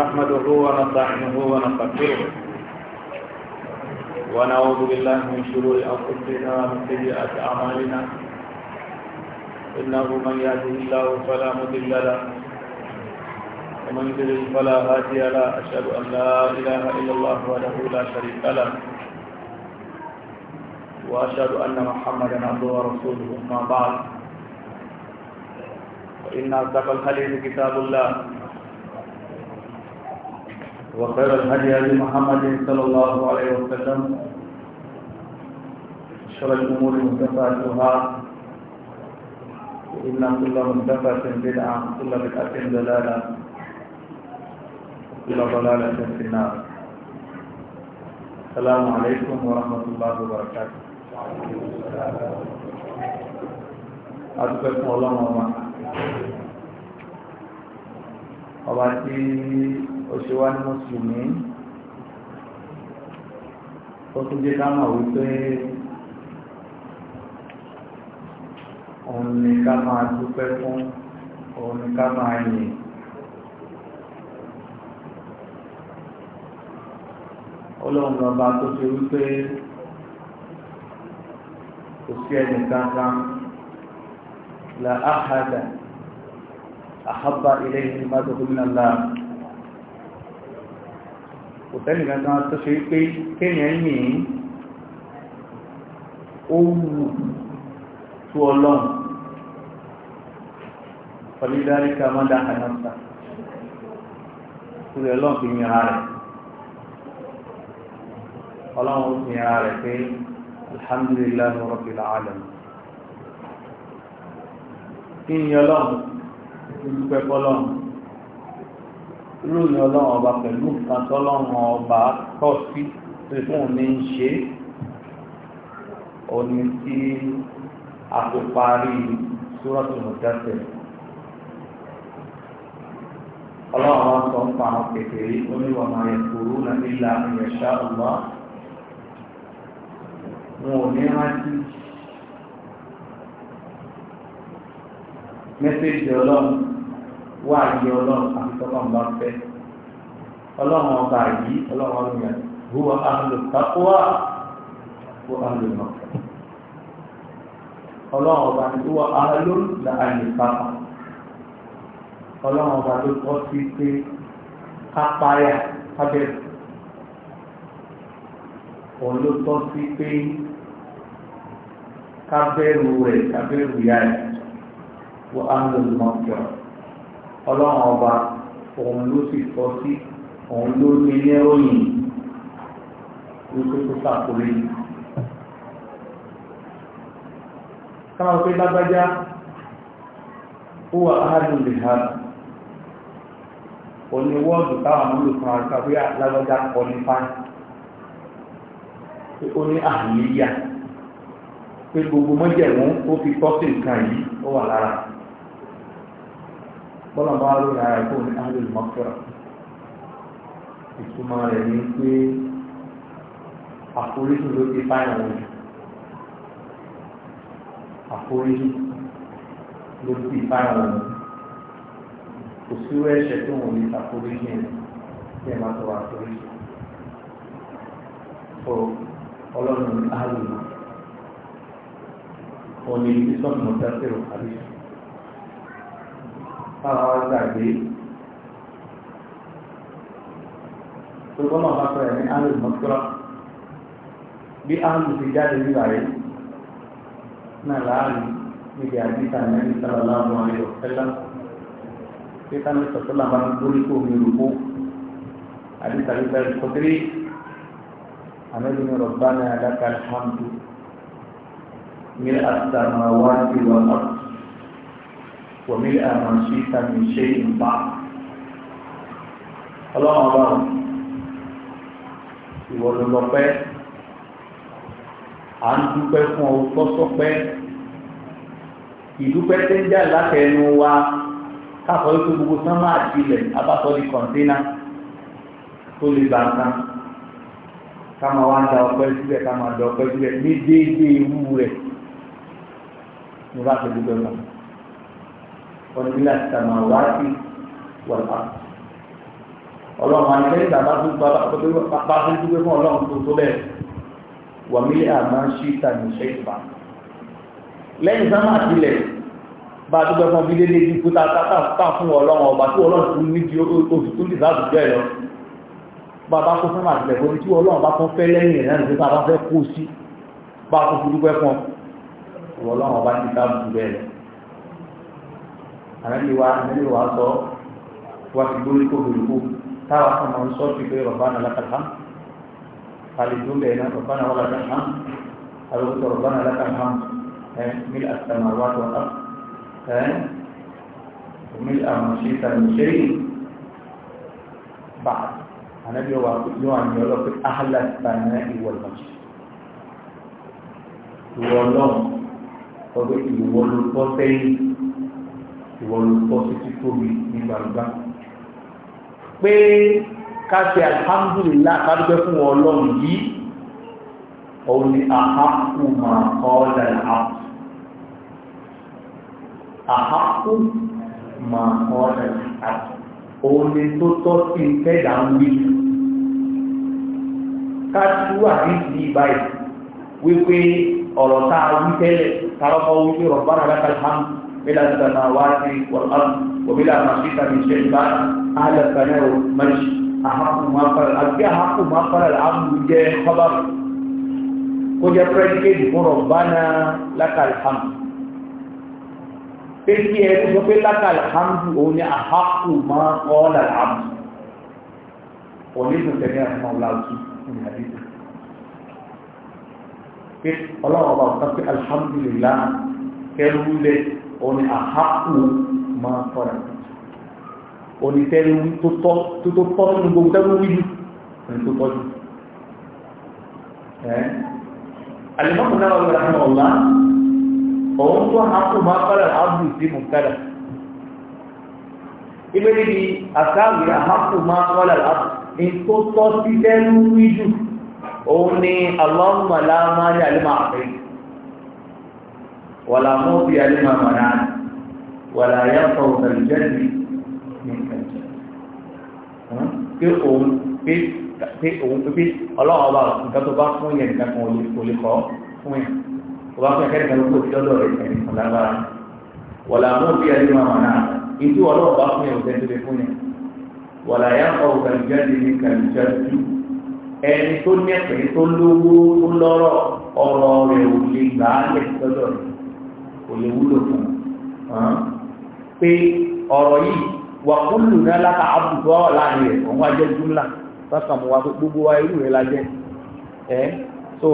نحمده ونستعينه ونستغفره ونعوذ بالله من شرور انفسنا ومن سيئات اعمالنا انه من يهده الله فلا مضل له ومن يضلل فلا هادي له اشهد ان لا اله الا الله وحده لا شريك له واشهد ان محمدا عبده ورسوله اما بعد فان اصدق الحديث كتاب الله وخير الهدي هدي محمد صلى الله عليه وسلم شر الأمور محدثاتها إن كل محدثة بدعة كل بدعة ضلالة كل ضلالة في النار السلام عليكم ورحمة الله وبركاته أذكر الله وما أباتي ó ṣe wá ní mùsùlùmí ó tún jẹ́ ká mọ̀ wípé òun ni ká máa dúpẹ́ fún òun ni ká máa yìn ọlọ́run lọ́ba tó ṣe wípé kò sí ẹnì kankan la áhàdà àhábà ilé ìgbìmọ̀ tó gómìnà láàrín kò sẹ́nì kankan tó ṣe pé kéèyàn yìí ó wù tú ọlọ́run ọlídárí ká má dá àyànfà tó lè ọlọ́run fi yìnra rẹ̀ ọlọ́run fi yìnra rẹ̀ pé alhamdulillahi rabbil alamin kí ni ọlọ́run ìdúpẹ́ fọlọ́run lórí ọlọ́run ọba pẹ̀lú nǹkan tọ́lọ́run ọba tọ́ sí pé fún ní ń ṣe òní tí a kò parí súrọ́tù mọ̀tẹ́sẹ̀ ọlọ́run ọba sọ ń pa àwọn kékeré oníwọ̀n máa yẹ kúrú náà nílà ìyẹ̀ṣá ọ̀gbá wọn ò ní rántí mẹ́sẹ̀jì ọlọ́run wáàyè ọlọ́run tọ́lọ́run bá fẹ́ ọlọ́run ọba yìí ọlọ́run ọdún yẹn huwa ahlu taqwa huwa ahlu mọ̀kẹ́ ọlọ́run ọba ni huwa ahlu la ahlu taqwa ọlọ́run ọba ló kọ́ sí pé kápáyà kábẹ́rù òun ló tọ́ sí pé kábẹ́rù rẹ̀ kábẹ́rù yá ẹ̀ wọ́n á ń lò lọ́jọ́ ọba òun ló sì sọ sí òun ló ní lẹ́rọ̀yìn wípé tó sàkórí káwọn pé lágbájá ó wà áhàdùn lè ha òní wọ́ọ̀dù táwọn àmúlò fún ara ká bóyá lágbájá kọ ní fáìn pé ó ní àmì yíyá pé gbogbo mọ́jẹ̀mú ó fi tọ́sí nǹkan yìí ó wà lára bọ́lá bá ló ra ẹ̀kọ́ ní áhùn mọ́kẹ́rà ìtumọ̀ rẹ̀ ní pé àforíjì ló ti bá ìrìn àjò àforíjì ló ti bá ìrìn àjò kò sí wẹ́ ẹ̀ṣẹ̀ tó wọ́n lè àforíjì kí ẹ máa tọrọ àforíjì tó ọlọ́run áhùn mọ́ òní sísọ́nù mọ́tẹ́sẹ̀rò àdéhùn táwọn wá gbàgbé tó bọ́lá ọ̀la pẹ̀lú ní alẹ́ mọ́tòrá bí alù ti jáde nígbà rẹ̀ náà láàlú níbi àdìsá mẹ́rin sábà láàbọ̀ ayọ̀ ẹ̀lá pé ká ní sọ̀tọ́ làbá ń gbórí kó omi rògbò àdìsá ló bẹ̀rẹ̀ kọ́tírì àmẹ́lú ní rọ̀bá ní adáka alhamdu ní àtàmàwá ti wà lọ́pọ̀. وملء ما شئت من شيء بعد ọlọ́run ọba ò ìwọ ló lọ pẹ́ à ń dúpẹ́ fún ọ tọ́sọ́pẹ́ ìdúpẹ́ tí ń jà látẹnu wa káfọ́ yóò gbogbo sánmà àti ilẹ̀ abáfọ́ di kọ̀ńténà tó lè bá nǹkan ká máa wá ń da ọpẹ́ síbẹ̀ ká máa da ọpẹ́ síbẹ̀ ní déédéé ewu rẹ̀ ní bá a ṣe dúpẹ́ wọn ọ̀nìyàn àtàmà wáàtì wà á. ọlọ́run máa ń tẹ́lẹ̀ tàbá tó bá bá tó dúpẹ́ fún ọlọ́run tó tó bẹ́ẹ̀ wà mílíà máa ń ṣí ìtàní iṣẹ́ ìfà. lẹ́yìn sáà máa tilẹ̀ bá a dúpẹ́ fún bí délé ti kú tá a fún ọlọ́run ọba tí ọlọ́run tún ní di oṣù tó lè sáà dùjọ́ ẹ̀ lọ. bàbá kó sáà máa tilẹ̀ fún tí ọlọ́run bá tún fẹ́ lẹ́yìn rẹ̀ náà nígbà bá fẹ́ kó sí bá a kó fi dúpẹ́ fún ọlọ́run ọba ti sáà dùjọ́ lọ ànábì wa ànábì wa sọ wa fi lórí kó lórí kó táwa kan máa ń sọ fi pé rabbana lakal hamd kàlí tó bẹ̀rẹ̀ náà rabbana wa lakal hamd àlùkò tó rabbana lakal hamd ẹ mílí àtàmà wa tó ká ẹ mílí àmọ̀ṣe tàbíṣe bá ànábì wa yóò àmì ọlọ́pẹ́ ahàlà tàbí ìwọ̀ ìmọ̀ṣe ìwọ̀ ọlọ́run ọgbẹ́ ìwọ̀ ló sẹ́yìn olùkọ́ títí tóbi ní gbangba pé káṣe alhamdulillah kádúgbẹ́ fún ọlọ́run yìí òun ni àhákù máa kọ́ lẹ́la àpù àhákù máa kọ́ lẹ́la àpù òun ni tó tọ́ sí ìtẹ́jà ń wí káṣú àdíjì báyìí wípé ọ̀rọ̀ tá a wí tẹ́lẹ̀ tàbí ọkọ̀ wípé rọ̀bára من السماوات والأرض وبلا ما شئت من شيء بعد أهل الثناء والمجد أحق ما قال أبي أحق ما قال العبد جاء خبر كل يبرك ربنا لك الحمد pé kí ẹni sọ pé lákàlì hamdu òun ni àhákù máa ọ́lá àmì onídùn tẹ̀lé àfihàn ọláòtú ní àdídù pé ọlọ́wọ́ bá wọ́n pé alhamdulillah kẹrù lẹ́ òní àhákù máa fọ́nà òní tẹ́lú tó tọ́ nínú gbogbo tẹ́lú wíjú òní tó tọ́jú alimọ́kùn náà wọ́n rán ọ̀lá òun tó àhákù máa fọ́nà ábù sí mùkádà ibẹ̀ níbi àkáàbì àhákù máa fọ́nà ábù ní tó tọ́ sí tẹ́lú wíjú òun ni aláwọ̀ màlá ولا موطي لما منعت ولا ينفع ذا الجد منك الجد pé òun pé pé òun pé pé ọlọ́run ọba nǹkan tó bá fún yẹn nǹkan kan ò lè kọ́ fún yẹn tó bá fún yẹn kẹ́kẹ́ ló kó sí lọ́dọ̀ rẹ̀ ẹ̀rí kan lágbára wọ̀là mú bí ẹni máa mọ̀ náà ìdí ọlọ́run bá fún yẹn òun tẹ́tẹ́ fún yẹn wọ̀là yá kọ́ òun kàlùjáde ní kàlùjáde ẹni tó ní ẹ̀pẹ́ tó lówó tó lọ́rọ̀ ọ̀rọ̀ rẹ̀ ò lè gbà á lẹ̀ lọ́dọ̀ rẹ̀ kò lè wúlò fún un pé ọ̀rọ̀ yìí wà kúlù náà láta àbùkù ọ̀rọ̀ láàrin rẹ̀ òun wá jẹ́ júmùlà sọ́kàn mú wa pé gbogbo wa irú rẹ̀ la ẹ́ so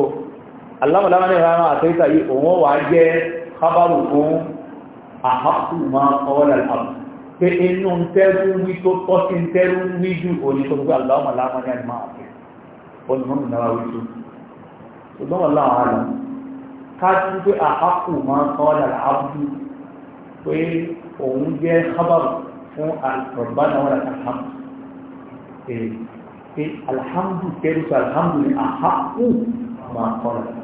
alámọ̀dámọ́ ní ìrànà àtẹ́sà yìí òun wà jẹ́ kábàrù fún àhàkùnmá ọwọ́dà àbù pé inú ń tẹ́rù wí tó tọ́ sí ń tẹ́rù wí jù òní tó kájú pé àkàkù máa ń kọ́ dàrá ábúdú pé òun jẹ́ kábàrù fún àlùfọ̀bánà wọn àti àhámù pé alhamdu kẹ́rù sí alhamdu ní àkàkù máa kọ́ dàrá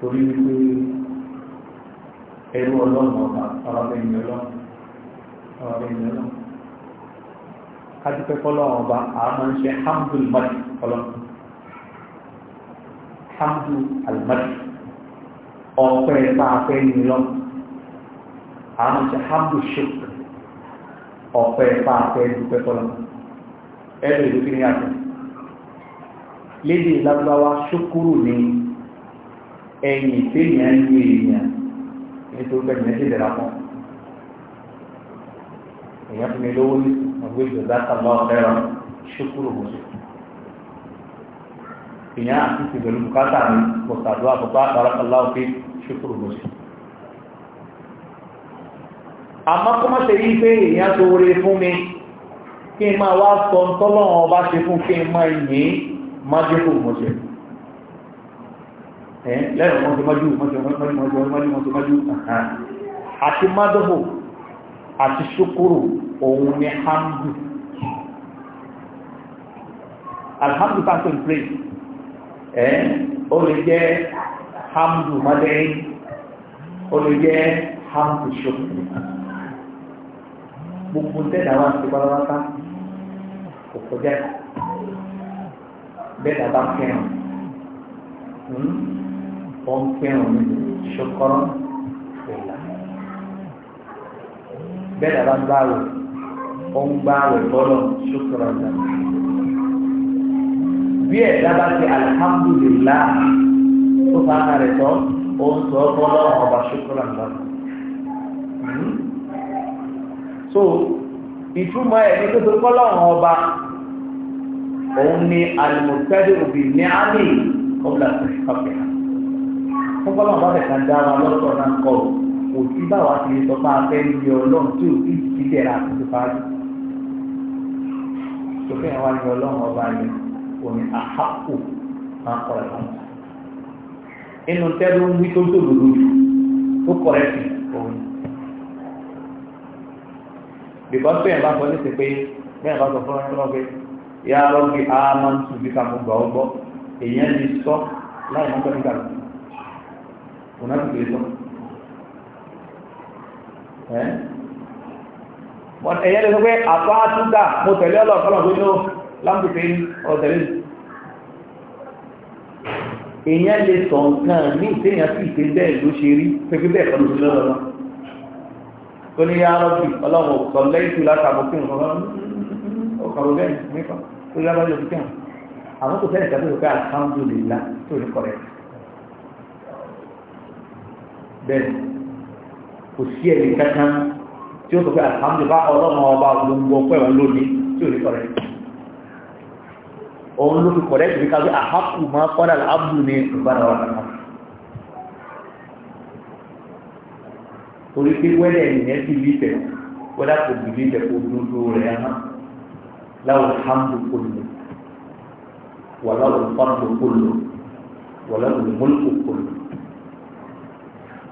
torí wípé ẹ̀rú ọlọ́run ọba ọ̀rọ̀bẹ̀yìn ọlọ́run adúpẹ́kọ́ lọ́wọ́ ọba àmọ́ ń ṣe hamdul madi ọlọ́run hamdu almadi ọ̀pẹ́ ẹ̀fà afẹ́yìn ọlọ́run àmọ́ ń ṣe hamdu shuk ọ̀pẹ́ ẹ̀fà afẹ́yìn dúpẹ́kọ́ lọ́wọ́ ẹ̀rọ ìlú kí ni àtọ̀ lédè lágbáwá ṣókúrò ní ẹ̀yìn ìfẹ́ yẹn ń yé èèyàn nítorí pé ìyẹn ti dẹ̀ra fún èèyàn fún mi lówó ní ọgbẹ́ ìjọba sábà ọ̀fẹ́ràn ṣókúrò wọ̀ṣọ́ èèyàn àti ìgbẹ̀lú bùkátà mi bọ̀sàdó àbọ̀bá àbárakàlá òfin ṣókúrò wọ̀ṣọ́ àmọ́ kó má ṣe rí pé èèyàn tó wọlé fún mi kí n máa wá sọ ń tọ́lọ́run ọba ṣe fún kí n máa yìn májẹ́kù mọ̀ṣẹ́ Eh, lẹ́yìn wọn ti mọ́jú mọ́jú mọ́jú àti mádọ́bò àti ṣúkúrù òun ni hamdu alhamdu pastor in place ẹ́ o lè jẹ́ hamdu mọ́dẹ́yìn o lè jẹ́ hamdu ṣúkúrù gbogbo tẹ́lá wá sí pátápátá kò kọjá bẹ́ẹ̀ bá kẹrin hmm? ó ń kírun nínú ṣokọ́rọ́ ìlà bẹ́ẹ̀ dábàá gbá rẹ̀ ó ń gbá rẹ̀ bọ́lọ̀ ṣokọ́rọ́ ìlà bí ẹ̀ dábàá ti alihamudulilayi tó bá ń rẹ̀ tọ́ ó ń sọ bọ́lọ̀ ọba ṣokọ́rọ́ ìlà. so ìtumọ̀ ẹ̀ ní kótó kọ́lọ́run ọba òun ni alimọ̀tẹ́dẹ̀ òbí ní àmì tó ṣe kọ́kẹ́ kọ́kọ́ náà bá fẹ̀ka dá wa lọ́tọ̀ náà kọ́ ọ kò sí báwa ti lè sọ fún afẹ́ ní ọlọ́run tí ò sí ìdílé rà tuntun fáájú sókè yẹn wá ní ọlọ́run ọba yẹn òní àhápò máa kọ̀ ẹ̀ fún inú tẹ́lú ń wí tó dòdòdò tó kọ̀ ẹ̀ sí òun because bẹ́ẹ̀ bá sọ níṣẹ́ pé bẹ́ẹ̀ bá sọ fún ọ́n sọ́nà pé yá lọ́ọ́ bí a máa ń tù bí ká mo gbà ọ́ gbọ́ èèyàn ti sọ láì mọ́tò mùnàfíkì lè sọ ẹ̀yẹ́ lè sọ pé àpá túgbà mo tẹ̀lé ọlọ́ọ̀kọ́lọ̀ tó ní lámpìpín ọ̀tẹ̀lé èèyàn lè sọ nǹkan ní ìtẹ́yàn sí ìpé bẹ́ẹ̀ ló ṣe rí pẹ́pẹ́ bẹ́ẹ̀ kọ́ ló ṣe lọ́rọ̀ tó ní yára bí ọlọ́run sọ lẹ́yìn tó látàbọ̀ kí nǹkan ọkọ̀rọ̀ bẹ́ẹ̀ nípa tó yára lọ́jọ́ kí àwọn kò sẹ́yìn tàbí òkè alhamdulillah tó ní kọ̀rẹ́tì bẹ́ẹ̀ kò sí ẹ̀rí kankan tí ó sọ pé àtàmì bá ọlọ́run ọba gbogbo ọpẹ́ òun lónìí tí ò ní kọ̀rẹ́ òun ló fi kọ̀rẹ́ ìgbé ká pé àhápù máa kọ́dà láàbù ní ìgbàdà wà kankan torí pé wẹ́lẹ̀ ènìyàn ti rí tẹ̀ wẹ́lá kò bìí rí tẹ̀ kó dúdú rẹ̀ á láwọn hàmdù kò lò wà láwọn fàmdù kò lò wà láwọn mọ́lùkù kò lò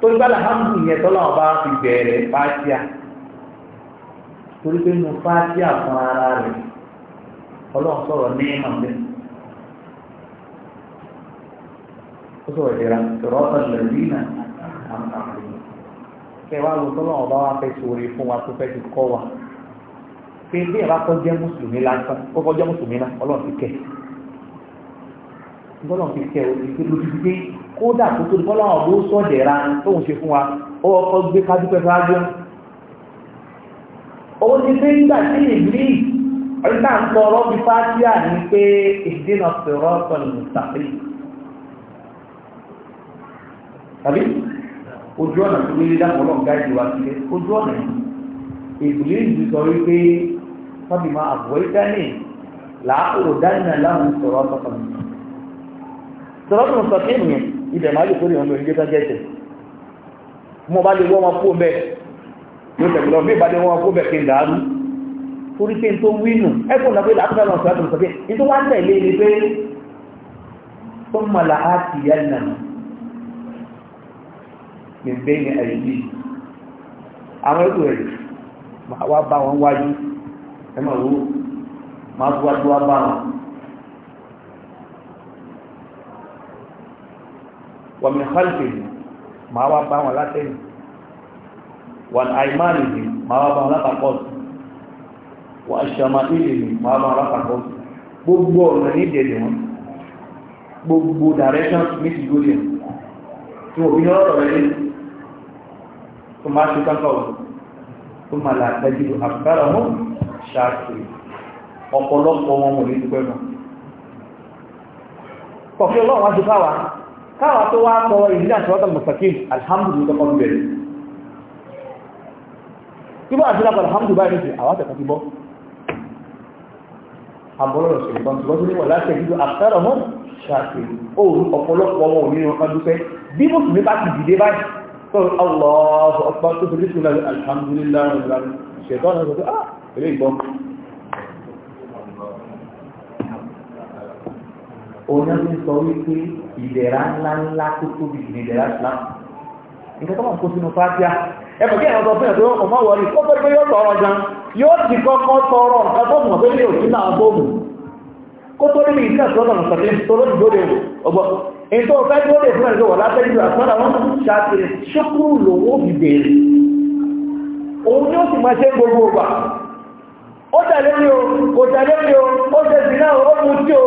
torí bá làhámù yẹn tọ́lá ọba fi bẹ̀rẹ̀ fáṣíà torí pé mo fáṣíà fún ara rẹ̀ ọlọ́run sọ̀rọ̀ ní ìmọ̀ bẹ́ẹ̀. ó sọ̀rọ̀ ìlera sọ̀rọ̀ ọ̀sán lẹ́yìn náà kẹ wá lọ tọ́lọ́ ọba wa fẹ́ sori fún wa tó fẹ́ ti kọ́ wa pé bí ẹ bá kọ́ mùsùlùmí lásán kó mùsùlùmí náà ọlọ́run ti kẹ́ ọlọ́run ti kẹ́ o ti pé lójú gbé kódà tó tó fọ́lá ọ̀bọ̀ sọ́dẹ̀ra tóun ṣe fún wa ó ọkọ̀ gbé kájúpẹ́ fáájú ó ti pé nígbà tí ìgbìlì ọ̀rítà ń tọrọ bí fátíà ní pé ìdínà sọ̀rọ̀ sọ̀rọ̀ mùsàfẹ́ tàbí ojú ọ̀nà tó lé dáhùn ọlọ́run gáàdì wa sílẹ̀ ojú ọ̀nà ìgbìlì ìlú sọ wípé tọ́bí máa àbọ̀ ìdáni làákòrò dáná láwọn sọ̀rọ̀ sọ̀rọ̀ sọ̀rọ̀ sọ̀rọ̀ sọ̀rọ̀ ibẹ̀ máa lè kórè ọmọ ìgbésẹ̀ gẹ́ẹ̀tẹ̀ mo bá lè wọ́n wọn kó bẹ́ẹ̀ mo tẹ̀lé lọ bí ìbàdí wọn kó bẹ́ẹ̀ kí n dàárú torí pé n tó wínù ẹkùn náà pé lápúdà náà sọ́dọ̀ sọ́dọ̀ ní tó wá tẹ̀lé ni pé tó ń mọ̀lá á ti yá nà mí bẹ́ẹ̀ ni ẹ̀yìn yìí àwọn ètò rẹ̀ máa wá bá wọn wájú ẹ wa min khalfihi máa wá bá wọn látẹ̀yìn wa aymanihi máa wá bá wọn látàkọ́ wa shama'ilihi máa bá wọn látàkọ́ gbogbo ọ̀nà ní ìdẹ̀lẹ̀ wọn gbogbo direction ní ti gbóyè tí òbí ní ọ̀rọ̀ rẹ̀ tó máa ṣe kankan ọ̀rọ̀ tó máa làtẹ́jú àbúkárà mọ́ ṣáàkiri ọ̀pọ̀lọpọ̀ wọn wọ̀nyí dúpẹ́ mọ́ kọ̀fí ọlọ́run wá ti fáwàá káwà tó wá sọ ìdílé àṣírọ́tà mustaqim alhamdulillah kọ́ bẹ̀rẹ̀ ibọ́ àti alhamdulillah ní àwọn àtẹ̀kọ́ ti bọ́ àbọ̀rọ̀ ṣùgbọ́n tí wọ́n tó níwọ̀n láti ẹ̀dúdú àtàrà wọn ṣàfihàn òun ọ̀pọ̀lọpọ̀ wọn ò ní ọkàn dúpẹ́ bí mùsùlùmí bá ti dìde báyìí tó Allahu akbar tó fi lè ṣùgbọ́n alhamdulillah ṣẹ̀tọ́ náà sọ ah eléyìí bọ́ oná ti sọ wípé ìdẹ̀ra ńláńlá tó tóbi ìdẹ̀ra islam nǹkan tó wà kó sínú fájá ẹ̀fọ̀ kí ẹ̀rọ sọ fún ẹ̀dọ́ ọmọ wọlé ó fẹ́ pé yóò tọrọ gan yóò ti kọ́kọ́ tọrọ nǹkan tó mọ̀ pé ní òsín náà bóòmù kó tó níbi ìsìn àtúntò ọ̀nà sọ̀tẹ́ tó ló dìbò lè ọgbọ́ èyí tó fẹ́ tó fún ẹ̀dọ́ wọ̀ lábẹ́ ìlú àtúntò àwọn ṣàtìrì ṣókúrú lòun ó òun ni ó sì máa ṣe gbogbo ọgbà ó tẹ̀lé mi o kò tẹ̀lé mi o ó ṣe sí náà ó mú tí o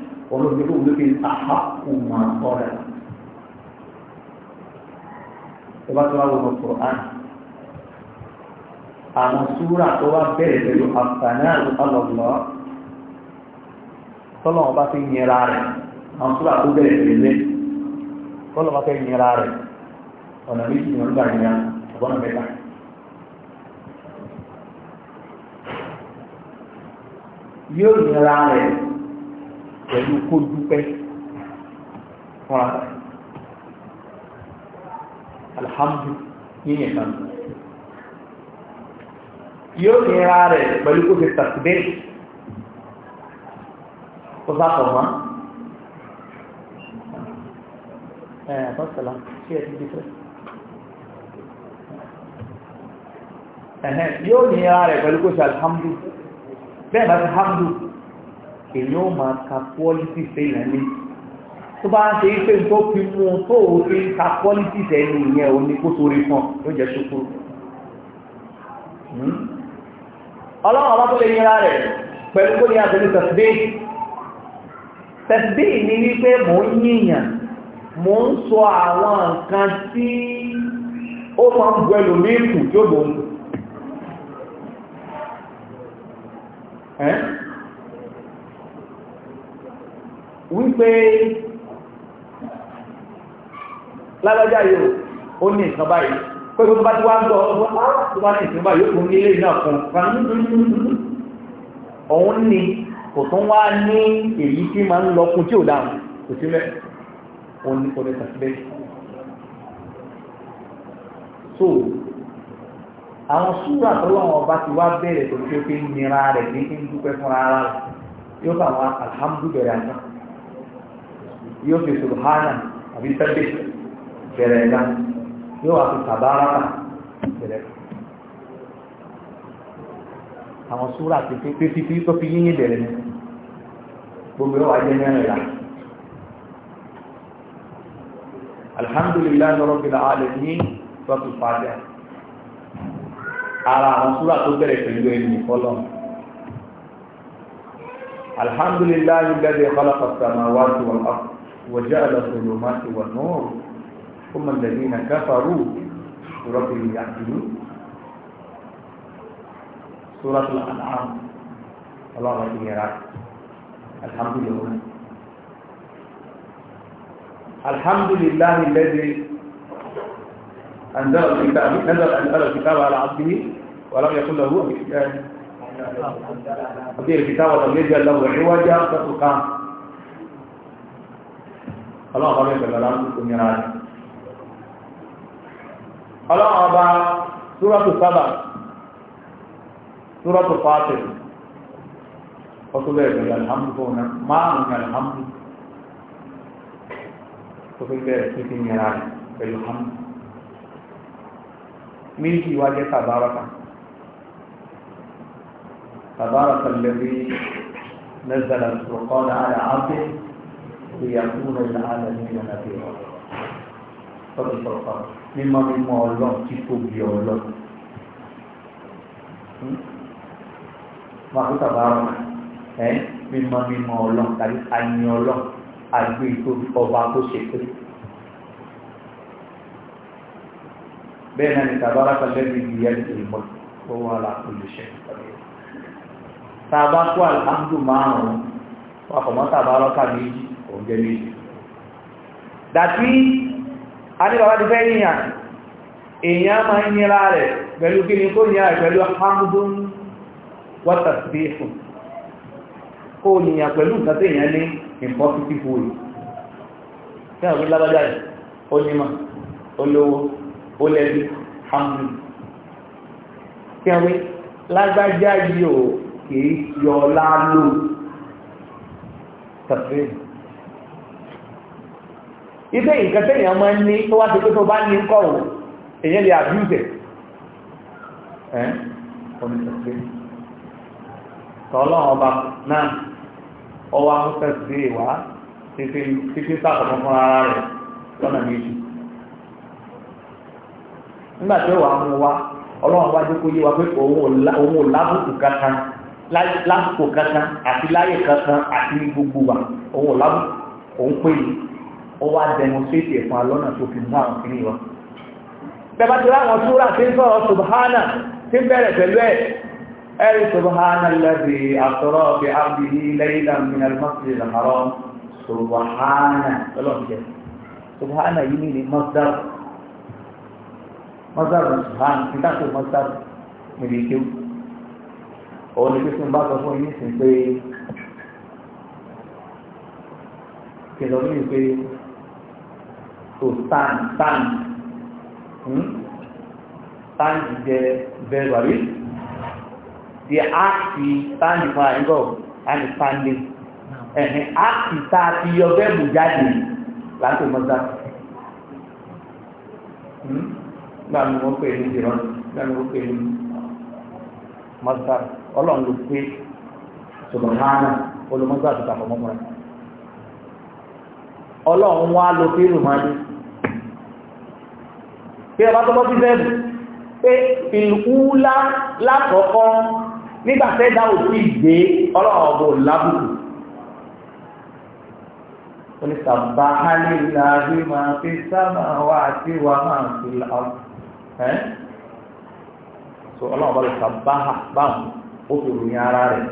olóògbé olóògbé àhàkù máa tọ́rẹ̀. ẹ bá tó wá lọ́wọ́ kọ̀ án àwọn súrà tó wá bẹ̀rẹ̀ pẹ̀lú àǹfààní àlọ́lọ́ tọ́lọ̀ wọn bá fi yẹra rẹ̀ àwọn súrà tó bẹ̀rẹ̀ pẹ̀lẹ́ tọ́lọ̀ wọn bá fi yẹra rẹ̀ ọ̀nà méjì ni wọ́n gbà yẹra ọ̀gbọ́n mẹ́ta. yóò yẹra rẹ̀ pẹ̀lú kó dúpẹ́ fúnra rẹ̀ alhamdu yíyan kan yóò ní ra rẹ̀ pẹ̀lú kó fi tàbí kó sáfọ̀ mọ́ ẹ̀ àbọ̀sọ̀lá ṣé ti yóò ní ra rẹ̀ pẹ̀lú kó ṣe alhamdu bẹ́ẹ̀ bá ti hamdu èyí ó máa ka quality sẹ́yìn ní tó bá ń ṣe ife tó fi mú un tó o fi ka quality sẹ́yìn ìyẹn ò ní kó sórí fún ọ yóò jẹ́ ṣokúrú hmm? ọlọ́run ọba tó lè yẹra rẹ̀ pẹ̀lú kó ní àtẹ̀lé tẹ̀sídé tẹ̀sídé ní wípé mò ń yíyàn mò ń sọ àwọn nǹkan tí ó máa ń bu ẹlòmíì tí ó lòun wípé lálájá yóò ó ní nǹkan báyìí pé gbogbo bá ti wá ń gbọ́ ọgbọ́n ah, tó bá ní nǹkan báyìí ó fún nílé náà fún ọ̀hún ni kò tún wá ní èyí tí máa ń lọkun tí ò dáhùn kò sílẹ̀ so àwọn súrà tó lọ́wọ́ ọba ti wá bẹ̀rẹ̀ tó tí ó fi ń nira rẹ̀ ní kí fún ara rẹ̀ yóò fà wọn alhamdulillah náà yóò fi subhana àbí sẹ́bẹ̀ bẹ̀rẹ̀ ẹ̀dá yóò wà fi tàbáraka bẹ̀rẹ̀ àwọn súrà pépé títí tó fi yíyín bẹ̀rẹ̀ ni gbogbo ẹwà jẹ́ mẹ́rin la alhamdulilayi rabbil alamin sọ́tù fàájà ara àwọn súrà tó bẹ̀rẹ̀ pẹ̀lú ẹni fọ́lọ́ alhamdulilayi alladhi khalaqa as-samawati wal ardh وجعل الظلمات والنور ثم الذين كفروا بربهم يعدلون سورة الأنعام الله غير الحمد لله الحمد لله الذي أنزل الكتاب نزل أنزل الكتاب على عبده ولم يكن له أبي الكتاب ولم يجعل له عوجا فتقام ọlọ́run ọba bẹ̀rẹ̀ lọ́la ń kó nira rẹ̀ ọlọ́run ọba súrọ́tù sábà súrọ́tù fàtẹ̀ ọtún bẹ̀rẹ̀ bẹ̀rẹ̀ alhamdu fún ọ̀nà márùn-ún ní alhamdu tó fi bẹ̀rẹ̀ sí ti nira rẹ̀ pẹ̀lú hamdu méjì wájẹ́ tàbáraka tàbáraka lẹ́bí ليكون للعالمين نذيرا tọ́jú sọ̀rọ̀ mímọ́ mímọ́ ọlọ́run tí kò bí ọlọ́run hmm? máa tó tàbá ọ̀rọ̀ ẹ́ mímọ́ mímọ́ ọlọ́run tàbí àyìn ọlọ́run àgbé ìtòbí ọba tó ṣe pé bẹ́ẹ̀ náà ní tàbá alákọ̀ọ́lẹ́ bí ìyá ìgbìmọ̀ tó wà lápòlùṣẹ́ tàbá kó àlámdù márùn wà fọ̀mọ́ tàbá ọlọ́kà òun jẹ́ méjì dàtí a ní bàbá ti fẹ́ yíyàn èèyàn máa ń yíra rẹ̀ pẹ̀lú kí ni kó yíra rẹ̀ pẹ̀lú hamdun watasbihun kó yíyàn pẹ̀lú nǹkan tí èèyàn ní impositive way tí àwọn lábájá rẹ̀ ó nímọ̀ olówó ó lẹ́bí hamdun tí àwọn lágbájá yìí ò kìí yọ láàlú tàbí ibe nǹkan tẹ́lẹ̀ ọmọ ní tó wá ti pé tó bá ní ń kọ̀rùn èyàn lè àbúzẹ̀ tọ́lọ́wọ́n ọba náà ọwá pé òun ò lábùkù kankan kankan àti kankan àti gbogbo wa òun ò lábùkù òun pè ó wá demonstrate ẹ̀fún alọ́nà tó fi mú àwọn kìíní wa bẹ́bá ti láwọn súra tí ń sọ̀rọ̀ subhana tí ń bẹ̀rẹ̀ pẹ̀lú ẹ̀ ẹ̀rí subhana alladhi asra bi abdihi laylan min al-masjid al-haram kìlọ̀ ní ìpè to stand stand hmm? stand is the verb abi the act is stand for ango and standing ẹ̀hìn act is ta ti yọ bẹ́ẹ̀bù jáde láti mọ́sá hmm? nígbà mi wọ́n pè ní ìrọ̀ nígbà mi wọ́n pè ní mọ́sá ọlọ́run ló pé ṣùgbọ́n hánà olùmọ́sá àti tàbọ̀mọ́mọ́ra ọlọ́run wá lo fíìmù máa ní pé ọba tó bọ́ sí bẹ́ẹ̀bù pé ìlúlá lákọ̀ọ́kọ́ nígbàtẹ́ dá òtí ìgbé ọlọ́ọ̀bọ̀ lábùkù onísàbá hálìlá rí máa fi sáàmà wá àti wà máa fi láàrù ẹ́ so ọlọ́ọ̀bọ̀ lọ sàbá báhùn ó fi ròyìn ara rẹ̀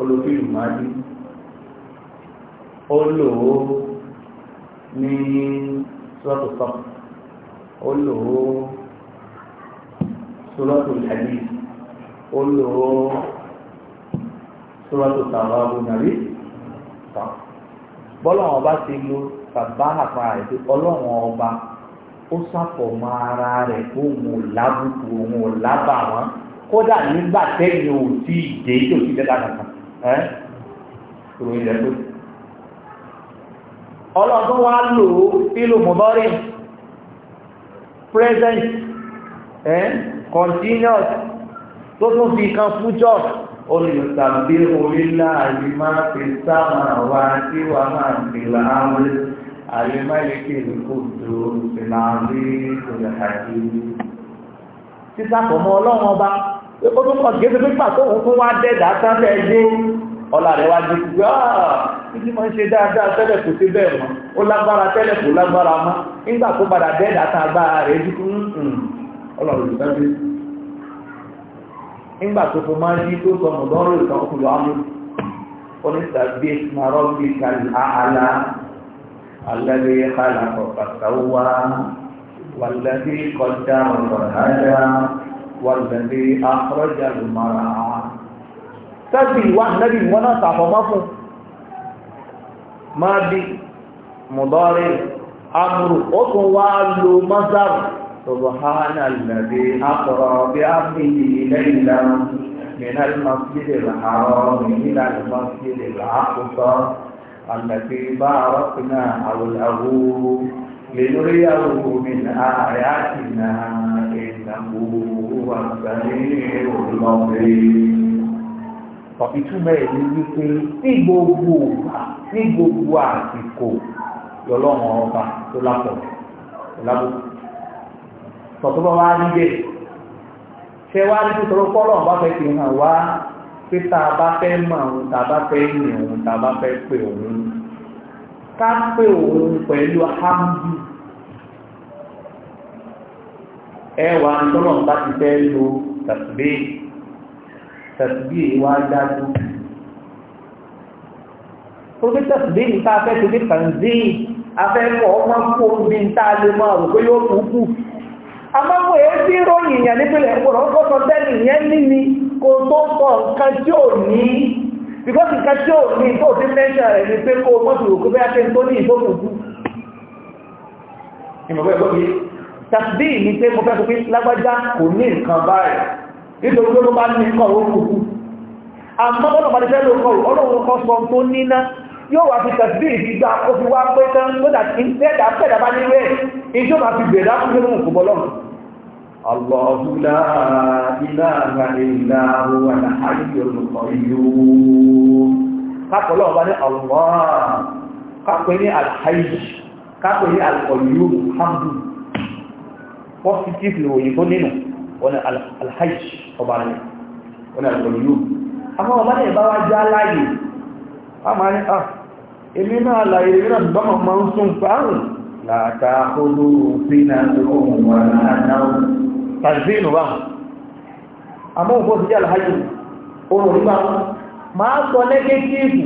olóbìnrin máa dí ó lò ó ní sọ́tọ̀ ó lò ó sọ́lọ́tò ìhàdí ó lò ó ọba ti lo bàbá àpá rẹ̀ pé ọlọ́run ọba ó sàfọ̀mọ́ ara rẹ̀ òun ò lábùkù òun ò lábà wọn kódà nígbà tẹ́yìn ò tí ì dé tó ti kankan ẹ́ pé ọlọ́run tó wá lò ó present eh? continuous tó tún fi kan future olùsàbí orílẹ̀ fi sáàmà wá tí wà máa fi láàrín àyímá ìkè ìkòdó ìlàrin ìrìnàjò títàkọ̀mọ́ ọlọ́run ọba ó gẹ́gẹ́ pípà tó òun tún sáfẹ́ dé ọlá rẹ̀ wá dínkù pé áà ah, títí máa ń ṣe dáadáa tẹ́lẹ̀ kò sí bẹ́ẹ̀ mọ́ ó lágbára tẹ́lẹ̀ kò lágbára mọ́ nígbà tó padà dẹ́ẹ̀dá tá agbára rẹ̀ dínkù hmm, hmm, ọlọ́run ló dájú nígbà tó fún máa yí tó sọ mọ̀dọ́rọ̀ ìtàn kùlọ̀ ámú oníṣàgbé marọ́ bíi kàlí àhàlà alẹ́lẹ́ kàlà ọ̀pàtàwà wàlẹ́bí kọjá ọ̀pàtàwà wàlẹ́bí akọ́jà lùmọ̀ràn tẹ́sì ìwà nẹ́bì mọ́nà sàfọ́mọ́ fún máa bí mọ̀dọ́rí amúrù ó tún wá lo mọ́sàrù subhana alladhi asra bi abdihi laylan min al-masjid al-haram ila al-masjid al ìtumọ̀ ẹ̀ ní wípé ní gbogbo ní gbogbo àsìkò yọlọ́mọ ọba tó lápọ̀ ìlàbò tọ̀tọ̀ bá wá níbẹ̀ ṣé wá ní tòtòrò kọ́lọ̀ bá fẹ́ fi hàn wá pé tá a bá fẹ́ mọ̀ òun tá a bá fẹ́ yìn òun tá a bá fẹ́ pè òun ká pè òun pẹ̀lú ahámdù ẹwà tọ́lọ̀ bá ti fẹ́ lo tàbí tẹ̀sìbí ìwà dájú torí tẹ̀sìbí ní tá a fẹ́ ti ní tẹ̀sìbí afẹ́kọ̀ ọmọ kó bí n tá a lè máa rò pé yóò kú kú amáwọ̀ èébí ròyìn ìyàn nípínlẹ̀ ìpòrò ó sọ bẹ́ẹ̀ nìyẹn níní kò tó sọ nǹkan tí ò ní bíkọ́sì nǹkan ni pé kó o mọ́sùn òkú bẹ́ẹ̀ pé tó ní ìbò kùkú ìmọ̀gbẹ́ ìgbọ́gbẹ́ tàbí ní pé mo fẹ́ sọ pé lágbájá kò ní nǹkan báyìí ilé ojú ló bá ní kọ̀ òkú àmọ́ bọ́nà bá ti fẹ́ lókọ̀ ọlọ́run kọ́ tó níná yóò wá fi tẹ̀sí ìgbà ó pé tán ló dà pẹ̀dà bá Allahu la ilaha illa huwa al-hayyul qayyum kápọ̀lọ́ ní Allah positive òyìnbó wọ́n alhaj ọba rẹ̀ wọ́n alhaju àwọn ọba rẹ̀ bá wá já láyé a máa ní à ah, èmi náà láyé èmi náà bá wọn máa ń sún fáàrùn láta olóòfin náà tó ohun wà náà tàbí ìnù bá àmọ́ òfò ti jẹ́ alhaju oòrùn nígbà máa sọ nẹ́gẹ́tíìfù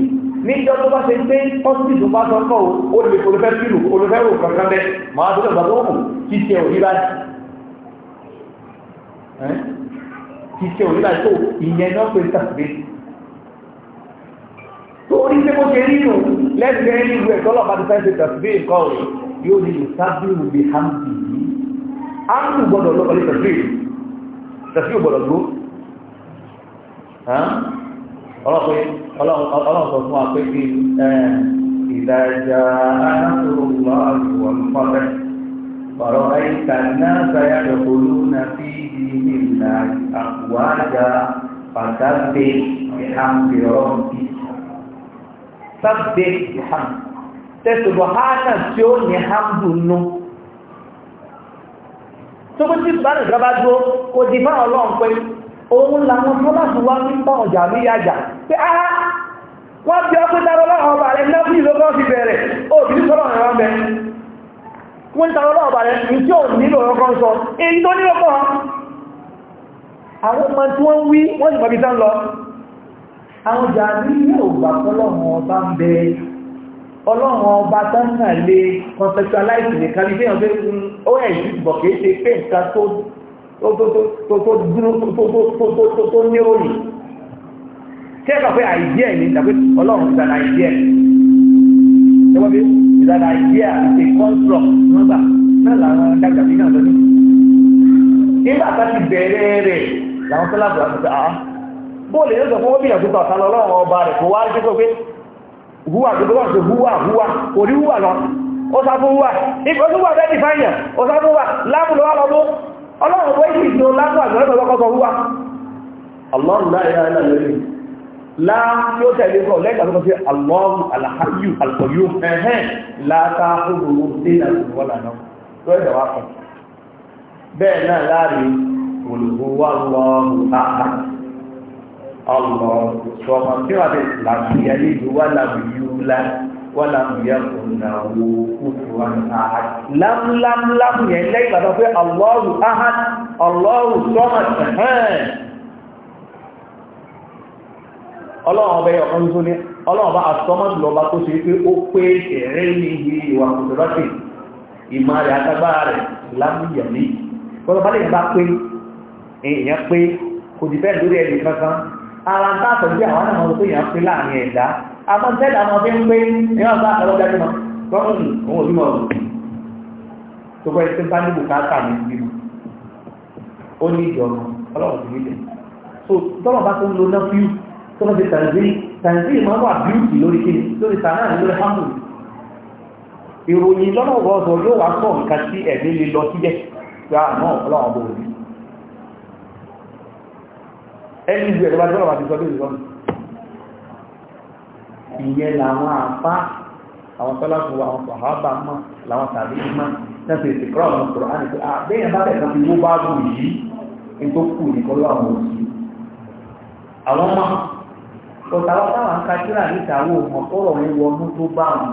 níjọ́ tó bá ṣe pé ọ́sìtì bá sọ náà ó lè olùfẹ́ pìlù olùfẹ́ rò kankan bẹ́ máa tó iṣẹ́ òníbà tó ìyẹn náà pé tàbí torí pé mo ṣe rí nù lẹ́gbẹ̀ẹ́ ní ìlú ẹ̀kọ́ lọ́pàá ti fẹ́ ṣe tàbí nǹkan rẹ̀ yóò ní ìsábìrù bí hàmdì yìí hàmdì gbọ́dọ̀ lọ́pàá ní tàbí tàbí gbọ́dọ̀ dúró ọlọ́pàá sọ fún wa pé kí ìdájà anáṣọ́rọ̀ wà lọ́pàá فرأيت الناس يدخلون في دين الله أفواجا فسبح بحمد ربك سبح بحمد tẹsùbọ̀hánà tí ó ní hamdu nù tó bó ti bá nìkan bá dúró kò di bá ọlọ́run pé òun làwọn tó láti wá ní bá ọjà ní yájà pé á wọ́n fi ọkùnrin dára ọlọ́run ọba rẹ̀ náà fún ìlú ọgbọ́n fi bẹ̀rẹ̀ òbí sọ́rọ̀ ọ̀rọ̀ bẹ̀rẹ̀ wọ́n tàbí ọlọ́ọ̀bà rẹ̀ ní tí ó nílò ọkàn sọ èyí tó nílò kan àwọn ọmọ tí wọ́n wí wọ́n sì pàbí tán lọ àwọn jàrí ọgbà ọlọ́run ọba ń bẹ ọlọ́run ọba tán náà lè conceptualize lè kàrí pé ọ̀fẹ́ ó ẹ̀yí bọ̀ kìí ṣe pé nǹkan tó ní òyìn tí ẹ̀kà pé àìdíẹ̀ ní ìtàpé ọlọ́run ìdàdà àìdíẹ̀ Is that idea is a construct náà làwọn jàgàbí náà lọ ní. nígbà tá ti bẹ̀rẹ̀ rẹ̀ làwọn sọ́làbù àti àá ah, bóòlù yóò sọ fún wọn bíyànjú pàtàkì ọlọ́run ọba rẹ̀ kó wá rí pé húwà tó wà sí húwà húwà kò rí húwà lọ ó sá fún húwà ìfẹ́ húwà fẹ́ dìfáyàn ó sá fún húwà láàmù lọ́wọ́ lọ́mú ọlọ́run tó ìsìn ìsìn láàmù àgbẹ̀rẹ̀ lọ́kọ́ sọ húwà ọlọ́run láàrín tó ẹ̀dà wá fún bẹ́ẹ̀ náà láàrin olùgbòwà lọ́rùn àpá ọlọ́ sọmọ tí wà lè làbí ayé ìlú wà làbí yúlá wà làbí yàkùnà wo kúrò wà ní àhà lámúlámúlámú yẹn ìmọ̀ rẹ̀ agbára rẹ̀ lámúyẹ̀mí bá pé èèyàn pé kò dì bẹ́ẹ̀ lórí ẹni kankan ara ń tààtọ̀ bí àwọn àwọn tó yàn pé láàrin ẹ̀dá àmọ́ tẹ́lẹ̀ àwọn fi ń pé èèyàn bá àtàlọ́ dájú mọ́ ó ìròyìn lọ́nà ọ̀gọ́sọ̀ yóò wá sọ nǹkan sí ẹ̀mí lè lọ síbẹ̀ yá náà ọlọ́run bò rí ẹni ìgbé ẹ̀rọ bá tí wọ́n bá ti sọ lórí lọ́nà ìyẹn làwọn àfá àwọn tọ́láfù àwọn sàhábà mọ́ làwọn tàbí mọ́ náà sì kọ́ àwọn sọ̀rọ̀ á ní pé àbẹ́yẹn bá bẹ̀rẹ̀ fi wó bá rù yìí ní tó kù ní kọ́ ọmọ kọ̀tàwọ́ táwọn ń ka síra níta wo mọ̀ kọ́rọ̀ wọn wọnú tó bá wọn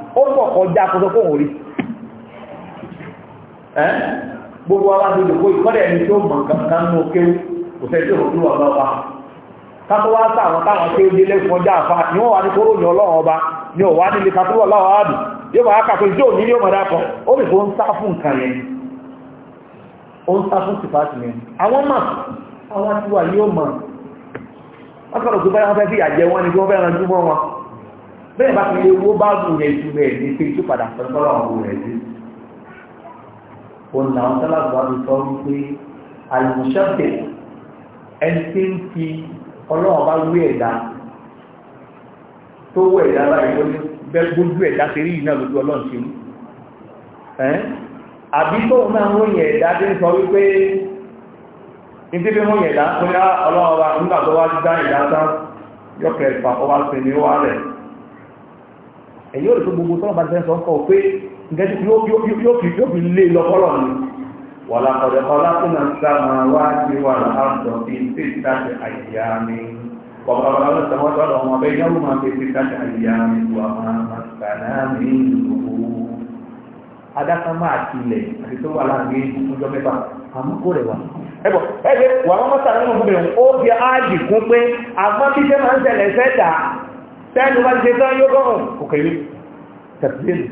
ó pọ̀ kọjá kó sọ gbogbo ala bụ kó ìkọ́lẹ̀ ẹni tó mọ̀ kankan nínú kéwú kò sẹ́ tí òun tó wà lọ́wọ́ kátó wá sáwọn táwọn kọjá ọba ni ọ̀wá nílé kátó wà láwọn yóò ìjọ òní ní ọmọdé akọ ó kó ń sá fún nǹkan yẹn ó ń sá fún yẹn àwọn mà àwọn àti wà yóò bẹ́ẹ̀ bá fi owó bá gùn rẹ̀ ju rẹ̀ ní pé tó padà fọ́nfọ́nà ọ̀hún rẹ̀ dé. òun làwọn sálábù wa fi sọ wípé àlùmọ́ṣọ́bẹ̀ ẹni tí ń fi ọlọ́run bá wí ẹ̀dá tó wọ ẹ̀dá báyìí ló ní bẹ́ẹ̀ gbójú ẹ̀dá ṣe rí iná lójú ọlọ́run ṣe mú. àbí tóun náà ń ròyìn ẹ̀dá tó ń sọ wípé nítorí wọ́n yẹ̀dá tó ní ah, ọlọ́run wa nígbà tó wá dá ìdá èyí ò lè tó gbogbo tọ́lọ̀ bá ti sọ ńkọ̀ pé yóò fi lé lọ́kọ́lọ̀ ni wàlàkọ̀dẹ̀ ọlákùnà sáàmà wá sí wà láàrùn fi sí ìtàṣẹ àyíyá mi kọ̀kọ̀kọ̀ lọ́dọ̀ sọ̀rọ̀ tọ́lọ̀ ọmọ bẹ́ẹ̀ yẹ́wò máa fi sí ìtàṣẹ àyíyá mi wà máa sànà mí lòó adákan máa tilẹ̀ àti tó wà láàrin ìjọ mẹ́fà àmúkò rẹ̀ wà ẹgbọ̀ ẹgbẹ̀ wà wọ́n mọ́sàn tẹ́lù bá ṣe tán yóò gọ́rọ̀ kò kèrè tẹ̀sílẹ̀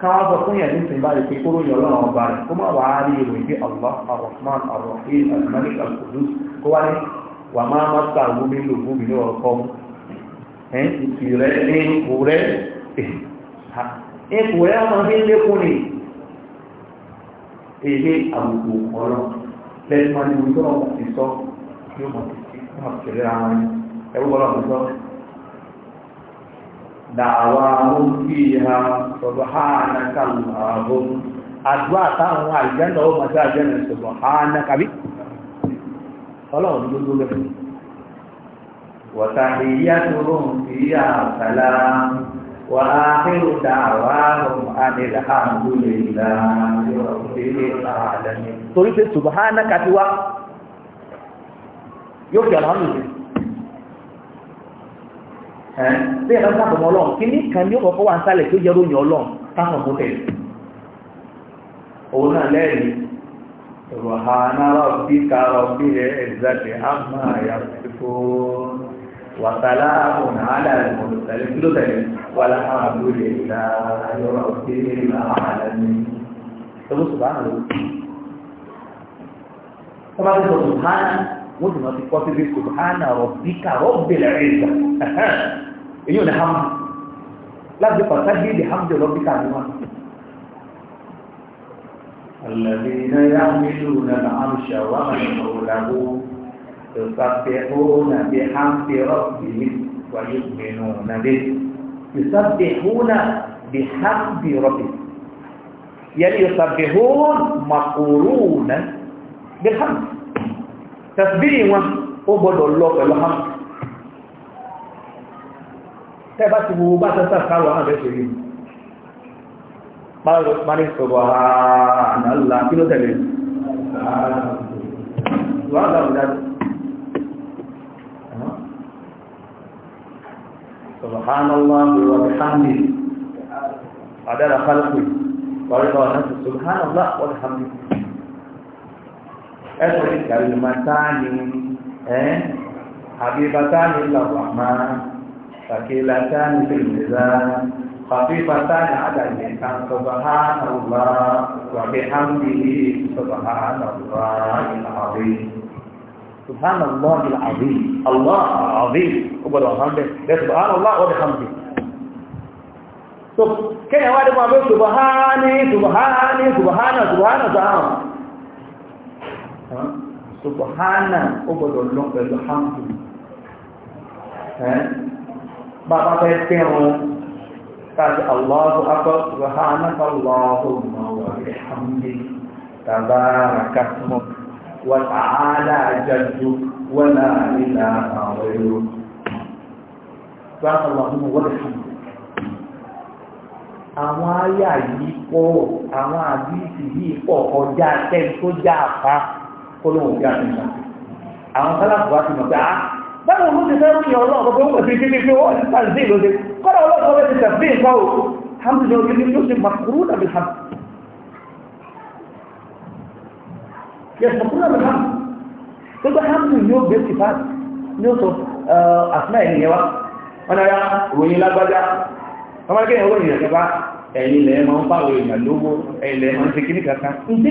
káwà bọ̀ fún yẹ̀ nítorí bá lè fi kúrò yọ ọba rẹ̀ kó má wàá rí ìròyìn bí allah Al arrahim Al alqudus kó wá ní wà má má ta gómi lò gómi ní ọkọ ìrẹ́ ipò rẹ̀ ipò rẹ̀ ọmọ fi ń lékún ni èyí àbùkù ọ̀rọ̀ lẹ́tùmọ́ orí tó lọ́wọ́ ti sọ yóò mọ̀ tó wọn kiri àwọn ẹwú wọn lọ́nà sọ dàwa àwọn fi ha sọ̀rọ̀ ha nàka ààbò àdúrà táwọn àjẹ́nà ó máa ṣe àjẹ́nà sọ̀rọ̀ ha nàka bí ọlọ́run yóò fi àlàáfíà lè ẹ̀ bí ẹ̀rọ sábà mọ́ ọlọ́run kí ní kan ní ó kọ́kọ́ wà ń sálẹ̀ tó yẹrò yàn ọlọ́run táwọn mú tẹ̀lé òun náà lẹ́rìí سبحان ربك رب العزة عما يصفون وسلام على المرسلين والحمد لله رب العالمين سبحان الله سبحان wọ́n tún máa fi kọ́ síbi kò hánà rọ̀bí ká ní hàmù الذين يحملون العرش ومن حوله يسبحون بحمد ربهم ويؤمنون به يسبحون بحمد ربهم يعني يسبحون مقرون بحمد tẹ̀sìbírì wọn ó gbọ́dọ̀ lọ pẹ̀lú hàn tẹ́bá ti wo bá tẹ́sà káwọ̀ hàn lẹ́sẹ̀ rí parí sọ̀rọ̀ àlàlà kí ló tẹ̀lé Subhanallah wa bihamdihi adada khalqi wa rida nafsi Subhanallah wa bihamdihi ẹ̀sùn ìkàlùmọ̀tánì ẹ́ àbíbátánì lọ́wọ́má fàkílátánì fìlìmìzá fàfífátánì àdàlẹ̀ kan sọ̀bàhánàlá wàbí hàmìlì sọ̀bàhánàlá ìlàrí subhanallah al-azim allah al-azim ubadu hamde la subhanallah wa bihamdi so kenya wadi ma be subhani subhani subhana subhana subhana subhana ó gbọ́dọ̀ lọ pẹ̀lú hamdu bàbá fẹ́ pẹ́ wọn káàkiri Allahu akbar subhanaka Allahumma wa bihamdik tabaraka wa ta'ala jadduk wa la ilaha ghayruk subhanaka wa bihamdik àwọn ayà yìí pọ̀ àwọn àbíìsì yìí pọ̀ ọjà tẹ́ tó já àpá kólóhùn bí àtúnṣà àwọn sálàpù wá ti mọ̀ pé ah báwo ló ti fẹ́ kí ọlọ́run gbogbo ń pèsè kékeré pé ó ti pa ìdí ìlóde kọ́dọ̀ ọlọ́run ọbẹ̀ ti tẹ̀sí nǹkan o hamdu ló ti ló ti makuru tàbí ham yẹ makuru tàbí ham gbogbo hamdu ni ó gbé sí fáàlì ni ó sọ àtúnṣà eh, ènìyàn wa wọn náà ròyìn lágbájá ọmọ ẹgbẹ́ ìwé ìyẹn kẹfà ẹ̀yìn ilẹ̀ ń pààrọ̀ èèyàn lówó ẹ̀yìn ilẹ̀ ń ṣe kíní kankan ní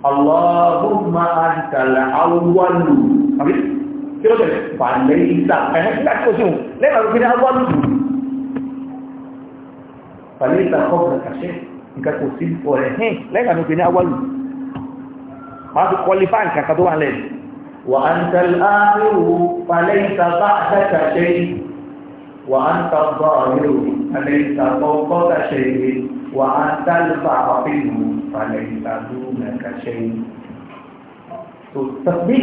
Allahumma antal awwalu àbí tí ó tẹ̀lé pàlẹ́ ìta ẹ̀hẹ́ ìta tí ó sì hùn lẹ́nà òkè ní awwalu pàlẹ́ ìta kọ́kùnrin kàṣẹ́ nǹkan kò sí ọ̀rẹ́ hìn lẹ́nà òkè ní awwalu máa fi kọlifá nǹkan kan tó wà lẹ́yìn wà antal akhiru pàlẹ́ ìta bá àtàkà ṣe antal bá ọ̀rẹ́ òkè pàlẹ́ ìta wà á dálùfà àpapẹ̀lú falẹ̀ ìtàdúrà kàṣẹ yìí tó tàbí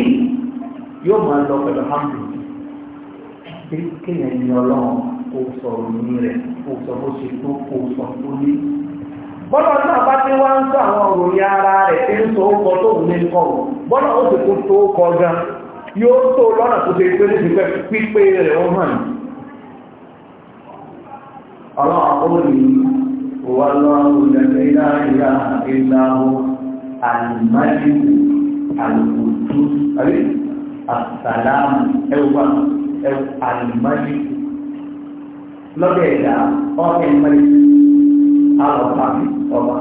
yóò máa lọ pẹ̀lú hamdu pé kéèyàn ní ọlọ́run kó sọ òní rẹ̀ kó sọ bó ṣe tó kó sọ tó ní. bọ́lá náà bá ti wá ń sọ àwọn òròyìn ara rẹ̀ tí ń sọ ókọ tó ń lé kọ̀ bọ́lá ó sì kó tó kọ gan yóò tó lọ́nà tó ṣe pé ní ti fẹ́ pípé rẹ̀ ó hàn. ọlọ́run akọ́wé nìyí. هو الله الذي لا إله إلا هو الملك القدوس السلام أيوة الملك lọ́dẹ̀ ẹ̀dá ọ̀rẹ́ mẹ́rin alọ́pá ọba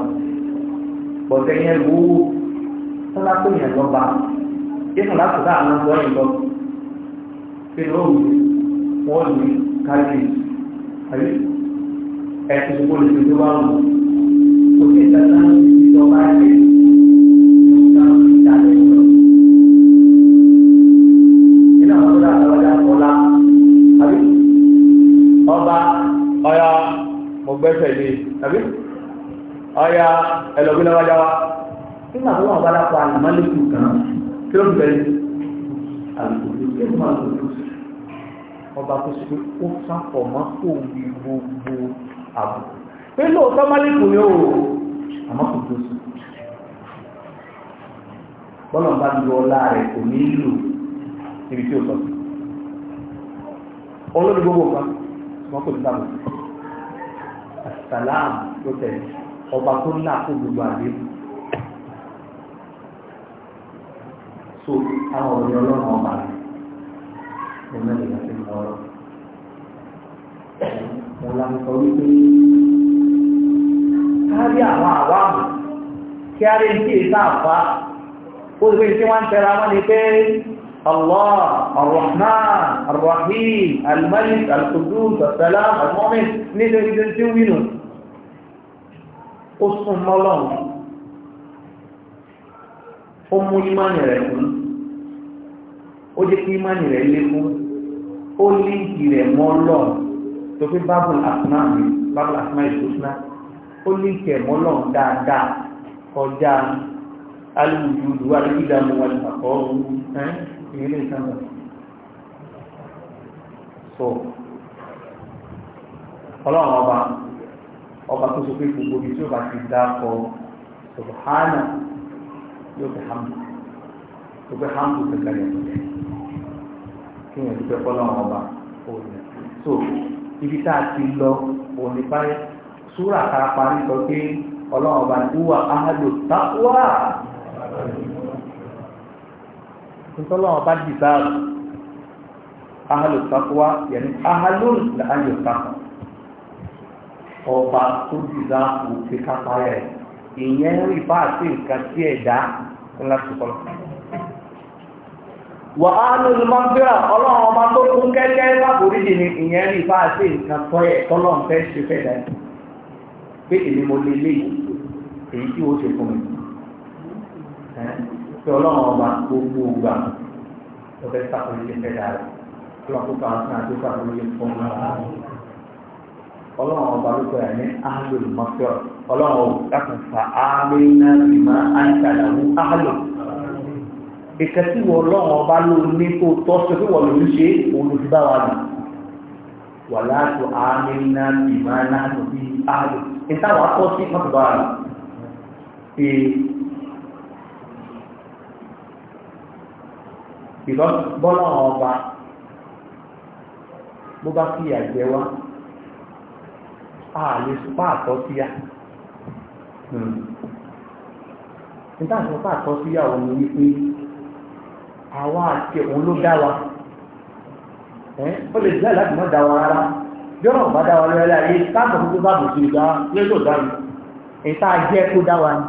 bọ̀tẹ̀ yẹn gbowó sọ́lá tó yẹn lọ́ba yẹn lọ́la tó dáa lọ́wọ́ yẹn lọ pé lóòrùn wọ́n lè kárí àyè ẹtù tó lè fi wá wù kò sí tata ìjọba ẹ̀ ìjọba ìdálẹ̀ lọ. nínú àwọn tó dáa lọ́jà ọ̀la àbí ọba ọ̀ya mo gbẹ́sẹ̀ lé àbí ọ̀ya ẹlòmí lọ́wọ́jà wa nígbà tó wà bàlá pa àlùmọ́lẹ́kù kan kí ló ń bẹ̀rẹ̀ àlùkò kí ló máa lò ó ọba kó sì pé ó sáfọ̀ mọ́ kó wí gbogbo àbò pé lóòótọ́ málìkù ni ó àmọ́ kò tó sùn bọ́lá bá lu ọlá rẹ̀ kò ní lù níbi tí ó sọ sí olórí gbogbo nǹkan wọn kò ní sábà asalaam ló tẹ̀lé ọba tó ńlá kó gbogbo àdé so àwọn ọ̀rẹ́ ọlọ́run ọba rẹ̀ ẹ̀mẹ́rin àti ìmọ̀ ọlọ́run àlàǹsọ wípé kárí àwọn àwáàmù kí á rí sí èsà àfá ó ti pé tí wọ́n ń tẹ́ra wọ́n ni pé Allah Ar-Rahman Ar-Rahim Al-Malik Al-Qudus tí ó wínú ó sún mọ́lọ́n ó mú ìmánì rẹ̀ fún ó jẹ́ kí ìmánì rẹ̀ lékún ó líǹkì rẹ̀ mọ́lọ́n tó fi bábùl àsùnà mi bábùl àsùnà ìṣúná ó lè kẹ̀ mọ́lọ̀ dáadáa kọjá alùpùpù alùpùdàmù àtàkọ́ ọ̀hún ẹ̀ ìrìnlẹ̀ ìsàmù. so ọlọ́run ọba ọba tó so pé gbogbo ibi tí ó bá ti dá kọ subhana yóò fi hàmù tó fi hàmù kankan yẹn kí yẹn dúpẹ́ fọlọ́run ọba ó yẹ so ibi tá a ti lọ òun ní báyìí súrà tá a parí sọ pé ọlọ́run ọba ní wà áhàlò táwà ntọ́lọ́run ọba dì sáà áhàlò táwà yẹni áhàlò làáyò táwà ọba tó dì sáà kò kápá rẹ̀ ìyẹn rí bá àti nǹkan tí ẹ̀dá ńlá tó kọ́ wà á ní olùmọ́gbéra ọlọ́run ọba tó kún kẹ́kẹ́ láboríjì ni ìyẹn rí bá ṣe nǹkan tọ́ ẹ̀ tọ́lọ́run fẹ́ ṣe fẹ́ dá pé èmi mo lè lé èyí tí ó ṣe fún mi pé ọlọ́run ọba gbogbo ògbà ló fẹ́ ṣàkóso fẹ́ dá rẹ̀ ọlọ́run tó kà á sí àti ṣàkóso fún mi ọlọ́run ọba ló pẹ̀lú ní áhàlò olùmọ́gbéra ọlọ́run ọba kò fa áhàlò iná ìmọ̀ àìsàn àwọn áhàlò ìkẹ́ tí wọ́n lọ́wọ́ ọba ló ní tó tọ́ sí pé wọ́n lòún ṣe òun ló fi bá wa lò wà láàtò àmì náà ìmọ̀ náà tó bí àlò ìtawà tọ́ sí mọ́tò bá wa lò ìbọn bọ́lá ọba bó bá fi àjẹ wá a lè àtọ́ síyá nígbà hmm. tí wọ́n bá àtọ́ síyá òun wípé àwa àti òun ló dá wa ó lè jẹ́ láti mọ́ dá wa rárá bí ọ̀rọ̀ bá dá wa lọ́wọ́ láyé táàbọ̀ tó bá bùsùn ìgbà yóò lò dá mi ìta jẹ́ kó dá wa ni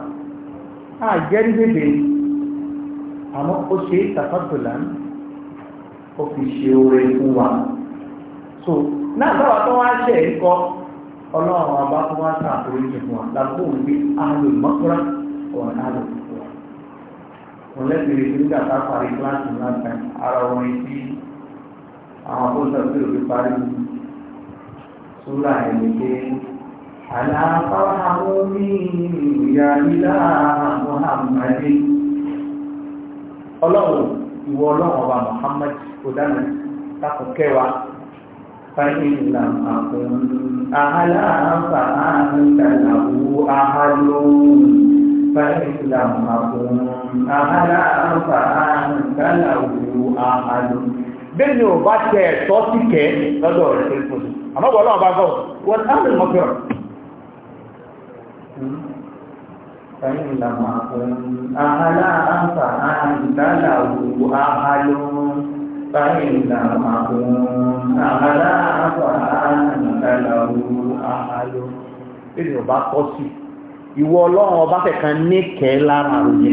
a jẹ́ bèbè àmọ́ ó ṣe tàfàtòlá ó fi ṣe oore fún wa so náà bá wa tó wá ṣe ẹ̀kọ́ ọlọ́run ọba tó wá sàkóríjì fún wa làbóun bí alùmọ́kúrá ọ̀nà alùmọ́ lẹ́sìn ètò nígbà tá a parí kíláàsì láti ara orin tí àwọn akóso pé òbí parí sóra ẹ̀ ní pé àlàáfáàmú ní ìyá ilá Muhammadu ọlọ́run ìwọ ọlọ́run ọba Muhammad kòdánà tako kẹwàá fáyín ìlànà àkùn àhàlàáfàá ń dàgbà wú àhàlóhùn fáyín ìlànà àkùn àhálà àǹfà àǹkálà òwò àhálù bẹ́ẹ̀ ni ò bá tẹ ẹ̀tọ́ sí kẹ́ lọ́dọ̀ rẹ̀ tó tó àmọ́ wọ́n lọ́wọ́ bá gọ́ wọ́n á lè mọ́kẹ́ rẹ̀ fẹ́yìn làmà àhálà àǹfà àǹkálà òwò àhálù fẹ́yìn làmà àhálà àǹfà àǹkálà òwò àhálù bẹ́ẹ̀ ni ò bá tọ́ sí ìwọ ọlọ́run ọba kẹ̀kan ní kẹ́ lára òye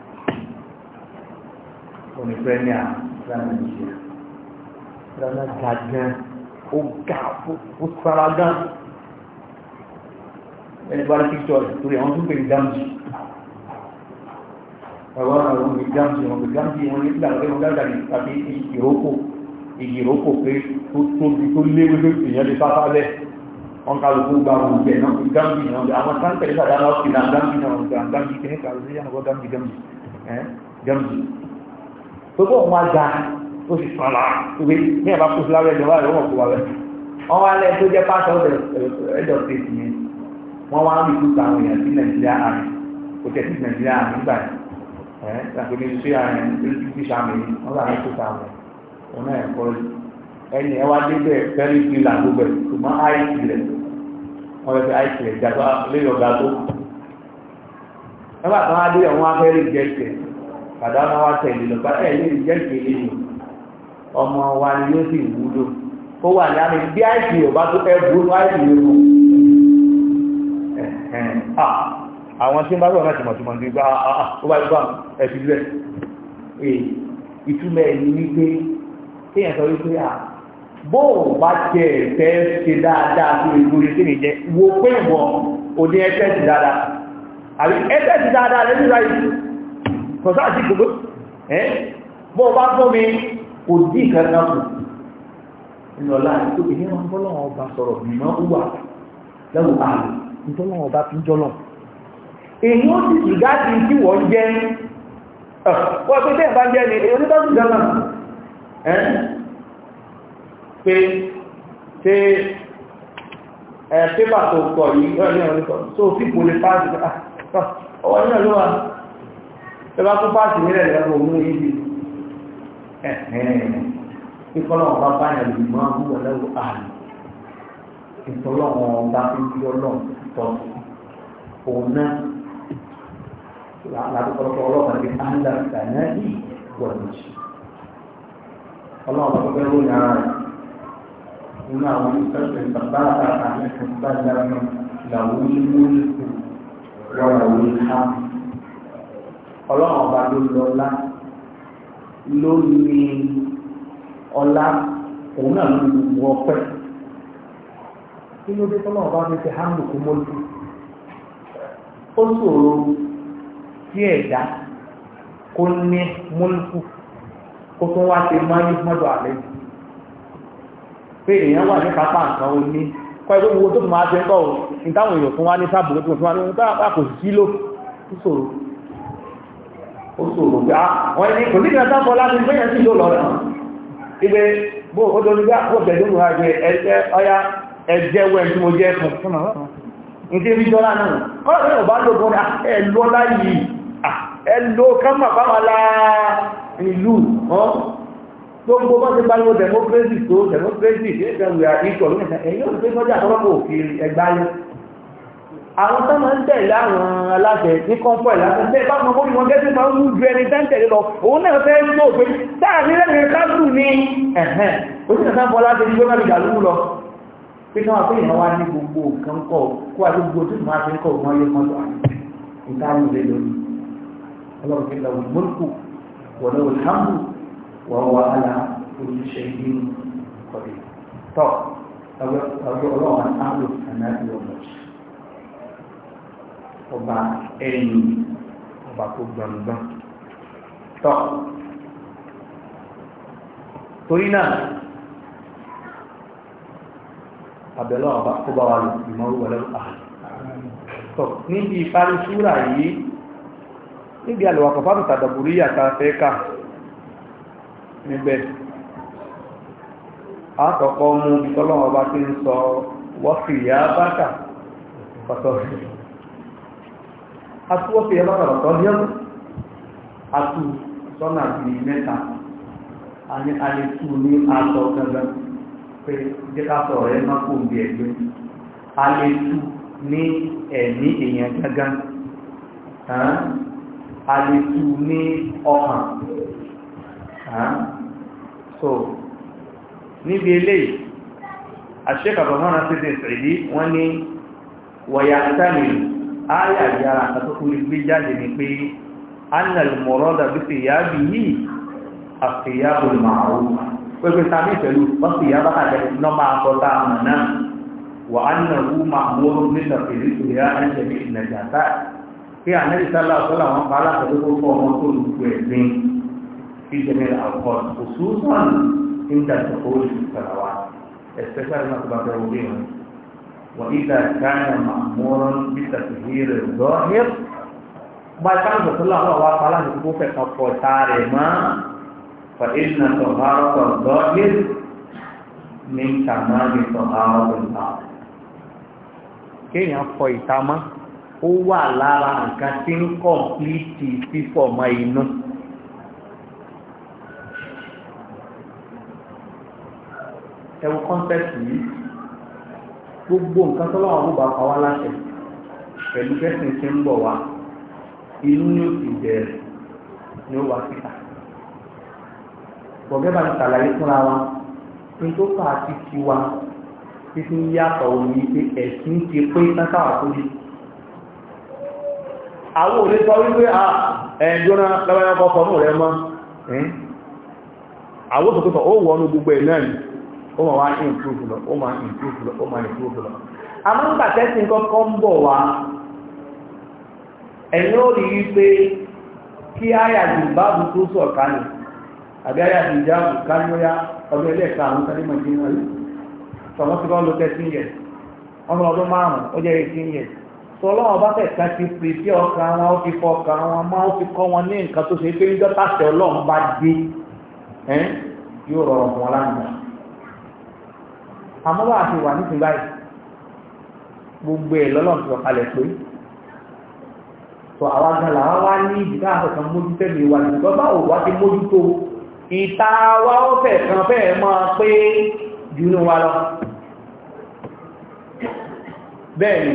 òní pẹ́míà gánà nìyà gánà ga gan ó ga ó sára gan ẹni bá rí píktọ̀ torí àwọn tó pè ní gámjì àwọn àwọn òní gámjì wọn gámjì wọn nígbà pé wọn gámjì àti tàbí ìrókò ìrókò pé tó tóbi tó léwé tó èèyàn lè fáfá lẹ̀ wọn ká lóko gba àwọn òjẹ náà gámjì náà àwọn sáńtẹ̀lẹ́sà dáná ọ̀sìn náà gámjì náà gámjì kìnnìkan ló sí yànnà gámjì gámjì gbogbo òun àgbà ó sì sàn láà ìwé ní ẹ̀bá kó sí lábẹ́ ìjọba ìwọ́n kó wà bẹ́ẹ̀ wọ́n wá lẹ́ tó jẹ́ pásọ̀ ẹ̀dọ̀ tètè yẹn wọ́n wá ń rí kúta àwọn èèyàn sí nàìjíríà àmì kò tẹ̀ sí nàìjíríà àmì gbà ẹ̀ ṣàpè ní ṣé àyàn ní sàmì wọ́n là ń kúta àwọn òun náà ẹ̀kọ́ ẹni ẹ wá dé bẹ́ẹ̀ fẹ́rí ìlà gbogbo ẹ̀ ṣùgbọ́n àìsí rẹ̀ wọ́n fẹ́ àìsí rẹ̀ jàdọ́ lé ọ̀gá tó ẹ bá kan á dé ọ̀hún kàdánù wa tẹ̀lé lọ bá ẹ̀ lè jẹ́ kéde nù ọmọ wa ni yóò sì wúlò kó wà ní àmì bí àìsí ò bá tó ẹ burú ní àìsí yóò mú àwọn tí ń bá rọ̀ láti mọ̀ tí mọ̀ ní gbá ó bá gbá ẹ̀fì rẹ̀ ìtumọ̀ ẹ̀ ní wípé kéèyàn sọ wípé à bóun bá tẹ ẹ̀fẹ́ ṣe dáadáa sí ìgboro tí mi jẹ wo pé ìwọ̀n òní ẹ̀fẹ́ ti dáadáa àbí ẹ̀fẹ́ ti dáadáa lẹ́nu láyé kọ̀sá àti gbogbo ẹ́ bọ́ bá fún mi kò dí ìkẹ́kẹ́ kù nínú ọ̀la tó kì í wọn bọ́ lọ́wọ́ ọba sọ̀rọ̀ mímọ́ wúwà lẹ́wọ̀ àlù nítorí wọn ọba fi jọ́lọ̀ èyí ó sì sì gáàdì tí wọ́n jẹ́ wọ́n tó tẹ́ ìbá jẹ́ ni èyí ó tọ́jú gánà ẹ́ pé ṣe ẹ̀ pépà tó kọ̀ yìí ọ̀rẹ́ ọ̀rẹ́ tó fi kò lè pàdé ah, ọwọ́ náà tẹ́lá tó bá sì nílẹ̀ lẹ́nu òun níbi ìkọlọ́ ọba báyà lè máa ń wọ lẹ́wọ̀ àlè ìtọ́lọ́ ọba tó fi ọlọ́run tọ́ òun náà látọ̀kọ́lọ́kọ́ ọlọ́run àti àńdà ìdánáàdì wọ̀nyí ọlọ́run tó fẹ́ lóyún ara rẹ̀ nínú àwọn ìfẹ́sẹ̀ bàbá àtàkà ẹ̀kọ́ bá dára náà làwọn onímọ̀ ìlú wọ́n làwọn ìlú ọlọ́run ọba ló lọ ọlá ló ní ọlá òun náà ló wọ ọpẹ́ kí ló dé tọ́lọ́run ọba fi ti hàmù kó mọ́tò ó ṣòro tí ẹ̀dá kó ní múlùkù kó tó wá ṣe máa ní mọ́dọ̀ àlẹ́ pé èèyàn wà ní pápá nǹkan ó ní kọ́ ẹgbẹ́ gbogbo tó máa jẹ́ tọ́ ìtàwọn èèyàn fún wa ní sábùkú tó fún wa ní ọ̀tá àkòsí lò ó ṣòro ó sòrò pé àwọn ah, ẹni kò nígbà sáfọ́ láti gbẹ́yàn sí yóò lọ́rẹ̀ wọn ibẹ̀ bó ah, ó tó nígbà ó bẹ̀rẹ̀ mú àjẹ ẹ̀jẹ̀ ọya ẹ̀jẹ̀ wẹ̀ tí mo jẹ́ fún ìdí ibi jọra náà kọ́lọ̀ ní ọba lóògùn ah, ẹ̀lọ́ láyìí ẹ̀lọ́ kánmà fáwọlá ìlú gbogbo bá ti pariwo democracy tó democracy ṣe é àwọn tó máa ń tẹ̀lé àwọn aláṣẹ ní kọ́pọ̀ ìlànà tẹ́ bá mọ́ mọ́ gẹ́sí máa ń mú ju ẹni tẹ́ ń tẹ̀lé lọ òun náà fẹ́ ń lò pé táàrí lẹ́yìn káàdù ní ẹ̀hẹ́n oṣù náà bọ́ láti ní gbọ́nà ìjà lúrú lọ pé káwọn pé ìyàwó ní gbogbo nǹkan kọ kó àti gbogbo tó máa fi ń kọ wọn yé mọ́tò ọba ẹ̀yìn ọba tó gbọ̀ngbọ̀n tọ́ torí náà àbẹ̀lọ́ ọba tó bá wà lò ìmọ̀rú wọlé tọ́ níbi ìparí súrà yìí níbi àlọ́ àkọ́fàtò tàdàbùrí àtàfẹ́ ká níbẹ̀ àkọ́kọ́ mú ìtọ́lọ́wọ́ bá ti ń sọ wọ́fìyà bákà pàtàkì atúwọ́sí ẹ̀rọ ọ̀rọ̀ ọdún atú sọ́nà àti mẹ́ta àyẹ̀tú ní aṣọ gangan pé jẹ́kásọ̀ rẹ̀ má kò bí ẹgbẹ́ àyẹ̀tú ní ẹ̀mí èèyàn gangan àyẹ̀tú ní ọkàn so níbi eléyìí àṣẹ́kàbọ̀ mọ́ra sí ti ṣèdí wọ́n ni wọ̀yà sáàmìlì áyà yára àtàkùn gbé jáde ni pé annal mọ̀rọ́dà bí fi yá bí yìí àfìyàbò màáwó pẹ̀pẹ̀ sami pẹ̀lú wọ́n fi yá bá kàdé nọ́mbà àkọ́tà àmà náà wà ánàwó màmúrú nígbà pẹ̀lú ìyá ẹ̀jẹ̀mí ìnàjàtà pé ànẹ́bí sálà ọ̀sọ́là wọn pa aláṣẹ tó fọ́ ọmọ tó lù pẹ̀ gbin fi jẹ́mi àkọ́ òṣùwọ̀n nígbà náà tó bá fẹ́ wọlé wọn. وإذا كان مأمورا بتطهير الظاهر بعد الله الله تعالى يقول كفار ما فإن طهارة الظاهر من كمال طهارة الباطن kéèyàn fọ ìta mọ́ ó wà lára nǹkan tí ń kọ̀m̀plìtì fífọ̀ mọ́ inú. ẹ wo kọ́ńtẹ́ẹ̀tì yìí gbogbo nǹkan tó láwọn ọgbà pa wá láṣẹ pẹ̀lú bẹ́sìn ṣe ń bọ̀ wá inú ní òsì bẹ̀rẹ̀ ni ó wá síta bọ̀gẹ́ ti ṣàlàyé fúnra wa pé tó fà á ti ti wa títí ń yàtọ̀ òun yìí pé ẹ̀sìn ti pé sáká wà àwọn òní sọ a ẹ̀ẹ́dúnrà lọ́wọ́ ẹ̀kọ́ gbogbo ẹ̀ ó máa wá improve lọ ó máa improve lọ ó máa improve lọ àmọ́ nígbà tẹ́sí kọ́kọ́ ń bọ̀ wá ẹ̀yin ó rí i pé kí àyà jùbáàbù tó sọ̀ká ni àbí àyà jùjáàbù káyọ́yá ọdún ẹlẹ́ẹ̀ka àwọn sáré mọ̀ jìnnà yìí sọ̀rọ̀ ti kọ́ ló tẹ́sí yẹ ọmọ ọdún márùn-ún ó jẹ́ àmọ́ bá a ti wà nísìnyí báyìí gbogbo ẹ̀ lọ́lọ́run ti wà kalẹ̀ pé tó àwa gan làwa wá ní ìdíkà àkọ́kọ́ mójútó mi wà nígbà báwo wá ti mójútó ìta wa ó fẹ̀ kan fẹ́ẹ̀ mọ́ pé jù ní wa lọ bẹ́ẹ̀ni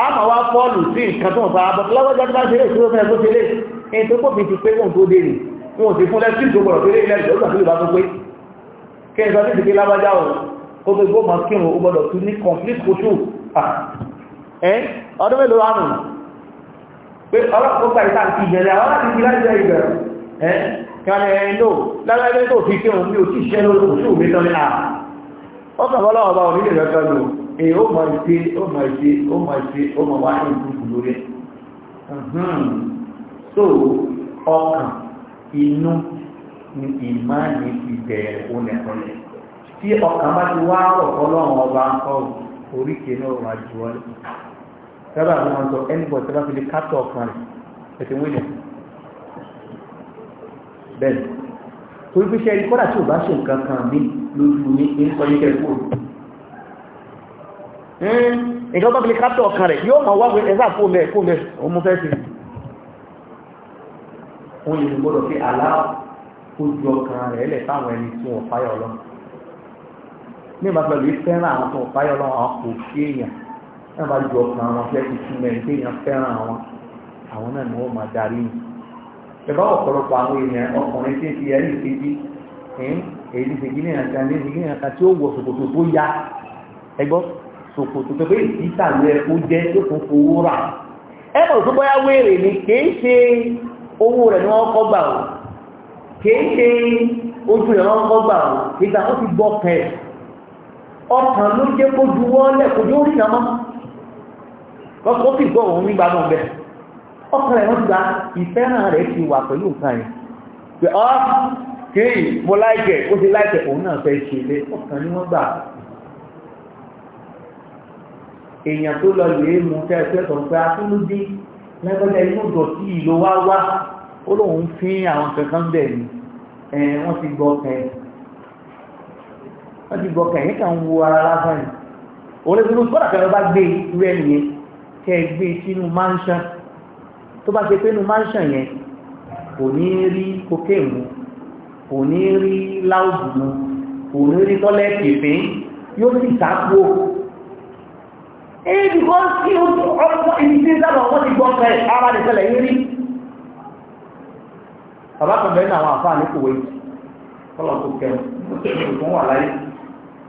a máa wá fọ́ọ̀lù sí nǹkan tó ń fa abọ́ lọ́wọ́jọ́ tó bá ṣe lè tó fẹ́ tó ṣe lè ẹni tó pòfin ti pé wọ́n tó dé nì wọ́n ti fún lẹ́sìn tó gbọ́dọ̀ tó lé ilẹ̀ ìjọba tó lè bá tó pé kí n sọ sí ti lábájá òun kó tó gbọ́mọ̀ kírùn ó gbọ́dọ̀ tún ní complete kóṣù ah. ẹ́ ọdún mélòó àrùn pé ọlọ́pọ̀gbà ìta ti ìjẹ̀lẹ̀ àwọn láti fi láti ẹ̀ ìbẹ̀rẹ̀ ẹ́ kí wọ́n ní ẹ̀yìn lò lágbàgbẹ́ tó fi kírùn mi ò tí ṣẹ́ lórí kóṣù mi tán ní à ọkàn bọ́lọ́wọ́ bá onílẹ̀ rẹ̀ so ọkàn inú ni ìmáà ní ìbẹ̀rẹ̀ ó nẹ̀kọ́lẹ̀ tí ọkàn bá ti wá ọ̀pọ̀ lọ́wọ́ ọba ń kọ́ oríkèé náà wà jù ọ́ sábà ní wọn sọ ẹnìbọ̀ sábà fi lè kátó ọkàn rẹ̀ ẹ̀sìn wílẹ̀ bẹ́ẹ̀ torí pé ṣẹ́rí kọ́dà tí ò bá ṣe nǹkan kan mí lójú ní ìsọ yíkẹ́ kúrò nǹkan bá fi lè kátó ọkàn rẹ̀ yóò mọ̀ ní ìmọ̀ pẹ̀lú fẹ́ràn àwọn tó ń fáyọ̀ lọ́wọ́ àwọn kò sí èèyàn náà bá ju ọkàn àwọn fẹ́ ti túmọ̀ ẹ̀ pé èèyàn fẹ́ràn àwọn àwọn náà ni wọ́n máa darí yìí ìbá ọ̀pọ̀lọpọ̀ àwọn èèyàn ọkùnrin tí ń fi ẹ̀rí ìfèjì èyí ti fèjì ní ìrìnàjò ní ìrìnàjò ìrìnàjò tí ó wọ ṣòkòtò tó ya ẹgbọ́ ṣòkòtò tó pé ìtìta rẹ ó jẹ́ tó tún fowó rà ẹ mọ̀ ni kìí ṣe owó rẹ̀ ni wọ́n kọ́ gbà ó kìí ṣe ojú rẹ̀ wọ́n ó ti bọ́ pẹ́ẹ́ ọkàn ló jẹ́ kó ju wọ́lẹ̀ kò yóò rí nàmọ́ lọ́pọ̀ ó sì gbọ́ òun nígbà náà bẹ̀ ọkàn rẹ̀ wọ́n gba ìfẹ́ràn rẹ̀ ti wà pẹ̀lú nǹkan yẹn pé ọ́ kìí mo láìkẹ̀ ó ti láìkẹ̀ òun náà fẹ́ ṣe ilé ọkàn ni wọ́n gbà èèyàn tó lọ lè mú tẹ́ẹ̀tẹ́ sọ pé akúlódé lẹ́gbẹ́lẹ́ ti gbọ́ kẹ́ẹ̀ wọ́n ti gbọ́ kẹ̀yìn kan wo ara lásán yìí òun lè fi gbọ́dọ̀ kẹ́lẹ́ bá gbé irú ẹni yẹn kẹ́ ẹ gbé sínú mansion tó bá ṣe pé inú mansion yẹn kò ní rí cocaine mu kò ní rí láùdù mu kò ní rí tọ́lẹ́ẹ̀tì fín yóò sì sáàpò èyí kọ́ sí ọmọ ibi tí sábà wọ́n ti gbọ́ pẹ́ ara lè ṣẹlẹ̀ yín rí bàbá kan bẹ́ẹ̀ ní àwọn àfáà ní kòwé kọ́lọ̀ tó kẹrù tó wà láyé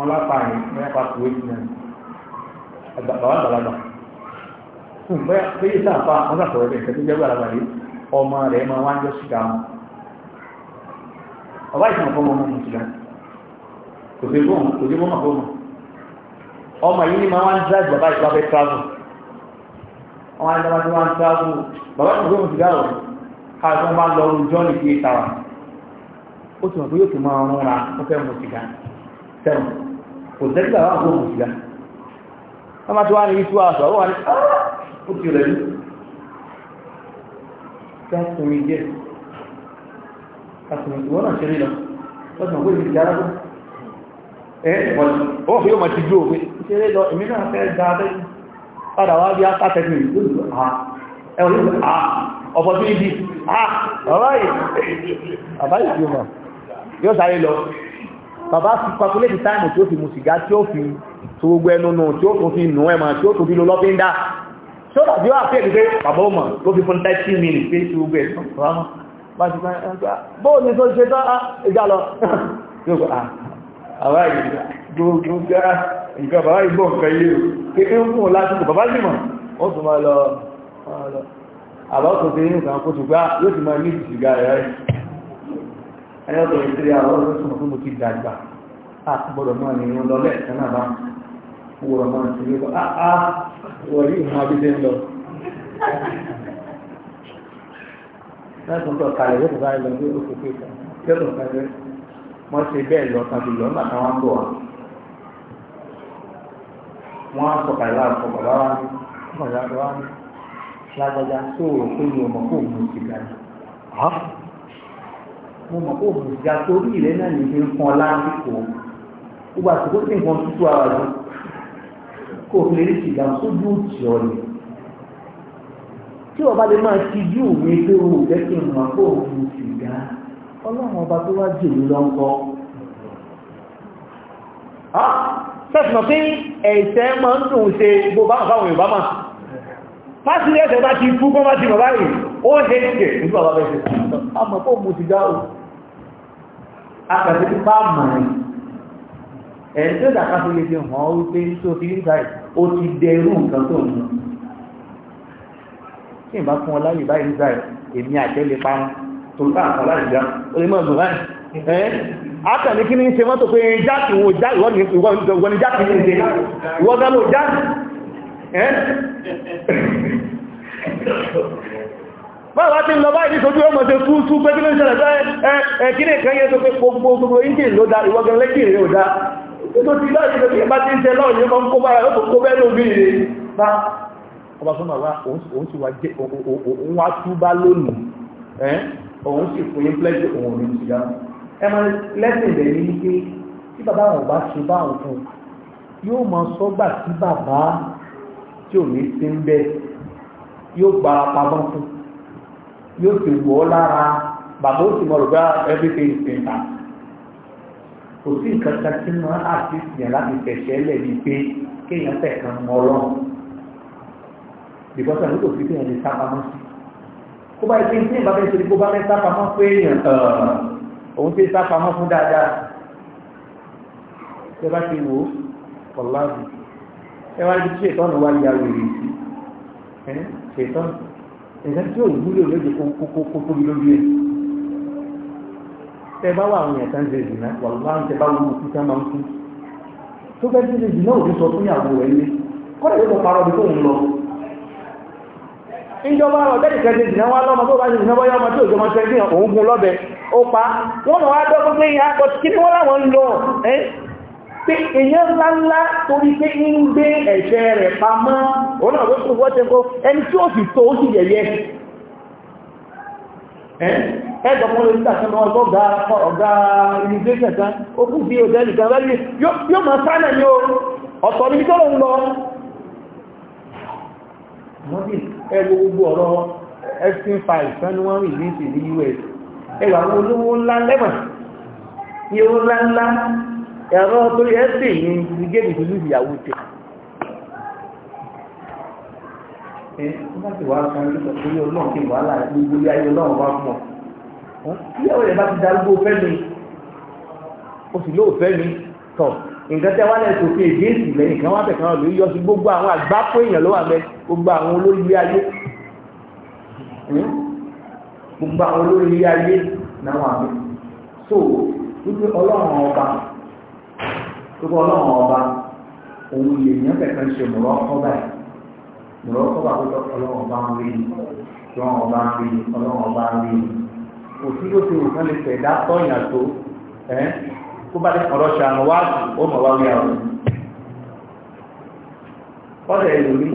wọn lápá yìí wọn yàpá kúwé sí náà bàbá àgbàlagbà fún bẹ́ẹ̀ bẹ́ẹ̀ sáfà wọn náà sọ̀rọ̀ bẹ́ẹ̀ kẹ́tẹ́ jẹ́gbẹ́ àgbàlagbà yìí ọmọ rẹ̀ máa wá ń jọ síga wọn bàbá ìsìn ọ̀fọ́ ọmọ ọmọ síga kò sí fún kò sí fún ọmọ ọmọ yìí ni máa wá ń dá bàbá ìsìn ọ̀fẹ́ travel ọmọ ẹ̀dá wájú wá ń travel bàbá ìsìn ọ̀fẹ́ síga wọn káàkiri wọn bá lọ ọrùn jọ́ọ̀nì kí é tàwa ó ti mọ̀ pé yóò ti máa rún ra ó fẹ́ mọ̀ síga sẹ́wọ̀n kò tẹ́gbà wà fún òkùnfìlá wọ́n má ti wá ní ìtú àṣọ àwọn àwọn ah, ó ti rẹ̀ ní kásùnmí jẹ́ kásùnmí ìwọ́n náà ṣe rí lọ lọ́sùn òkú ìrìn ìjára tó ẹ́ ọwọ́ ti jú òwe ṣe rí lọ èmi fẹ́ gba padà wá bí akátẹ́kùn ìlú ọ̀pọ̀ tó ń di àbáyé yóò sáré bàbá fi calculate time tí ó fi mu sìgá tí ó fi tó gbogbo ẹnu nù tí ó tún fi nù ẹ̀mà tí ó tún fi lo lọ́fíńdà tó dàbí ó àfẹ́ ìdíkẹ́ bàbá ọmọ ló fi fún 30 minutes pé tí gbogbo ẹ̀sán ọ̀rọ̀ bá ti bá ẹgbẹ́ bóò ní tó ṣe tán ìjà ah, lọ yóò ah, àwọn ìgbogbo ah, nǹkan bàbá ìgbò nǹkan yìí kí ń fún lásìkò bàbá jìmọ̀ ó tún máa lọ àbákòtò inú kan kó tùgbá yóò ti máa ní ìsìgá ẹ̀yọ́ tó yẹ sílẹ̀ àwọn ọ̀rọ̀ tó mọ̀ fún mo ti dàgbà á gbọ́dọ̀ máa ní irun lọ́lẹ̀ kaná bá wúrọ̀ máa ti rí lọ á wọ̀ yìí máa bí dé ń lọ. lẹ́sùn tó kalẹ̀ yóò fún báyìí lọ sí oṣù kẹta lẹ́sùn kalẹ̀ wọ́n ṣe bẹ́ẹ̀ lọ tàbí lọ nígbà táwọn bọ̀ wá. wọ́n á sọ kàlẹ́ láàrú ọkọ̀ bá ní ọkọ̀ bá ní lágbájá tó rò pé mi ò kó mú ti ga mo mọ̀ kó òun ìjà torí ìrẹ́ náà nìyí ń kan lásìkò gbogbo àsìkò tí nǹkan tútù ara rẹ kó o lè rí ìjà sójú òtì ọ ni tí ọba lè máa ti yú mi pé o ò fẹ́ kí n mọ̀ kó òun ìjà ọlọ́run ọba tó wá jù mí lọ́ńkọ́ sẹ́sìnà pé ẹ̀ẹ̀sẹ̀ máa ń dùn ṣe bó bá àwọn Yorùbá máa fásílẹ̀ ẹ̀sẹ̀ bá ti kú kọ́ bá ti bàbá rẹ̀ ó ṣe ṣe nígbà bàbá ẹ̀sẹ̀ àmọ́ pọ̀ mú ti dá o akàtí tí bá mọ̀ ní ẹ̀rí tó dàkà tó lè fi hàn ó pé tó fi nígbà ó ti dẹrú nǹkan tó mú kí n bá fún ọ láyè báyìí nígbà èmi àjẹ́ lè parun tó bá àkọ́ láyè já ó lè mọ̀ ọ̀gbọ̀n báyìí ẹ́ akàtí kí ni ṣe mọ́tò pé jáàkì wo jáàkì wọ́n ni jáàkì ní ṣe wọ́n dá lò jáàkì báwọn láti lọ báyìí nítorí ọmọ ṣe fún tún pé kí ló ń ṣẹlẹ̀ bẹ́ẹ̀ ẹ̀kíní kan yẹ́ tó pé gbogbo gbogbo engine ló dá ìwọ́gan lẹ́kìnrin ò dá tó ti láti lọ bí ẹ bá ti ń tẹ lọ́ọ̀ ní ọmọ kó bára ó kó bẹ́ẹ̀ lóbi rẹ̀ bá ọba tó máa wá òun sì wá túbá lónìí òun sì fún yín pẹ́lẹ́sì òun ní ìṣìyá ẹ máa lẹ́sìn rẹ̀ ní pé tí bàbá àwọn bá ṣe bá àwọn fún yóò máa sọ́gbà tí bàbá tí ò ní sí ń bẹ́ yóò gbára pamọ́ fún un yóò ti wọ̀ ọ́ lára bàbá ó sì mọ̀ lọ́gbà everything is in fact kò sí nǹkan kan tí wọ́n á ti yàn láti tẹ̀sẹ̀ lẹ̀ bíi pé kéèyàn tẹ̀kan mọ́ ọlọ́run bìkọ́sì àdúgbò sí kéèyàn lè sá pamọ́ sí kó bá ẹgbẹ́ ní ìbáfẹ́ ìṣòro kó bá fẹ́ sá pamọ́ pé èèyàn òun ti sá pamọ́ fún dáadáa ṣé bá ti wò ó ọ̀làbù ẹ wá ní ṣètọ́nù wá ya wèrè sí ṣètọ́nù. ẹ̀dá tí òun múlò lóde kókókó tóbi lórí ẹ̀ tẹ bá wà àwọn nke tán ṣe dìnnà wà lọ́wọ́ àwọn tẹ bá wọ́n kú tán máa ń kú tó bẹ́ẹ̀ tí ṣe dìnnà òun sọ fún ìyàwó ẹ̀ lé kọ́lá yóò parọ́ bí tóun lọ. ìjọba ọ̀dẹ́ ìkẹ́ ṣe lọ́mọ tó bá ṣe bọ́yá ọmọ tí òjò máa ṣe òun gun ó pa wọ́n mọ̀ wá pé èèyàn ńláńlá torí pé ń gbé ẹ̀ṣẹ̀ rẹ̀ pamọ́ òun náà wọ́n wọ́n tẹ́ kọ́ ẹni tí ó sì tó ó sì yẹ̀yẹ́ ẹgbẹ̀kún lórí ìtàkùn ọgọ́gá ọ̀gá immigration kan ó kú bí òdẹ́lì kan rẹ́lì yóò máa sáà náà ní ọ̀tọ̀ ní tó ń lọ wọ́n sì ẹgbẹ́ gbogbo ọ̀rọ̀ ẹ̀sìn five fẹ́ ni wọ́n rìn ní ìsìn ní US ẹgbẹ̀ àwọn olówó ńlá lẹ́mọ̀ ní owó ńlá ńlá ẹ̀rọ torí ẹ́ pè ní gẹ́gẹ́ ìlú ìyàwó tẹ̀. ẹ nígbà tí wàá san lóṣọ torí ọlọ́run kí wàhálà gbogbo ilé ayé ọlọ́run wá fún ọ ìyàwó gbogbo àwọn àgbákò ilé ayé náà wà mẹ́ so wípé ọlọ́run ọba tókọ ọlọ́run ọba òun lè yàn kẹ̀kẹ́ ṣe mọ̀rọ́ kọ́bà mọ̀rọ́ kọ́bà tó ọlọ́run ọba ń rí ọlọ́run ọba ń rí ọlọ́run ọba ń rí òtí yóò fi òkan lè tẹ̀dá tọ́yìn àtó ẹ́ kó bá dé ọ̀rọ̀ ṣàánú wá sí ó mọ̀ wá wí àwọn ọ̀rẹ́ ìlúrí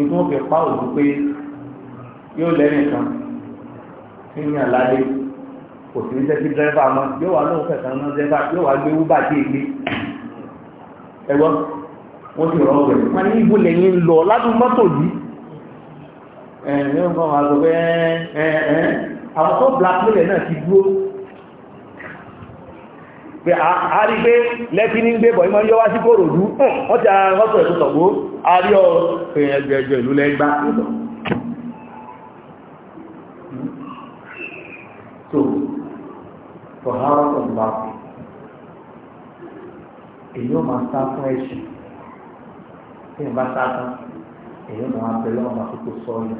ìgbọ́n fi pa òun pé yóò lẹ́yìn kan nínú àlàyé kò sí ní sẹ́kí dẹ́rẹ́fà mọ́ yóò wá lóun fẹ̀sán náà dẹ́rẹ́fà yóò wá gbé wúbà dé ilé ẹgbọ́ wọ́n ti rọ̀ ọ̀gbẹ̀ wọ́n ní ibú lẹ́yìn lọ ládùn mọ́tò yìí ẹ̀ẹ́n nǹkan wà lọ pé ẹ̀ẹ́n àwọn tó blackmail náà ti dúró pé a rí pé lẹ́kí ní gbé bọ̀ ìmọ̀ yọ́ sí kòròdú wọ́n ti ara rọ́pọ̀ ẹ̀kùtọ̀gbó tọ̀hárọ̀ tó ń bá fi èyí ó máa sá fún ẹ̀ṣẹ̀ tí n bá sá tán èyí ó máa bẹ lọ́wọ́ máa kókó sọ́ọ̀nù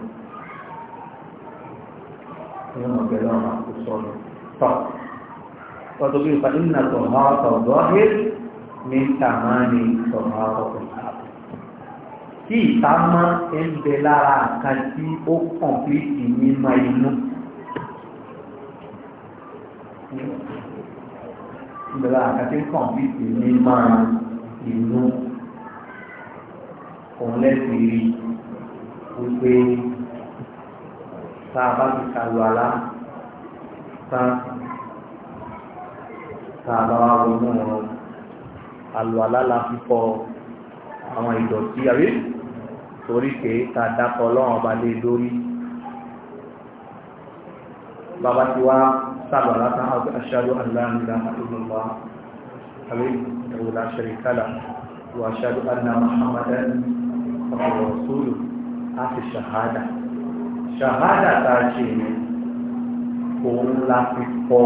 èyí ó máa bẹ lọ́wọ́ máa kókó sọ́ọ̀nù tọ̀ tọ́jú bí ìfà ìnà tọ̀hárọ̀ tó ń bọ́ hé ní tàmánì tọ̀hárọ̀ tó ń bá fi tí ìta máa ń bẹ lára kan ó kàn pé ìmí máa inú ìgbàlá àkàtí kàn bí èmi máa ìlú òun lẹ́sìn rí wípé tá a bá ti kalu ala tán tá a bá wá wọnú ọ̀rọ̀ alu ala la fi fọ àwọn ìdọ̀tí àbí torí pé ká dákọ̀ ọlọ́run ọba lé lórí bàbá ti wá sálọ̀ látà àwọn aṣáájú aláàmìlá àdúgbò àwẹ̀ ìwòlá ṣẹ̀ríkálà wà aṣáájú aláà muhammadan ọ̀pọ̀lọ̀ sólù á fi ṣàhádà ṣàhádà tá a ṣe yẹn òun la fi kọ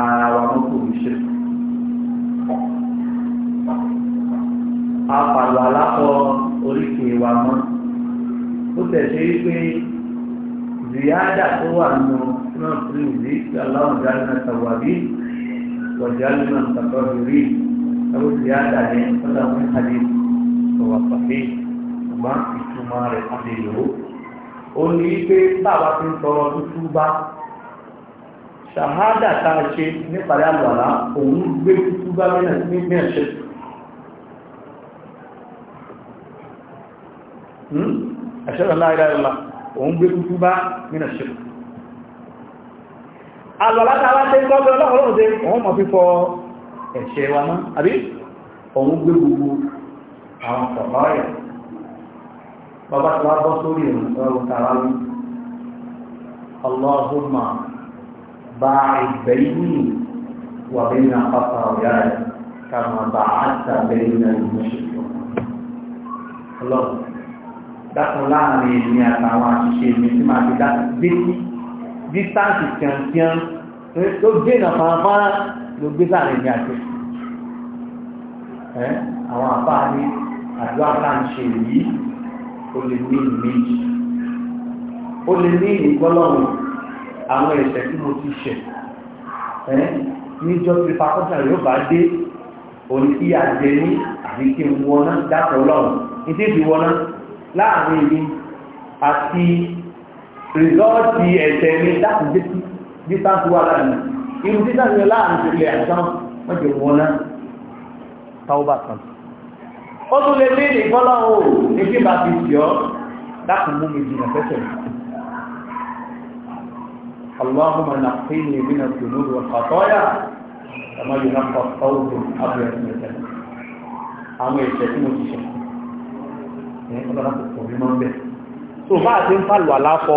ara wa mọ́tò ìṣẹ́ apàlọ́ alákọ̀ọ́ oríkèé wa mọ́ ó tẹ̀sí pé ziyada tó wà nù náà fún ìdí aláwọ̀ jálùmọ̀ tàwàbí wàjálùmọ̀ tàwàbí ẹwọ́ ziyada ní ọ̀dà fún ìhàdí tọ̀wàpàdé ọgbà ìtumọ̀ rẹ̀ pàdé yòó ó ní pé báwa ti ń tọrọ tútú bá ṣàhádà tá a ṣe nípàdé àlùwàlá òun gbé tútú bá mẹ́nà sí ní ẹ̀ṣẹ́ أشهد أن òun gbé kúkú bá nínú ṣíkù alọ́láta aláṣẹ́ gọ́gbẹ́ ọlọ́run ṣe òun mọ̀ fífọ ẹ̀ṣẹ̀ wa mọ́ àbí òun gbé gbogbo àwọn ọ̀pọ̀ ọ̀rẹ́ bàbá tí wá bọ́ sórí ẹ̀rùn tààrà lú ọlọ́ọ̀húnmà bá ìgbẹ́ yìí wà dákun láàrin èmi àtàwọn àṣìṣe mi tí máa fi dá gbé sí dísáǹsì tíantíán tó gbé ìnà fanfán ló gbé sáàrin èmi àti ẹ àwọn àbáà ní àjọ àtàǹṣe yìí ó lè ní ìmẹ́jì ó lè ní ìgbọ́lọ́run àwọn ẹ̀ṣẹ̀ tí mo ti ṣẹ̀ ẹ́ níjọ́ tí pàkọ́sàn yóò bá dé òní kí àjẹ ní àbí wọná dákọ̀ ọlọ́run ní wọná láàrin èmi àti rìsọ́ọ̀tì ẹ̀sẹ̀ mi láti dé sí distance wà láàrin irú distance yẹn láàrin ìṣẹ̀lẹ̀ àìsàn wọ́n jẹ wọn náà táwọ́bà kan ó tún lè ní ìfọ́lọ́ o ní kí bá fi sí ọ láti mú اللهم نقيني من الذنوب والخطايا كما ينقى الثوب ابيض من الدم àwọn ẹ̀ṣẹ̀ tí ọlọ́run kò so bá a ti ń fàlù àláfọ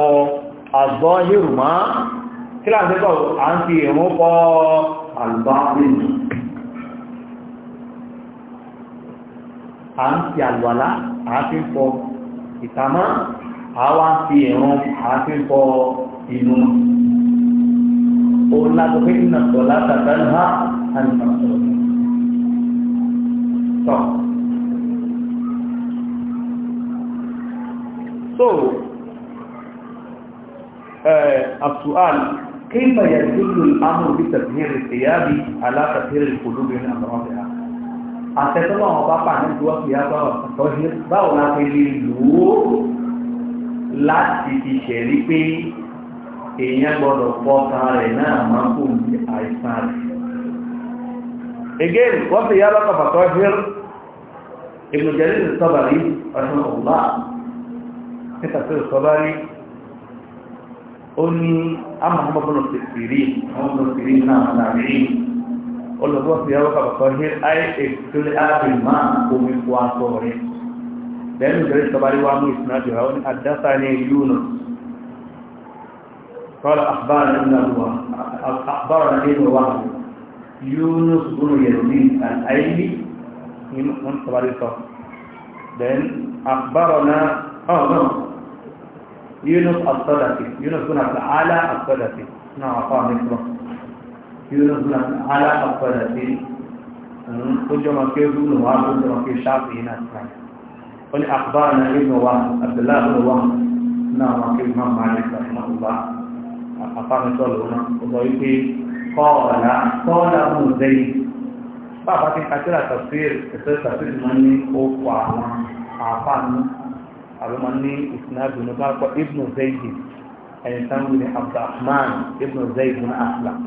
àgbọ́ hírùmọ́ kí láti bọ̀ à ń fi ìrún fọ àlùbá nínú à ń fi àlùwàlá à ń fi fọ ìtàmọ́ àwa ń fi ìrún à ń fọ inú òun láti pé ìnàtọ̀ látàtà ń há àìsàn so السؤال كيف يدل الأمر بتطهير الثياب على تطهير القلوب من أمراضها àtẹ́tọ́lọ́ àwọn bá pàdé ìdúwọ́ fi yá báwọn àtọ́jú báwo la fi lè lò ó láti fi ṣẹ̀rí pé èèyàn gbọ́dọ̀ fọ́ta rẹ̀ náà máa kó ní àìsàn rẹ̀. again wọ́n fi yá lọ́kọ̀ àtọ́jú ìgbìyànjú ìsọ̀bàrí ọ̀sán ọ̀gbà ní tàfẹ́ ìsọ́bá rí ó ní amọ̀mọ́bọ̀nà tẹ̀sìrí amọ̀mọ́bọ̀nà tẹ̀sìrí náà láàrin olùgbọ́ fi ọwọ́ kàbàkọ́ ní ias tó lé ábìrì máa omi fún aṣọ rẹ̀ lẹ́nu ìjọba ìsọ́bá rí wá mú ìsìnà jùlọ ní àdásá ní yúnà kọ́lá àbára nínú wa yúnus bùnú yẹ̀rùbí àìní ní wọ́n sọ́bá rí sọ then àbára náà oh no يونس الصدفي يونس بن عبد العالى الصدفي نعم عطاء مصر يونس بن عبد العالى الصدفي قدم في ابن وهب قدم في شعبه ناس قل اخبرنا ابن وهب عبد الله بن وهب نعم في الامام مالك رحمه الله عطاء مصر هنا وضيفه قال قال ابن زيد بابا في حكينا تفسير تفسير المني وقع عفان àbúmọ ní ìsinadù ní bákọ ibnu zaidi ẹni tán wí ní abdulrahman ibnu zaidi ní aslam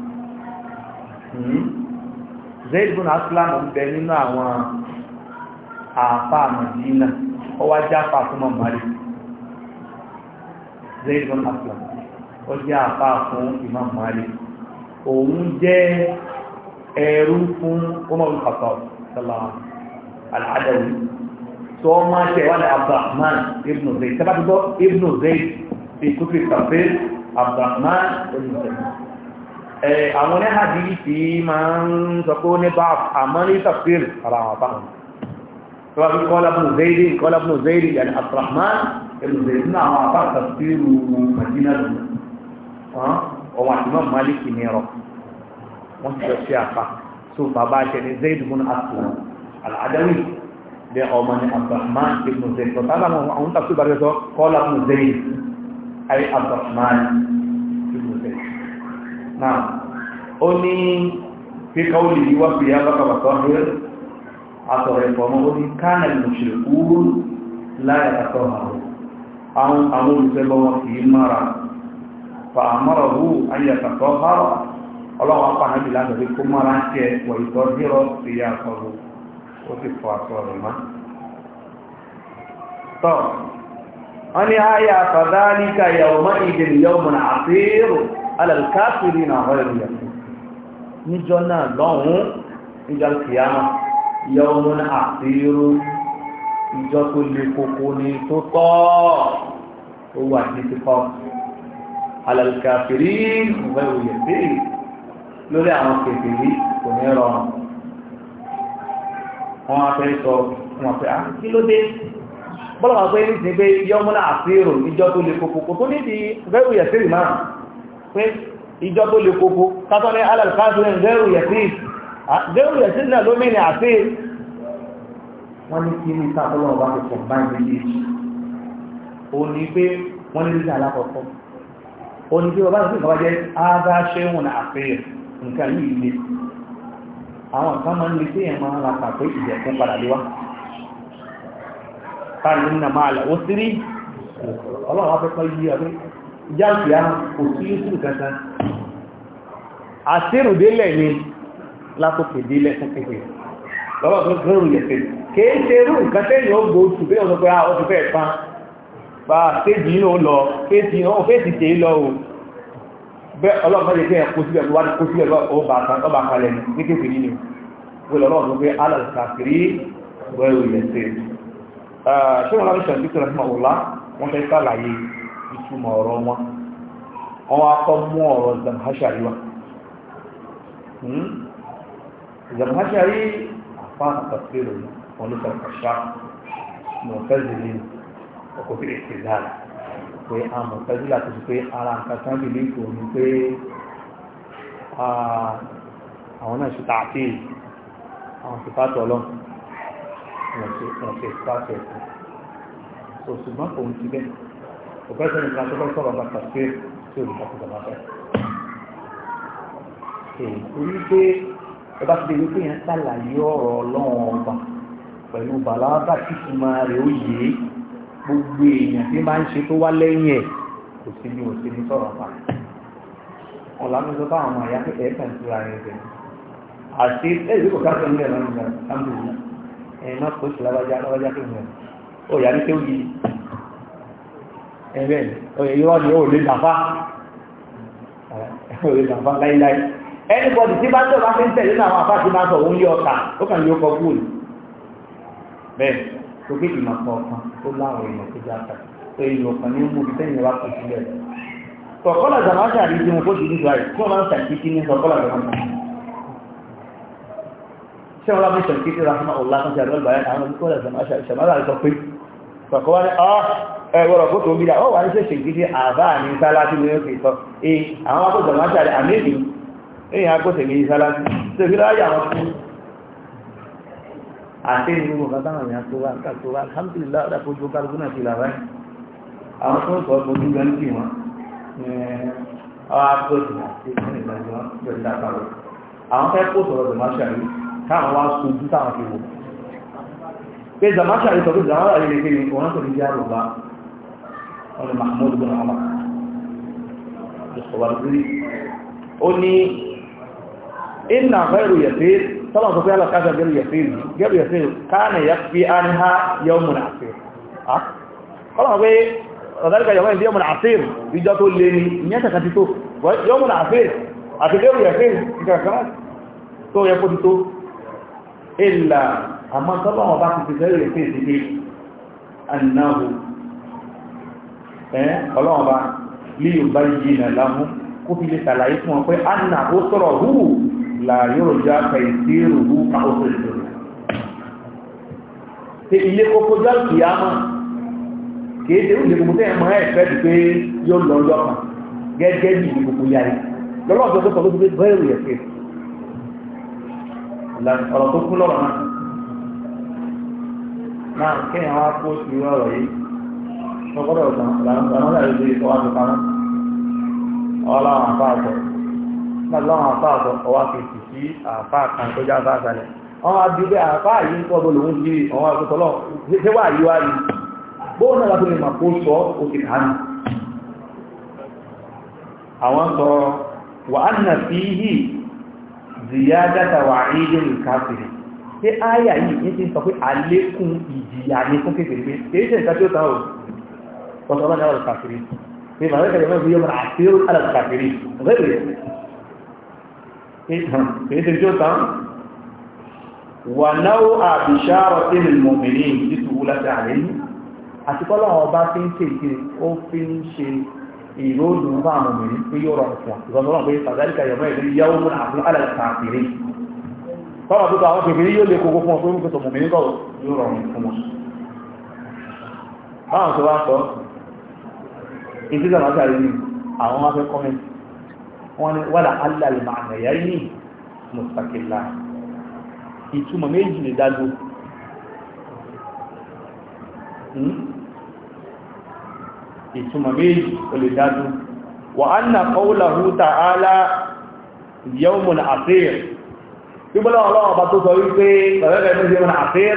hmm? zaidi ní aslam ń bẹ nínú àwọn àfa àmàdínà ọwá jáfa fún mamari zaidi ní aslam ó jẹ́ àfa fún imam mari òun jẹ́ ẹrú fún ọmọ olùkàtọ̀ sọlá aláàdáwì tó wọ́n máa ṣe wà ní abdulrahman ibn zayd sábà tó gbọ́ ibn zayd fi kúfì kàfé abdulrahman ibn zayd àwọn ní hadisi máa ń sọ pé ó ní bá àmọ́ ní tafsir ara àwọn bá wọn tó wá fi kọ́lá ibn zayd kọ́lá ibn zayd yàní abdulrahman ibn zayd náà àwọn àbá tafsir madina lòun ọwọ́ àti mọ́ maliki ní ẹ̀rọ wọ́n ti lọ sí àpá tó bàbá aṣẹ ní zayd ibn aslam al-adawi bẹ ọmọ ní abdulrahman ibn zayd sọ tábà mọ àwọn tàbí bá rẹ sọ kọ́lá ibn zayd ayé abdulrahman ibn zayd náà ó ní kíkà ó lè yí wá fi abákàbà tó ń àtọ̀rẹ̀ ìfọ̀mọ́ ó ní kánà ìmùsùlùkú láyé àtọ̀ àwọn àwọn olùfẹ́bọ́ wọn kì mara fa àmọ́rọ̀ hù ayé àtọ̀ ọlọ́wọ́ apá náà bí láti rí kó mara ń tẹ wọ̀ ó sì fọ aṣọ rẹ̀ mọ́. tọ́ wọ́n ní àyà fàdánìkà yàwó mọ́ ìdè ìyàwó mọ́ àfẹ́rò alàlùkáfìrí nà ọ̀rẹ́ ìyà níjọ́ náà lọ́hùn níjọ́ kìíyàmá yàwó mọ́ àfẹ́rò ìjọ tó lè kókó ní tó tọ́ ó wà ní ti kọ́ alàlùkáfìrí ìwẹ̀ òyẹ̀ lórí àwọn kèfèrí kò ní rọrùn wọ́n wá fẹ́ sọ wọn pé ah kí ló dé bọ́lá wà pé ní ti pé yọmú náà àfihàn ìjọ tó le koko kò tó níbi vẹ́rù yẹ̀sírì máa pé ìjọ tó le koko kátọ́ ní alàlùkáàtúrẹ̀ vẹ́rù yẹ̀sírì vẹ́rù yẹ̀sírì náà ló mìíràn àfihàn wọ́n ní kí ní sáfọ́lọ́ ọba kò pọ̀ bá ìgbé yìí ó ní àwọn kan máa ń lè téèyàn máa ń ra pàpé ìjẹ̀kún padà lé wá káàlù nínú máa lẹ̀ ó sírí ọlọ́run wá pẹ́pẹ́ yí ọdún ìjà òsì á kò sí yíṣù kankan àṣírùdélẹ̀ ni látòkè délẹ̀ fún kéfè lọ́wọ́ tó gbẹ̀rù yẹ̀fẹ̀ kìí ṣe irú nǹkan tẹ́yìn ó gbò oṣù bí ọ̀sọ̀ pé ah, ó ti fẹ́ tán bá kéjì náà lọ kéjì náà ó fèsì tèé lọ bẹ́ẹ̀ ọlọ́run lè fẹ́ kó síbẹ̀ wá kó síbẹ̀ lọ ọba kan ọba kalẹ̀ ní kékeré nínú wọ́n lọ́rọ̀ ọdún pé alàkàkiri wẹ́rù ilẹ̀ sí ṣé wọn lábẹ́sẹ̀ ní kíkọ́ náà wọ́lá wọ́n fẹ́ sàlàyé ìtumọ̀ ọ̀rọ̀ wọn wọ́n wá kọ́ mú ọ̀rọ̀ zamhashari wa hmm? zamhashari ọkọ̀ sí èkìlá rẹ̀ pé àmọ̀ pẹ̀lú láti fi pé ara nǹkan kan bìlí kò ní pé àwọn náà ṣe tààtì àwọn ìfàtọ̀ ọlọ́run ọ̀sẹ̀ ìfàtọ̀ ẹ̀kọ́ so ṣùgbọ́n kò ń ti bẹ́ẹ̀ kò bẹ́ẹ̀ sẹ́ni kan tó bá sọ̀rọ̀ bá pàṣẹ tí ò ní bá kúta bá fẹ́. èyí pé ẹ bá gbogbo èèyàn tí máa ń ṣe tó wá lẹ́yìn ẹ̀ kò sí ní òsì ní sọ̀rọ̀ pa ọ̀làmúsọ bá àwọn àyà pẹ̀lẹ́ ẹ̀ka ìtura ẹ̀ jẹ́ àti ẹ̀rí kò káàkiri ní ẹ̀rọ ìgbà sáńdùú ẹ̀ má kó sí lábájá lábájá tó mọ̀ ọ́ yà ní tó yí ẹ̀rẹ́ ọ̀yẹ̀ yóò wá ní òòlè làfá òòlè làfá láíláí ẹnìbọ̀dì tí bá tọ̀ bá fi ń tẹ̀lé àwọn àfá ti máa sọ lókè ìmọ̀ kọ̀ọ̀kan ó láwọn èèyàn tó já ta èèyàn kan ní mú ibi tẹ́yìn wá kù sílẹ̀ kọ̀kọ́lá jàmáṣà rí bí wọn kó ti nígbà rẹ̀ tí wọ́n máa ń sàkíkí ní kọ̀kọ́lá jàmáṣà ṣé wọn lábẹ́ sàkíkí rahma ọ̀la kan ti àgbàgbà yẹn àwọn kọ̀kọ́lá jàmáṣà ìṣàmáṣà sọ pé kọ̀kọ́lá ní ọ́ ah, ẹgbọ́rọ̀ kó tó ń bídá ó wà ní ṣẹ̀ṣẹ̀ gidi àbá ní sálásí ní òkè sọ ee àwọn akóṣàmáṣà rẹ̀ àmì àti ìlú bàbá táwọn èèyàn tó wá kàtó wá alhamdulillah ọ̀dà fojú kálukú náà ti là wáyé àwọn tó ń sọ fojú gan kì wọ́n ọ̀rọ̀ àpòjù àti ìpínlẹ̀ ìgbàjọ́ pẹ̀lú àpàrọ̀ àwọn fẹ́ kó sọ̀rọ̀ dàmáṣàrí káwọn wá sojú táwọn fi wò pé dàmáṣàrí sọ pé dàmáṣàrí lè kéde òun tó ní jẹ́ àrùbá wọn ni mahmoud bin ahmad ló sọ wà lórí ó ní ìnà fẹ́rù طبعا سفيان القاسم قال يسير قال يسير كان يكفي عنها يوم عسير ها طبعا بي وذلك يومين يوم عسير بيجاتو ليني نيتا كاتيتو يوم عسير اكيدو يسير كما تو يقولتو الا اما طبعا باقي في غير يسير دي انه eh ọlọ́run bá lè yóò bá yìí nà láhùn kó fi lè ṣàlàyé fún ọ pé anna ó sọ̀rọ̀ hù láàrín já kàìsí rùrù káwọ́sọ̀ ìṣòro tí ilé kókó jọ kì á mọ̀ kìí ṣe ìlú gbogbo tẹ́ ẹ̀mọ́ ẹ̀fẹ́ ti pé yóò lọ ọjọ́ kan gẹ́gẹ́ bí ìlú gbogbo yáyé lọ́lọ́ ọ̀dọ́ tó sọ ló ti pé bẹ́ẹ̀rù yẹ̀ pé ọ̀rọ̀ tó kún lọ́rọ̀ náà náà kéèyàn wá kó sí ọ̀rọ̀ yìí wọ́n gbọ́dọ̀ lọ́wọ́ àfá ọ̀dọ̀ ọwá fèsì sí àfá kan tó já fáà sálẹ̀ ọwọ́ abúgbé àfá yìí ń pọ̀bọ̀ lòun sí ọwọ́ àkótọ́lọ́ tẹ́wà yíwá rí bóò náà látò lè mà kó sọ òkè kánú àwọn sọ wà á nà fi yí ziyadata wà ìdí nìkàfèrè tí áyà yìí ní ti sọ pé àlékún ìjìyà ní fún kéfèrè pé kìí ṣe ìtàkì ó tán ò sọ sọ lọ́jà lọ́jà kàfèrè pé màá rẹ̀ kẹ̀lẹ́ mọ́ èdè tí ó tán wà náà àbìṣára tí ni mọ̀mìnì títù wúlájá rẹ̀ yìí àti kọ́lá ọba tí ń tèkè ó fi ń ṣe ìròdù fún àwọn mọ̀mìnì pé yóò rọ̀ ọ̀pọ̀ ìgbọ́nà pé sàdáríkà yọ̀mọ́ ìlú yáwó wọ́n ní wàlà aláì máa nàyà yìí mùsàkìlá ìtumọ̀ méjì lè dágbó hmm? ìtumọ̀ méjì o lè dágbó wà á nà qawlahu ta'ala yawmun àfíìr gbígbọ́lá ọlọ́wọ́ bá tó sọ wípé pẹ̀lẹ́rẹ̀ ní yawmun àfíìr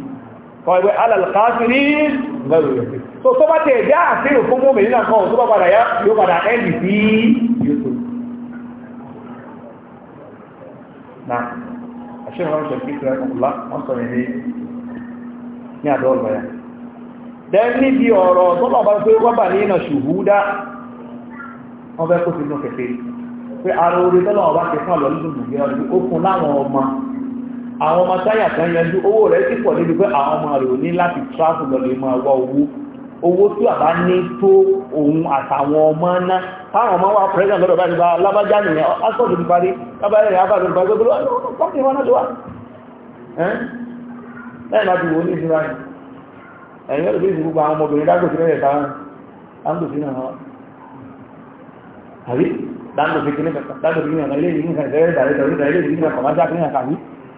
ọ̀rẹ́ alàlùkáàkiri gbẹ̀rù rẹ̀ so tó bá tẹ̀ ẹ̀dá àfihàn fún mọ́mí nínú àkọ́ tó bá padà yá yóò youtube na aṣíwọ̀n ránṣẹ́ kí tí wọ́n sọ ní ní àdọ́ ọ̀rọ̀ ya dẹ́ níbi ọ̀rọ̀ tó lọ bá pé wọ́n bà ní ìnà ṣùgbúdá wọ́n fẹ́ kó sínú kẹfẹ́ pé ara orí àwọn ọmọ táyà kan yanjú owó rẹ̀ sì pọ̀ níbi pé àwọn ọmọ rẹ̀ ò ní láti travel lọ lè máa wá owó owó tí àbá ní tó òun àtàwọn ọmọ ná táwọn ọmọ wà president lọ́dọ̀ bá nípa lábájá nìyàn asọ́dù ti parí lábájá rẹ̀ abájá nípa gbogbo ọkùnrin wọn náà tó wà ẹ́n láti wò ní ìsinmi ẹ̀yìn lọ́dọ̀ bí i gbogbo àwọn ọmọbìnrin dágbòsí rẹ̀ táwọn dágbòsí náà wọ́n àbí dágbòsí kìnnìkan dágbòsí kìnnìkan ilé ìgbìyànjú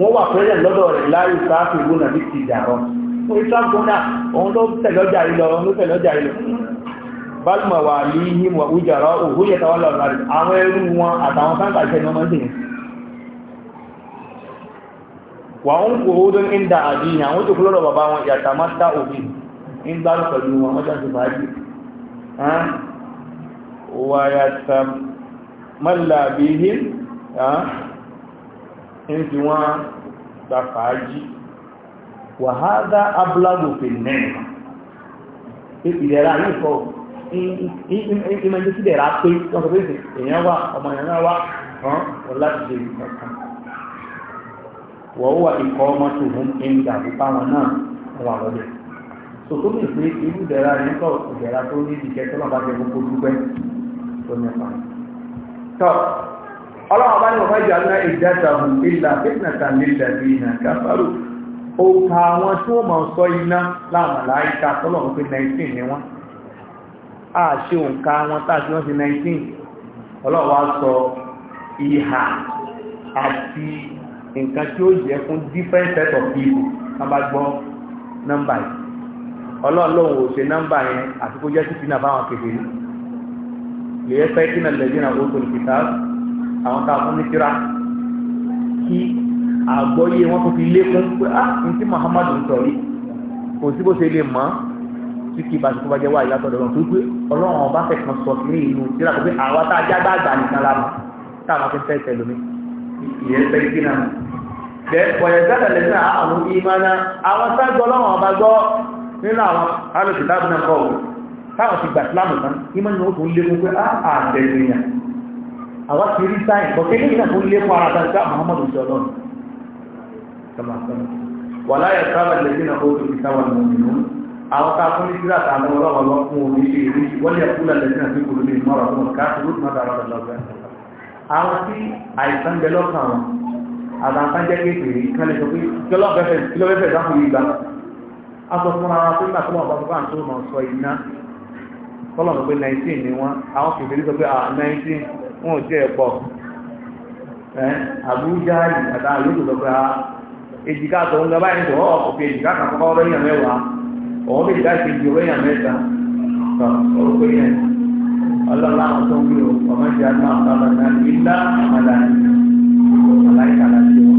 wọ́n wà pẹ́lẹ̀ lọ́dọ̀ rẹ̀ láyé sáàfì ìlú nàbí ti dàrọ́ fún ìsàkúnà òun ló tẹ̀lọ́jà ìlọ òun ló tẹ̀lọ́jà ìlọ bálùmọ̀ wà ní ìhìmọ̀ ìjọ̀rọ̀ òhúyẹ̀ tàwọn lọ́rọ̀ rẹ̀ àwọn ẹrú wọn àtàwọn sáńtà ìṣẹ́ ni wọ́n sì ní wà ń kò ó dún ń da àdíyàn àwọn tó kú lọ́dọ̀ bàbá wọn yàtà má dá òfin ń bá pẹ̀lú wọn wọ́n jáde fàájì wà yàtà mọ́lá bíi ń fi wọ́n gba fàájì wàhádá abúlágò pè mẹ́rin ìdẹ̀ra yìí kọ́ ìmọ̀jẹ́ sí ìdẹ̀ra pé wọ́n sọ pé èèyàn wà ọmọ èèyàn wà hàn wọ́n láti ṣe ìkọ̀kan wọ́n wà ikọ̀ ọmọ tó hún ẹni dàbí báwọn náà wà lọ́dẹ̀ so tó mìí pé irú ìdẹ̀ra yìí kọ́ ìdẹ̀ra tó ní ìdíkẹ́ tó lọ́ba jẹ́ gbogbo dúpẹ́ tó nípa tọ́ ọlọ́wọ́ bá ní ọ̀fẹ́ ìjà ní ìjátàmù ìlà fitnata lílẹ̀ bí i nà kàfàrù òkà àwọn tí wọ́n máa sọ iná láwọn àláìka tọ́lọ̀wọ́ pé 19 ni wọ́n a ṣe òǹkà wọn tàbí wọ́n ti 19 ọlọ́wọ́ sọ ìhà àti nǹkan tí ó jẹ́ fún different set of people wọ́n bá gbọ́ nọ́mbà yìí ọlọ́ọ̀lọ́wọ́ ò ṣe nọ́mbà yẹn àti kó jẹ́ sí fi náà báwọn kékeré lè yẹ àwọn tá a fún ní tírà kí àgbọ́yé wọn tó fi lékún pé á ah, ní tí Muhammadu ń sọ yìí kò sí bó ṣe lè mọ́ tí kì í bá ti tó bá jẹ́ wáyé látọ̀dọ̀ ọ̀run tó gbé ọlọ́run ọba fẹ̀kan sọ sí ní inú tírà pé àwa tá a já gbàgbà nìkan la mọ̀ tá a máa fi fẹ́ tẹ̀lómi ìyẹn fẹ́ kí náà bẹ́ ọ̀yẹ̀dẹ́lẹ̀ lẹ́sìn àwọn ìmọ̀nà àwọn sáàgbọ́ ọlọ́run ọba gbọ́ nínú àwọn alòsìláàbù náà kọ́ táwọn ti gbà sílámù tán ìmọ̀nà ó tún lé fún pé á ah, àtẹ̀lẹ́yìn àwọn ti rí sáyìn bọ̀ kí ní ìlànà tó lé fún ara ta ká muhammadu sọ náà kama sọ́nà wà láyé sábà lè dín náà ó tó fi sáwà nù nínú àwọn ká fún ní sílá àtàwọn ọlọ́wọ́ lọ fún omi ṣe ìrí wọ́n lè kú lálẹ́ sí àti kòló ní ìmọ̀ra fún ọ̀ká tó lóòtú máa dára lọ́gbẹ́ àwọn tí àìsàn jẹ lọ́kàn wọn àtàǹkan jẹ́ nígbà tó wọn bá fún bá sọ iná tọ́lọ̀ pé 19 ni wọ́n àwọn kìfèrè sọ pé 19 wọn ò tiẹ̀ pọ̀ àbújá yìí àtàwọn yóò tó lọ́pẹ́ èjìká tó ń lọ báyìí tó ọ̀ òfin èjìká kan kọ́kọ́ ọ̀rọ̀ èèyàn mẹ́wàá òun lè dá ìṣe ju èèyàn mẹ́ta tó orúkọ yẹn ọlọ́lá àwọn tó ń gbé o ọmọ ìjà náà ọ̀tọ̀ náà ilá àmàlà màláìka láti wọn.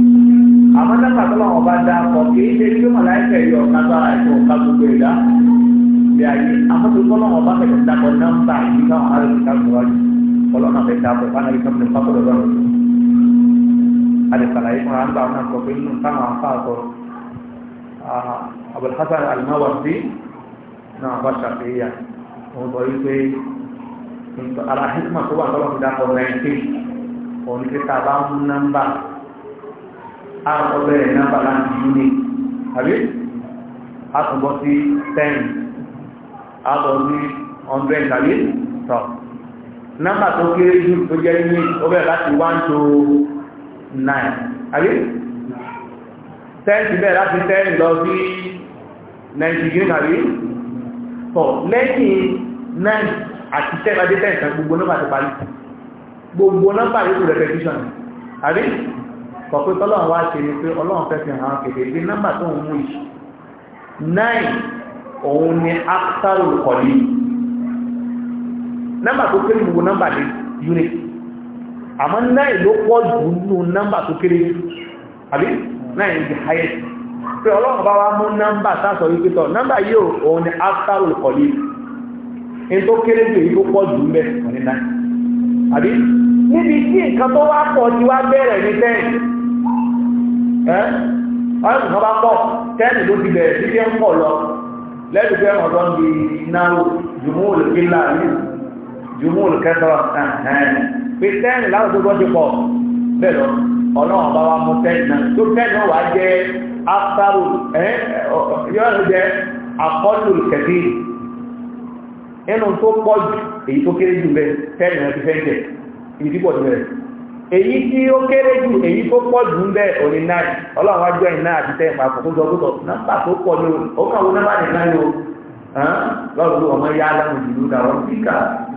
àmọ́ dábàá tó lọ́wọ́ bá dá ọkọ̀ kì í ṣe pé màláìka yọ kágbára ẹ̀kọ́ ká Kalau fẹ́ dáàbò báná ibi sọ́kùnrin pápọ̀lọ́ lọ́rùn àdìsàlà yìí fúnra ń gbà wọn sọ pé nínú táwọn afá sọ Abul Hasan al-Mawardi náà bá ṣàfihàn òun sọ wípé ara hikma tó wà lọ́wọ́ fi dáàbò nineteen òun ti ta bá mú nọ́mbà á sọ bẹ́ẹ̀ nọ́mbà láti yúni àbí á ten á bọ́ sí hundred tàbí tọ́ nọ́mbà tó kéré jù tó jẹ́ ní ọbẹ̀ láti 1 to 9 àbí 10 ti bẹ̀ láti 10 lọ sí 90 àbí 4 lẹ́yìn 9 àti 10 adé 10 kan gbogbo nọ́mbà ti parí gbogbo nọ́mbà yóò repetition àbí kọ̀pẹ́ tọ́lọ́run wá ṣe ni pé ọlọ́run fẹ́ fi hàn kéde bí nọ́mbà tó ń mú yìí 9 òun ni after all nọ́mbà tó kéré gbogbo nọ́mbà dé unit àmọ́ náà ló pọ̀ jù nínú nọ́mbà tó kéré àbí náà ní highest pé ọlọ́run bá wá mú nọ́mbà sáàsọ wípé tọ̀ nọ́mbà yìí òun ni after all kọ̀lí in tó kéré jù èyí tó pọ̀ jù ń bẹ̀ ọ̀ní náà àbí níbi tí nǹkan tó wá pọ̀ ti wá bẹ̀rẹ̀ ní ten ẹ́ ọ̀rẹ́ nǹkan bá pọ̀ ten ló ti bẹ̀rẹ̀ sí pé ń pọ̀ ọ̀dọ́ ń di náà jùmọ̀ òlùkí láàrin jùmúùlù kẹsàn-án ẹ̀hẹ́n pé tẹ́ẹ̀nì láwọn tó gbọ́dọ̀ pọ̀ bẹ́ẹ̀ lọ ọlọ́run bá wa mú tẹ́ẹ̀nì náà tó tẹ́ẹ̀nì náà wàá jẹ́ afárò ẹ̀ yọ̀ọ́ jẹ́ akọ́lù kẹ̀kẹ́ ẹnu tó pọ̀ jù èyí tó kéré jù bẹ́ẹ̀ tẹ́ẹ̀nì náà ti fẹ́ jẹ ibi tí pọ̀ jù bẹ́ẹ̀ èyí tí ó kéré jù èyí tó pọ̀ jù ń bẹ́ òní náà ọlọ́run wájú ẹ̀yìn náà àti tẹ́ẹ̀mà àkókò yá lọ́rùn ìlú náà wọ́n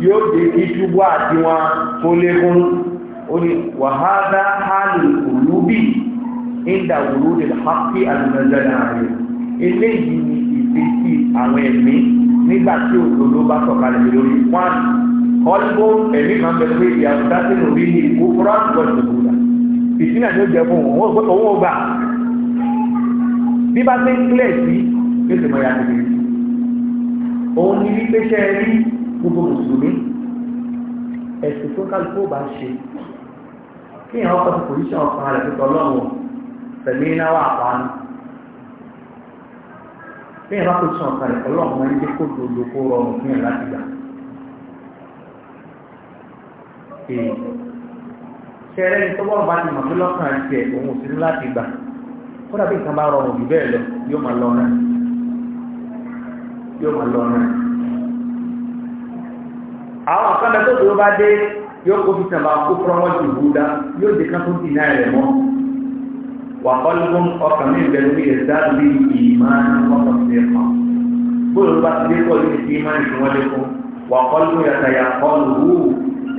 yóò jẹ́ kí túbú àti wọn kó lékún ó ní wàhálà hálù olúbì ìdá òwúrò lè hápí àlùmọ́jọ́dá rẹ̀ eléyìí ni ìfésì àwọn ẹ̀mí nígbà tí òdodo bá sọ̀kalẹ̀ lórí wọn ọlọ́gbọ́n ẹ̀mí kan bẹ pé ìyàwó dáṣẹ́ lórí ní ìkó fúráǹtì wọ́n ti gbòdà ìsínà ni ó jẹ fún wọn òun ò gbà bí bá ṣe ń kílẹ̀ sí yóò ṣe mọ ìyá kékeré òun ni wípé ṣe rí gbogbo mùsùlùmí ẹ̀sìn tó kálukú bá ṣe kí ìyàn ọkọ̀ pòlíṣàn ọkàn rẹ̀ pípọ̀ lọ́wọ́ pẹ̀lú iná wà pàánù bí ìyàn bá pòlíṣàn ọkàn rẹ̀ pẹ̀lú ọmọ ẹni kó dodo kó rọrùn fún ìyàn láti gbà ṣẹlẹ̀ ní tọ́gbọ́n bá ti mọ̀ pé lọ́kàn àti ẹ̀ òun ò sí láti gbà kó dàbí ìkan bá rọrùn jù bẹ́ẹ̀ lọ yóò máa lọ náà yóò máa lọ náà àwọn nǹkan bẹ tó dúró bá dé yóò kó fi tàbá kó fúnra wọn ju ìwú dá yóò di ká tó di náà rẹ mọ wà kọ́lùkún ọkàn mi bẹ̀rù bí ẹ̀dá bí ìmá ọkàn ti kàn bóòlù bá ti dé pọ̀ yóò ti ìmá ìṣù wọn lékún wà kọ́lùkún yàtà yà kọ́lù wù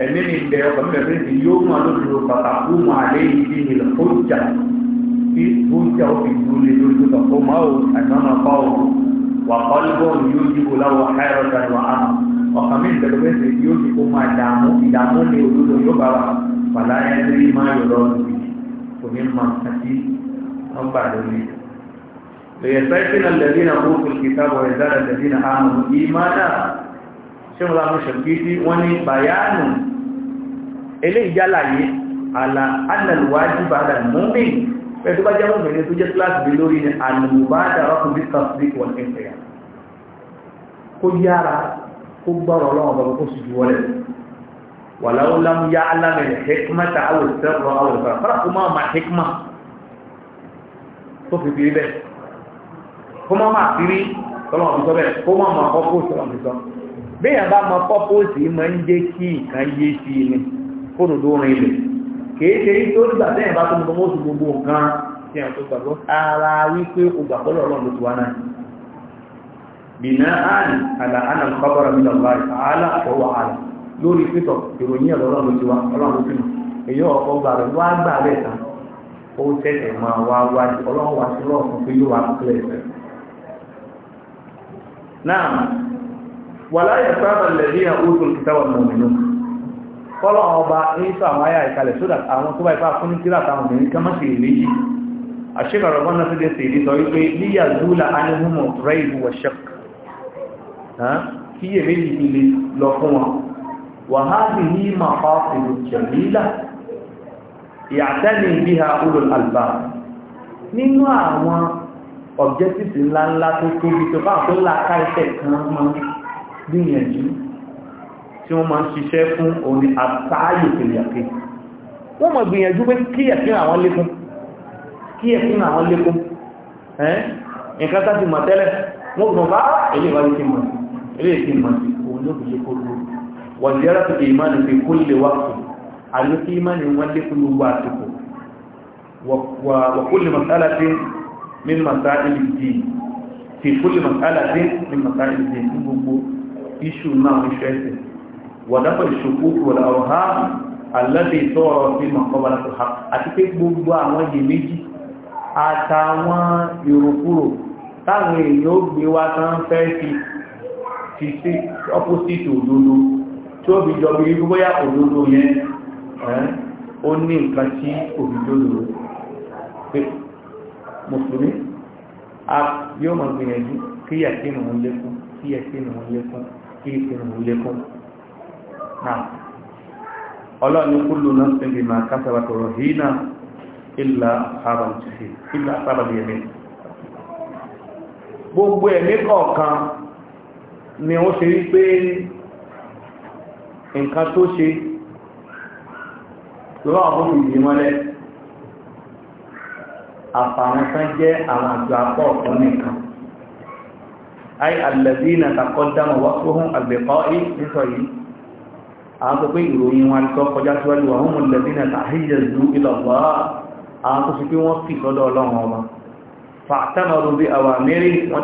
ẹ̀mí mi bẹ̀ ọkàn mi bẹ̀rù bí yóò mú alódùró bàtà kú mọ àlẹ́ yìí bí mi kó jà kí kó jà ó fi ọ̀kan mi ìtẹ́lẹ̀ pé ṣe yóò ti kó máa dààmú ìdààmú ní olódò yóò bá wa wàlá ẹ̀ ń rí máa yọ̀ lọ́wọ́ kò ní mọ àti wọ́n gbà lórí. ليستيقن الذين أوتوا الكتاب ويزداد الذين آمنوا إيمانا شنو الله مشكيتي وني بيان eléyìí jálàyé àlà annalwájú bàdà mọ́mí pẹ̀lú bá jẹ́ mọ́mí ní tó jẹ́ kíláàsì bí lórí ní alùbádà rọ́pù bí kàfíkì wọ́n ń pẹ̀yà kó yára kó gbọ́rọ̀ ọlọ́run bàbá kó sì ju wọlé wàláwó lámú yá alámẹ̀lẹ̀ hekmata awò sẹ́rọ̀ awò sẹ́rọ̀ fara kó máa ma hekma tó fi firi bẹ́ẹ̀ kó máa ma firi tọ́lọ̀ fi sọ bẹ́ẹ̀ kó máa ma kọ́ kó tọ́lọ̀ fi sọ bẹ́ẹ̀ yẹn bá ma kọ́ kó sì máa ń jẹ́ kí nǹkan yé sí i ni kó nu dó rin lè kèé tó nígbà tẹ́yìn bá tó mú gbogbo nǹkan tí a tó gbàgbọ́ ara wípé o gbàgbọ́ lọ́rọ̀ ló ti wá náà bina'an ala anna al-khabara min Allah ta'ala wa huwa alam lórí pítọ̀ ìròyìn ẹ̀rọ ọlọ́run ti wá ọlọ́run ti mọ̀ èyí ọ̀pọ̀ gbà rẹ̀ wá gbà rẹ̀ tán ó tẹ̀sẹ̀ máa wá wá ọlọ́run wá sí lọ́ọ̀kan pé yóò wá kílẹ̀ ẹ̀sẹ̀. náà wàlá yẹn sábà lẹ̀rí àwòsàn kìtàwà mọ̀mìnú kọ́lọ́ ọba ní sọ àwọn ayá ìkàlẹ̀ sódà àwọn tó bá ipá kí yè méjì fi lè lọ fún wọn wàhálì ní màá fèrè jẹ̀mílà ìyàtẹ́lẹ̀ bí ha olù àlùbá nínú àwọn ọ̀bjẹ́tìsì ńláńlá tó tóbi tó bá tó láká iṣẹ́ kan máa gbìyànjú tí wọ́n máa ń ṣiṣẹ́ fún òní àtàyò pèlèyàké wọ́n máa gbìyànjú pé kíyẹ̀kín àwọn lékún kíyẹ̀kín àwọn lékún eléyìí mọ̀ sí òun ló fi ṣe kó ló wọ̀n yára tó lè máa nìfi kó lè wá kù àló kí má ní wọ́n lékún ló wá àtòkò wọ̀kú lè masálà tí min masálà ìdí fi kú lè masálà tí min masálà ìdí ní gbogbo iṣu náà ń ṣẹ́sẹ̀ wọ̀dápọ̀ ìṣòkó wọ̀lá ọ̀há alẹ́bẹ̀ ìtọ́rọ̀ sí mọ̀kọ́bàlá tó ha àti pé gbogbo àwọn èdè méjì àtàwọn ìrùkúrò táwọn èèyàn ó gbé wá tán fẹ́ fi ti sí opposite òdodo tí ó fi jọ bí irú bóyá òdodo yẹn ó ní nǹkan tí òdodo pé mùsùlùmí yóò máa gbìyànjú kí yàtí nù ń lékún kí yàtí nù ń lékún kí yàtí nù ń lékún náà ọlọ́ọ̀ni kúlù náà sí ibi máa kásáwà tọrọ hìínà ìlà àbàlùsì ìlà àbàlùyẹ̀mí gbogbo ẹ̀mí kọ̀ọ̀kan ni ó ṣe rí pé nǹkan tó ṣe lọ́wọ́ àwọn ìdí mọ́lẹ̀ àfàwọn tán jẹ́ àwọn àjọ apọ̀ ọ̀kan nìkan ay alladina taqaddama waqtuhum albiqa'i nítorí àwọn tó pé ìròyìn wọn tó kọjá síwájú wa hum alladina tahajjazu ila Allah àwọn tó sì pé wọ́n fi sọ́dọ̀ ọlọ́run ọba fa'tamaru bi awamiri wọ́n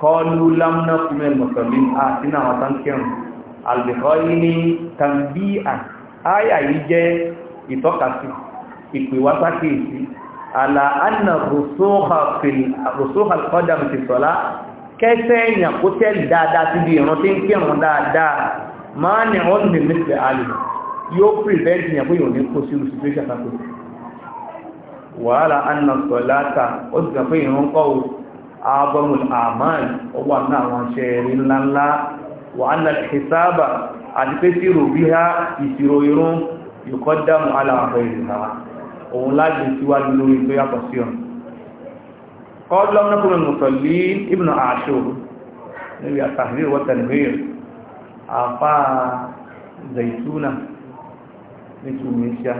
kọlu lamna kumel musulmi a sínú àwọn tankirin albihari ní tambia aya yìí jẹ́ ìtọ́kasí ìpèwásákèsí ala anna rusuha alqadam ti sọ́lá kẹsẹ̀ èèyàn kó tẹ́lì dáadáa sí bí ìran tí ń kírun dáadáa máa ní ọdún ní mr ali yóò prevent èèyàn pé ìròyìn kó sí situation kan wàhálà anna sọ̀láta ó ti gbà pé ìran kọ́ àbọ̀mùl àmàn ó wà náà wọn ṣe rí ńláńlá wà ánà ìsáàbà àti pé tí rò bí ha ìṣirò irun yíkọ́ dámù aláàbọ̀ ìrìnà òun láti síwájú lórí tó yàtọ̀ sí ọ̀n kọ́ọ̀dọ́ ọmọkùnrin zaituna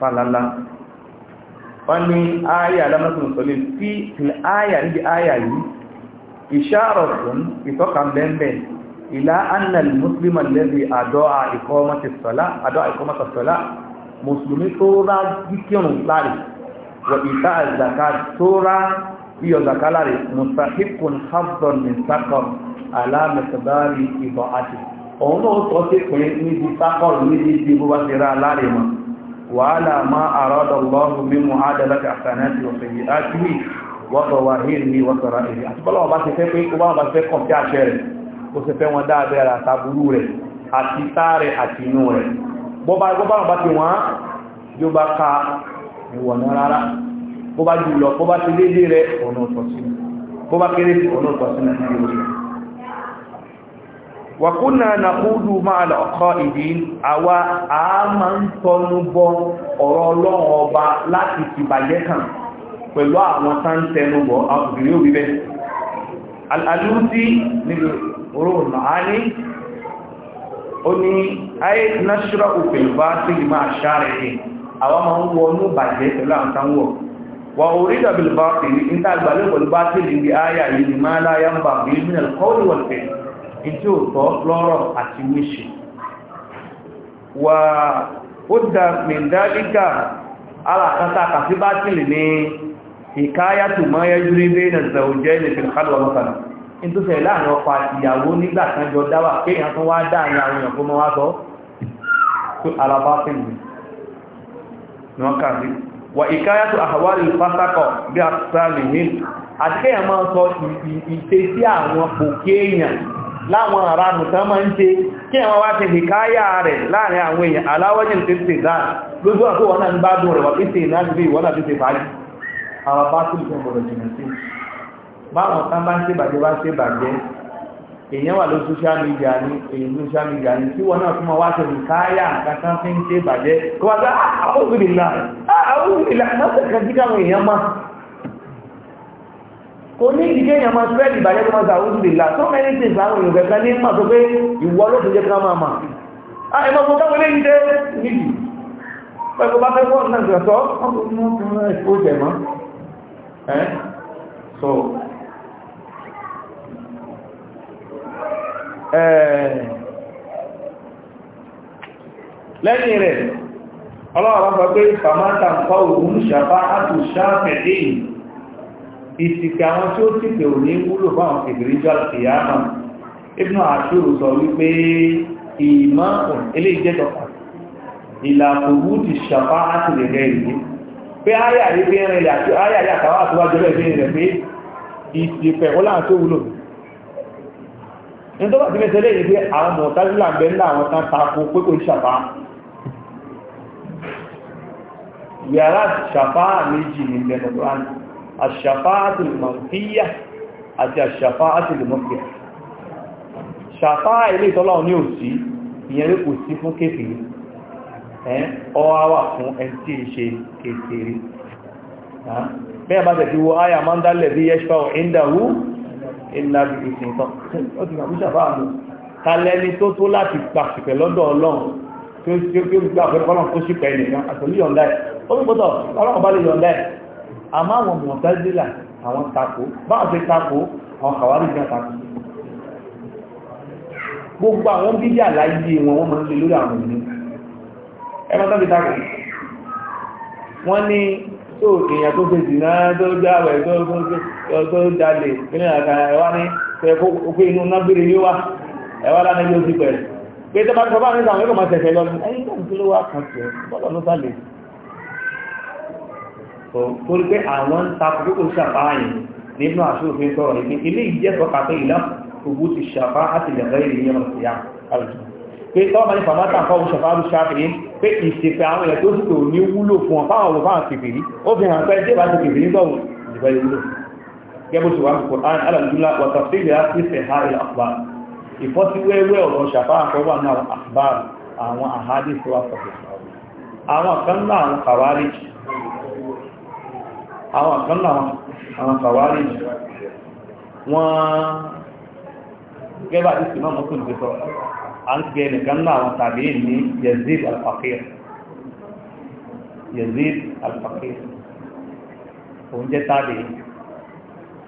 falala wọ́n ní ayà lámọ́sùn sọlé tí ayà níbi ayà yìí ìṣàrọ̀tún ìtọ́ka bẹ́ẹ̀bẹ̀ ìlà annal muslim lẹ́bí àdọ́à ìkọmọ́tàṣọ́lá musulmi tó rá kíkírùn láàrí wọ ìta àzàká tó rá iyọ̀ zàká láàrí mustahikun hafdon min sakor alamẹ́sàbárí ìbọ̀ àti ọ̀hún náà tọ́ sí pé níbi sakor níbi ìdí bó وعلى ما أراد الله من معادلة أحساناته وسيئاته وظواهره وسرائره أتبال الله بس يفكر وما بس يفكر في عشره وسيفẹ́ wọn dáadẹ́ rẹ̀ àtàbúrú rẹ̀ àti táàrẹ̀ àti inú rẹ̀ bọ́bá bá ti wọ́n yóò bá ka ìwọ̀nà rárá bọ́bá jùlọ bọ́bá ti lédè rẹ̀ ọ̀nà ọ̀tọ̀sí bọ́bá kéré ọ̀nà ọ̀tọ̀sí náà wàkúnnà nàkúdù máa lọ́kọ́ ìdí àwa a máa ń tọnu bọ ọ̀rọ̀ ọlọ́run ọba láti ti bàjẹ́ kàn pẹ̀lú àwọn sáńtẹnu bọ̀ obìnrin òbí bẹ́ alúdí nílò oróòrùn àárí ó ní ayé náṣírà òfin sí ìmọ̀ àṣà rẹ̀ àwa máa ń wọnú bàjẹ́ pẹ̀lú àwọn sáńwọ̀ wà orí dàbìlì bá ní tàgbàlẹ̀ pẹ̀lú bá ní ayà yìí ni máa láyá ń bà bí mí ìdí òtọ́ lọ́rọ̀ àti wíṣì wà ó dá mẹ́ndálígà alákátà kàfí bá tìlì ní ìkáyà tó mọ́ yẹjúrí bí i nàìjíríà òjẹ́ ilẹ̀ fìlìkálùwà àti kan jọ dáwà kéèyàn tó wá dáàrin àwọn èèyàn fún mọ́ wá sọ tó ni wọ́n kàrí wà ìkáyà tó àwárí pátákọ̀ bí a sáà lè ní àti àwọn kò kéèyàn láwọn àránù tán máa ń ṣe kí ẹ̀wọ́n wá ti hìkáyà rẹ̀ láàrin àwọn èèyàn aláwọ́jìn tí ti dá lójú àpò wọn náà ń gbádùn rẹ̀ wà pí ti ìnáàbí bí ìwọ́n àti ti fàájì àwọn bá tún fún ọ̀rọ̀ jìnà sí báwọn tán bá ń ṣe bàjẹ́ bá ṣe bàjẹ́ èèyàn wà ló social media ní èèyàn social media ní tí wọn náà tún máa wá ṣe hìkáyà kankan fi ń ṣe bàjẹ́ kó wá gbá àwọn òbí kò ní ìdíkẹ́ èèyàn máa spread ìbàjẹ́ tó máa sàwọn òjúbì là so many things àwọn èèyàn kẹta ní mà tó pé ìwọ ló fi jẹ́ ká máa mà á ẹ̀mọ́ fún káwọn ilé yìí dé níbi pẹ̀lú bá fẹ́ wọ́n náà sọ ọkùnrin tó ń rẹ̀ ó jẹ̀ mọ́ ẹ́ so lẹ́yìn rẹ̀ ọlọ́run sọ pé fàmátà ń kọ́ òun ṣàbá àtúnṣà fẹ̀dé yìí ìsìnkà àwọn tí ó sì pè ò ní wúlò fáwọn kèbèrè jọ àkìyàmà Ibn Ashur sọ wípé ìmọ̀ eléjẹ́dọ̀kà ìlàkùnwú ti ṣàfá àti rẹ̀ ìlú pé áyà yìí pé rẹ̀ yàtí áyà yà kàwà tó wájọ́ ẹ̀fẹ́ rẹ̀ pé ìsìnkà ọlá tó wúlò ní tó bá ti mẹ́sẹ̀ pé àwọn mọ̀tájúlà ń bẹ ńlá àwọn tán tako pé kò ṣàfá yàrá ṣàfá méjì ní ìbẹ̀rẹ̀ àṣàfáàtì mọ̀fíyà àti àṣàfáàtì lèmọ́fíà ṣàfáà ilé ìtọ́lá ní òsí ìyẹn ló kò sí fún kéfèé ọwáwà fún ẹni tí ṣe kéfèé bẹ́ẹ̀ bá tẹ̀kí wo áyà máa ń dálẹ̀ bí yẹ́ṣfà ìndàwó ìlàbí ìsìntàn ó ti gbàmú ṣàfáà mú kalẹ́ni tó tó láti pàṣìpẹ̀ lọ́dọ̀ ọlọ́run tí ó gbà fẹ́ fọ́lọ́n kó ṣìpẹ̀ ẹnìkan àtòlú yọ̀ǹda ẹ̀ ó gbọ́dọ̀ ọlọ́run bá lè yọ̀ǹda ẹ̀ àmọ́ àwọn mọ̀tẹ́sílà àwọn tako bá ṣe tako àwọn kàwárí jẹ́ tako gbogbo àwọn bídí àláyé wọn wọ́n máa ń lè lórí àwọn ìní ẹgbẹ́ tó fi tako wọ́n ní tó èèyàn tó fèsì náà tó jáwẹ̀ tó jalè nílẹ̀ àkàrà ẹwà ní pẹ̀kọ́ inú nágbèrè yíó wá ẹwà lánàá yóò ti pẹ̀lú pé tó bá tọ́ bá ní sàwọn ẹgbẹ́ máa tẹ̀fẹ̀ lọ torí pé àwọn ń ta kókó ṣàfáàyàn nínú àṣòfin sọ̀rọ̀ ìpín ilé ìjẹ́ sọ́ka pé ìlà ògbó ti ṣàfá àti ìdàgbà ìrìn ìyẹn ọ̀sẹ̀ yá àrùjọ pé tọ́wọ́ bá ní fàmátà fọ́wọ́ ṣàfáàrù ṣàfihàn pé ìṣèpẹ̀ àwọn ẹ̀tọ́ sì kò ní wúlò fún ọ fáwọn òfáà kìfìrí ó fi hàn pé dé bá ti kìfìrí sọ̀rọ̀ ìjọba ìwúlò gẹ́gbó ti wà ní Qur'an alàdúlá wàtàfíìlì àfíìsẹ̀ ha ilẹ̀ àkùbárù ìfọ́síwẹ́wẹ́ ọ̀rọ̀ ṣàfáà kọwà náà àwọn àhádìsíwá àwọn kan àwọn kan náà àwọn kàwárí wọ́n gẹ́bà tí ìmọ̀ mọ́kùn ti sọ a ń gẹ́ nìkan náà àwọn tàbí ní Yazid al-Faqir Yazid al-Faqir òun jẹ́ tàbí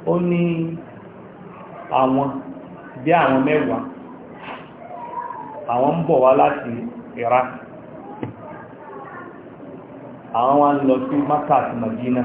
ó ní àwọn bí àwọn mẹ́wàá àwọn ń bọ̀ wá láti Iraq àwọn wa ń lọ sí Makkah Madina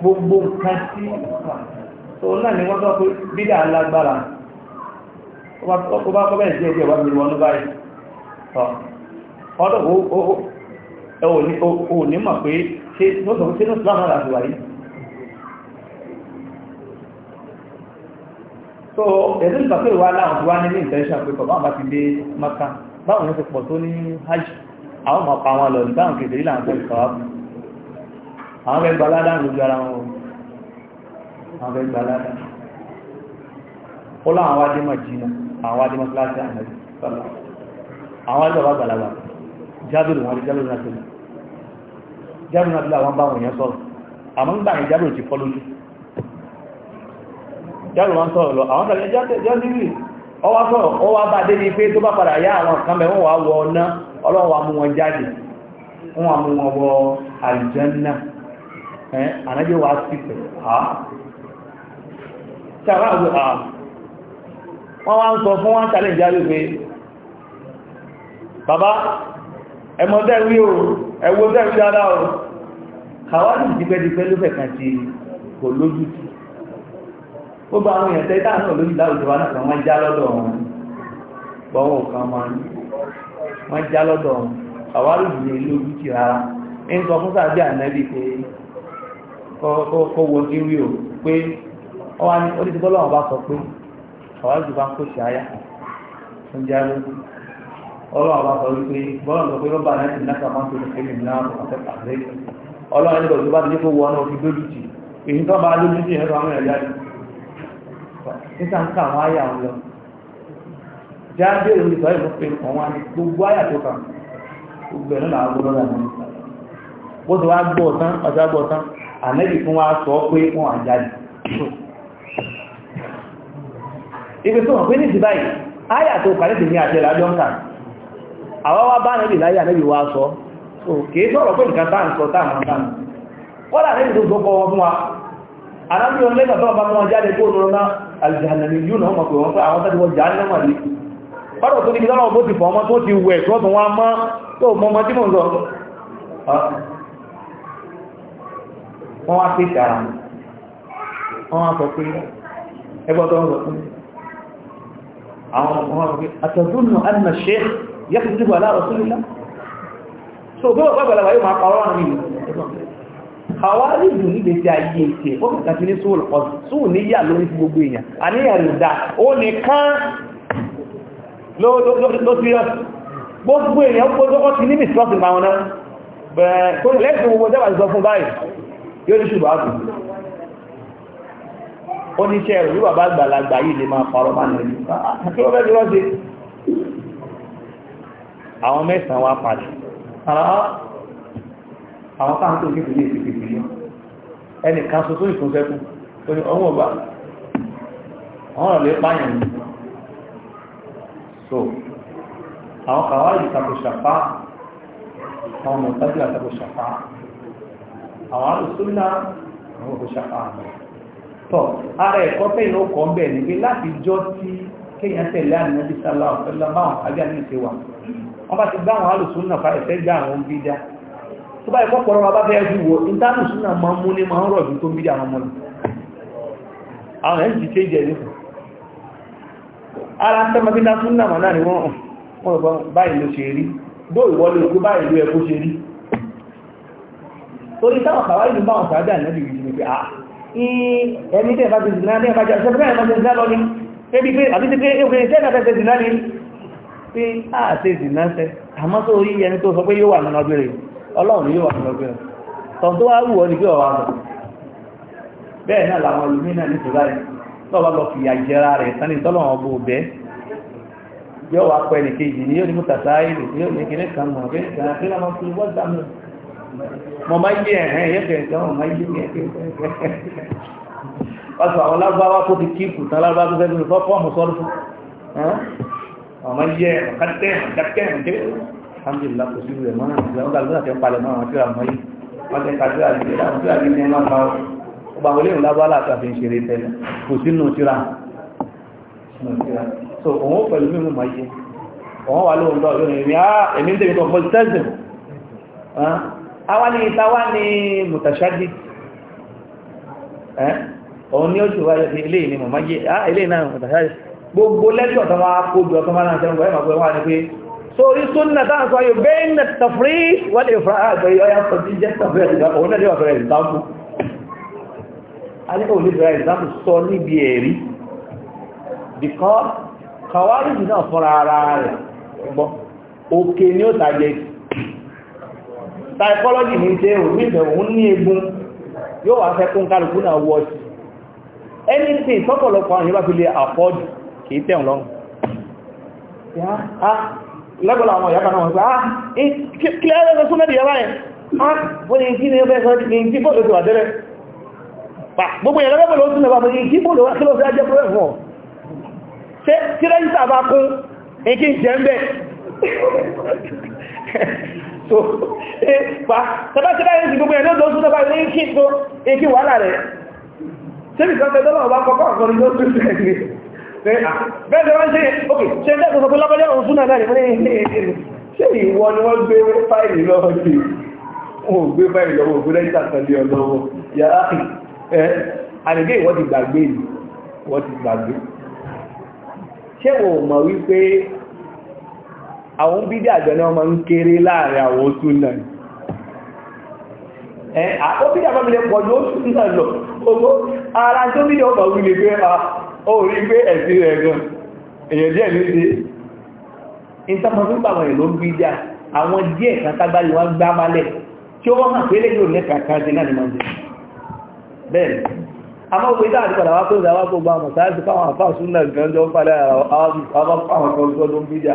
gbogbo nǹkan tí tó náà ni wọ́n sọ pé bídà lágbára ó bá kọ́bẹ̀ sí ẹgbẹ́ ìwádìí wọn báyìí ọ̀dọ̀ ò ní mọ̀ pé ṣe ló sọ pé sínú ìsìláàmù náà láti wáyé so ẹ̀sìn ìgbà pé ìwà aláwọ̀ tó wá ní ní intention pé bàbá àbá ti dé maka báwọn ní ti pọ̀ tó ní hajj àwọn ọmọ pa wọn lọ nígbà òkèdè ìlànà tó ìsọ̀rọ̀ àwọn fẹ́ gbalada ń lójú ara wọn àwọn fẹ́ gbalada ó láwọn wájé máa jìnà àwọn wájé máa kíláàsì àmàlì sọ́lá àwọn wájé bàbá gbàlagbà jábìrì wọn jábìrì náà sílẹ̀ jábìrì náà sílẹ̀ àwọn bá wọn yẹn sọ̀rọ̀ àmọ́ ń gbà ní jábìrì ti fọ́ lójú jábìrì wọn sọ̀rọ̀ lọ àwọn tàbí jábìrì wọn jáde wọ́n wọn wọ àlùjànnà náà ànájẹ́ wa sí pẹ̀ ha sára àgbò ha wọ́n wá ń sọ fún wọ́n challenge ayé pé bàbá ẹmọdẹ́ rí o ẹwọ́ bẹ́ẹ̀ rí dáadáa o kàwárí ìdípẹ́dípẹ́ ló fẹ̀kan ti kò lójú tí ó bá àwọn èèyàn tẹ́ta náà lójú láwùjọ wa náà wọ́n já lọ́dọ̀ wọn bọ́wọ́ kan wọ́n já lọ́dọ̀ wọn kàwárí ìdílé lójú tí rárá ń sọ fún sàbí ànẹ́bí pé kọ́ wọ ewì o pé ọwọ́ ni oníṣègùn ọlọ́run sọ pé àwọn àjò bá ń kó ṣe àyà ń jẹ́ sọ wípé bọ́lá sọ pé rọ́bà náà ti náà máa ń tóbi pé nìyá ọ̀sẹ̀ pàṣẹ bá ti wọ ọ́nà òfin lójú èyí tó bá lójú ẹ̀rọ àwọn ẹ̀yà nígbà ń àyà lọ ìlú pé ànẹ́bì fún wa sọ pé wọ́n wà jáde ibi tó wọ́n pé ní ti báyìí áyà tó kàrí ti ní àti ìlàjọ́ ń kàn àwọn wá bá ànẹ́bì láyé ànẹ́bì wa sọ kìí sọ̀rọ̀ pé nìkan táà ń sọ táà mọ̀ táà kọ́lá ànẹ́bì tó fún wa wọn lẹ́gbà tọ́wọ́ bá wọn jáde kó ná náà mọ̀ pé wọ́n pẹ́ àwọn jà wọ́n wá pèsè ara wọn wọ́n wá sọ pé ẹgbọ́n tó ń sọ fún mi àwọn ọmọ wọn pé àtẹ̀dúnnù ẹnà ṣe yẹ́kùn síbò aláàrọ̀ sí lílá so bí wọ́n pàgbàlagbà yóò máa pa ọ̀rọ̀ mi àwárí ìlú níbi tí ayé ìtẹ̀ ó kàkà sí ní sóòlù ọ̀sùn sóòlù níyà lórí fún gbogbo èèyàn àníyàn rẹ̀ dá ó nìkan ló sí ọ̀sùn gbogbo èèyàn gbogbo ọ̀sùn ní mìsọ́sùn báwọn náà bẹ̀rẹ̀ tó lẹ́sùn gbogbo jẹ́ yóò ní ṣùgbọ́n àtù ó ní iṣẹ́ rẹ̀ bí bàbá àgbàlagbà yìí lè máa parọ́ máa nìyí ah, ah, kí wọ́n fẹ́ fi rọ́ọ̀ṣe àwọn mẹ́sàn-án wá padà àwọn káàkiri òkè fìdí èsì fìdí yìí ẹnì kan soso ìfúnṣẹ́kù ó ní ọwọ́ ọba àwọn ọ̀lẹ́ pààyàn ní so àwọn kàwáyì tako ṣàfá àwọn mọ̀tájú àtàkò àwọn alùsùnà àwọn òṣà àmà tọ́ ara ẹ̀kọ́ tẹ́yìn ó kọ́ bẹ̀ nígbé láti jọ tí kéèyàn tẹ̀lé àníyànjú sálà ọ̀fẹ́lá báwọn àbí àníyàn ti wà wọ́n bá ti gbá àwọn alùsùnà fa ẹ̀fẹ́ gbá àwọn ń bídá tó bá ẹ̀kọ́ pọ̀rọ̀ wa bá fẹ́ ju wo ìtàlùsùnà máa ń mú ní máa ni wọ́n báyìí ló ṣe rí bó ìwọ́lé òkú báyìí ló ẹkú ṣe rí torí táwọn kàwá ìlú bá wọn sàádà ìnájú yìí ni pé à ah, ẹni tẹ́ ìfàṣẹ ìdìnnà ní ẹ̀fàṣẹ ìṣẹ́fẹ́ ìfàṣẹ ìdìnnà lọ ní ebi pé àbí ti pé èkùnrin tẹ́ ìfàṣẹ ìdìnnà ní pé à ṣe ìdìnnà sẹ àmọ́ tó rí ẹni tó sọ pé yóò wà nínú ọgbẹ̀rẹ̀ ọlọ́run yóò wà nínú ọgbẹ̀rẹ̀ tọ́n tó wá wù ọ́ ní pé ọ̀wà lọ bẹ́ẹ̀ náà làwọn olùmínà ní tòláì ni yóò ní mú tàtà ìlú yóò ní kíní kan mọ̀ mọ̀ máa yé ẹ̀hẹ́ yẹ́kẹ̀ ìjọba mọ̀ máa yé ẹ̀kẹ́ pàṣẹ àwọn lágbàwá tó ti kíkù tán lágbàwá tó fẹ́ẹ́ sọ fọ́ọ̀mù sọ́rọ̀ fún mọ̀ máa yé ẹ̀kẹ́ ẹ̀kẹ́ ẹ̀kẹ́ alhamdulillah kò sí rẹ̀ mọ́nà ìgbà ọ̀gá lọ́nà tẹ́ ń palẹ̀ mọ́ àwọn tí àwọn yìí wọ́n tẹ́ ń kájú àgbẹ̀ àwọn tí àgbẹ̀ ní ẹ̀mọ́ máa ọba wọlé ìrùn lábọ́ láti àfihàn ṣeré tẹ́lẹ̀ kò sí nù àwa ni ìtawá ni mùtàṣájì òun ni ó ti wáyé sí ilé ìní mọ̀má yé á ilé náà mùtàṣájì gbogbo lẹ́jọ́ tó máa kójú ọkọ̀ máa ń sẹ́wọ̀n ẹ̀mà pé wọ́n ni pé sórí súnnà táà sọ yóò bẹ́ẹ̀ ní tafrí wọ́n lè fara àgbẹ̀ ọya sọ tí jẹ́ tafrí òun náà lè wà fẹ́rẹ̀ ìzáàmù alẹ́ òun lè fẹ́rẹ̀ ìzáàmù sọ níbi psychology ní ṣe òbí ìfẹ́ òun ní egun yóò wá fẹ́ kún kálukú náà wọ́ sí anything sọ́pọ̀lọpọ̀ àwọn ìbá fi lè afford kìí tẹ̀wọ̀n lọ́rùn ah, lẹ́gbọ́lá àwọn ìyá kan náà wọ́n pẹ́ ah kílẹ̀ ẹgbẹ́ sún mẹ́bí yàrá ah wọ́n ni kí ni ẹgbẹ́ sọ ní kí bóòlù ti wà tẹ́lẹ̀ gbogbo ìyàrá bóòlù ó tún lẹ́gbà fún kí bóòlù wá kílọ̀ sí ajẹ́ pẹ́lẹ̀ fún ọ ṣe tí rẹ́jísà bá kún so eh, pa tẹ́bẹ́tẹ́ báyìí ti gbogbo ẹ̀lọ́dọ̀ oṣù tọ́bá ilé kí tó ekí eh, wàhálà rẹ̀ tẹ́bì kan tẹ́ dọ́lọ́wọ́ bá kọ́kọ́ ọ̀kọ́rin ló tún sí ẹ̀gbẹ́ ah, bẹ́ẹ̀ tẹ́ wọ́n ṣe ok ṣe ń tẹ́kùn sọ pé lọ́bọ́jọ́ oṣù náà ní eh, ṣe ìwọ ni wọ́n gbé fáìlì lọ́wọ́ sí wọn ò gbé fáìlì lọ́wọ́ ògbé lẹ́yìn àtàlẹ́ ọlọ́wọ́ yà á ẹ àdìgẹ́ ìwọ́ ti gbàgbé ìwọ́ ti gbàgbé ṣé wọn ò mọ̀ wípé àwọn bídí àjọ̀nà ọmọ ń kéré láàrin àwọn oṣù náà ẹ̀ àkọ́ bídí àbábílẹ̀ pọ̀jù oṣù náà lọ ogbó ara tó bídí ọmọ orí lè gbé orí gbé ẹ̀sí rẹ̀ gan èyàn díẹ̀ ní ṣe ìtàkùnkùnkùn ló ń bídí àwọn díẹ̀ kan tágbàlì wọn gbá malẹ̀ tí ó wọ́n hàn pé lè yóò lẹ́kà kan sí náà ni mọ́ bẹ́ẹ̀ àmọ́ òwe dáa ti padà wá pé ìdáwà gbogbo àwọn mọ̀sáàsì fáwọn àfáà súnà gan jọ ń padà àwọn kan gbọ́dọ̀ ń bídí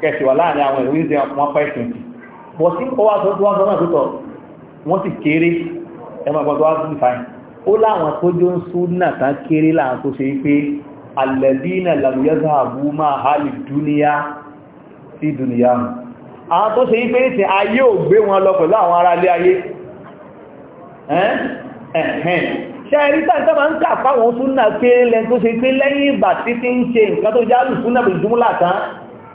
kẹsì wà láàrin àwọn ìwé ìdí wọn pẹ́ ìsìnkì bọ̀ sí ọwọ́ àtọ́ tó wọ́n sọ náà tótọ̀ wọ́n sì kéré ẹmọ ìgbọ́n tó wá sí ìfàyìn ó láwọn tó jó ń sún náà tán kéré láwọn tó ṣe pé alẹ́dínà làmúyẹ́sà àbú máa ha lè dúníyá sí dúníyá mu àwọn tó ṣe pé ìsìn ayé ò gbé wọn lọ pẹ̀lú àwọn ará ilé ayé ṣẹ́ẹ̀rí tàbí ma ń kà fáwọn súnà pé lẹ́n tó ṣe pé lẹ́yìn ìgbà títí ń ṣe nǹkan tó jálù súnà bìjúmúlà tán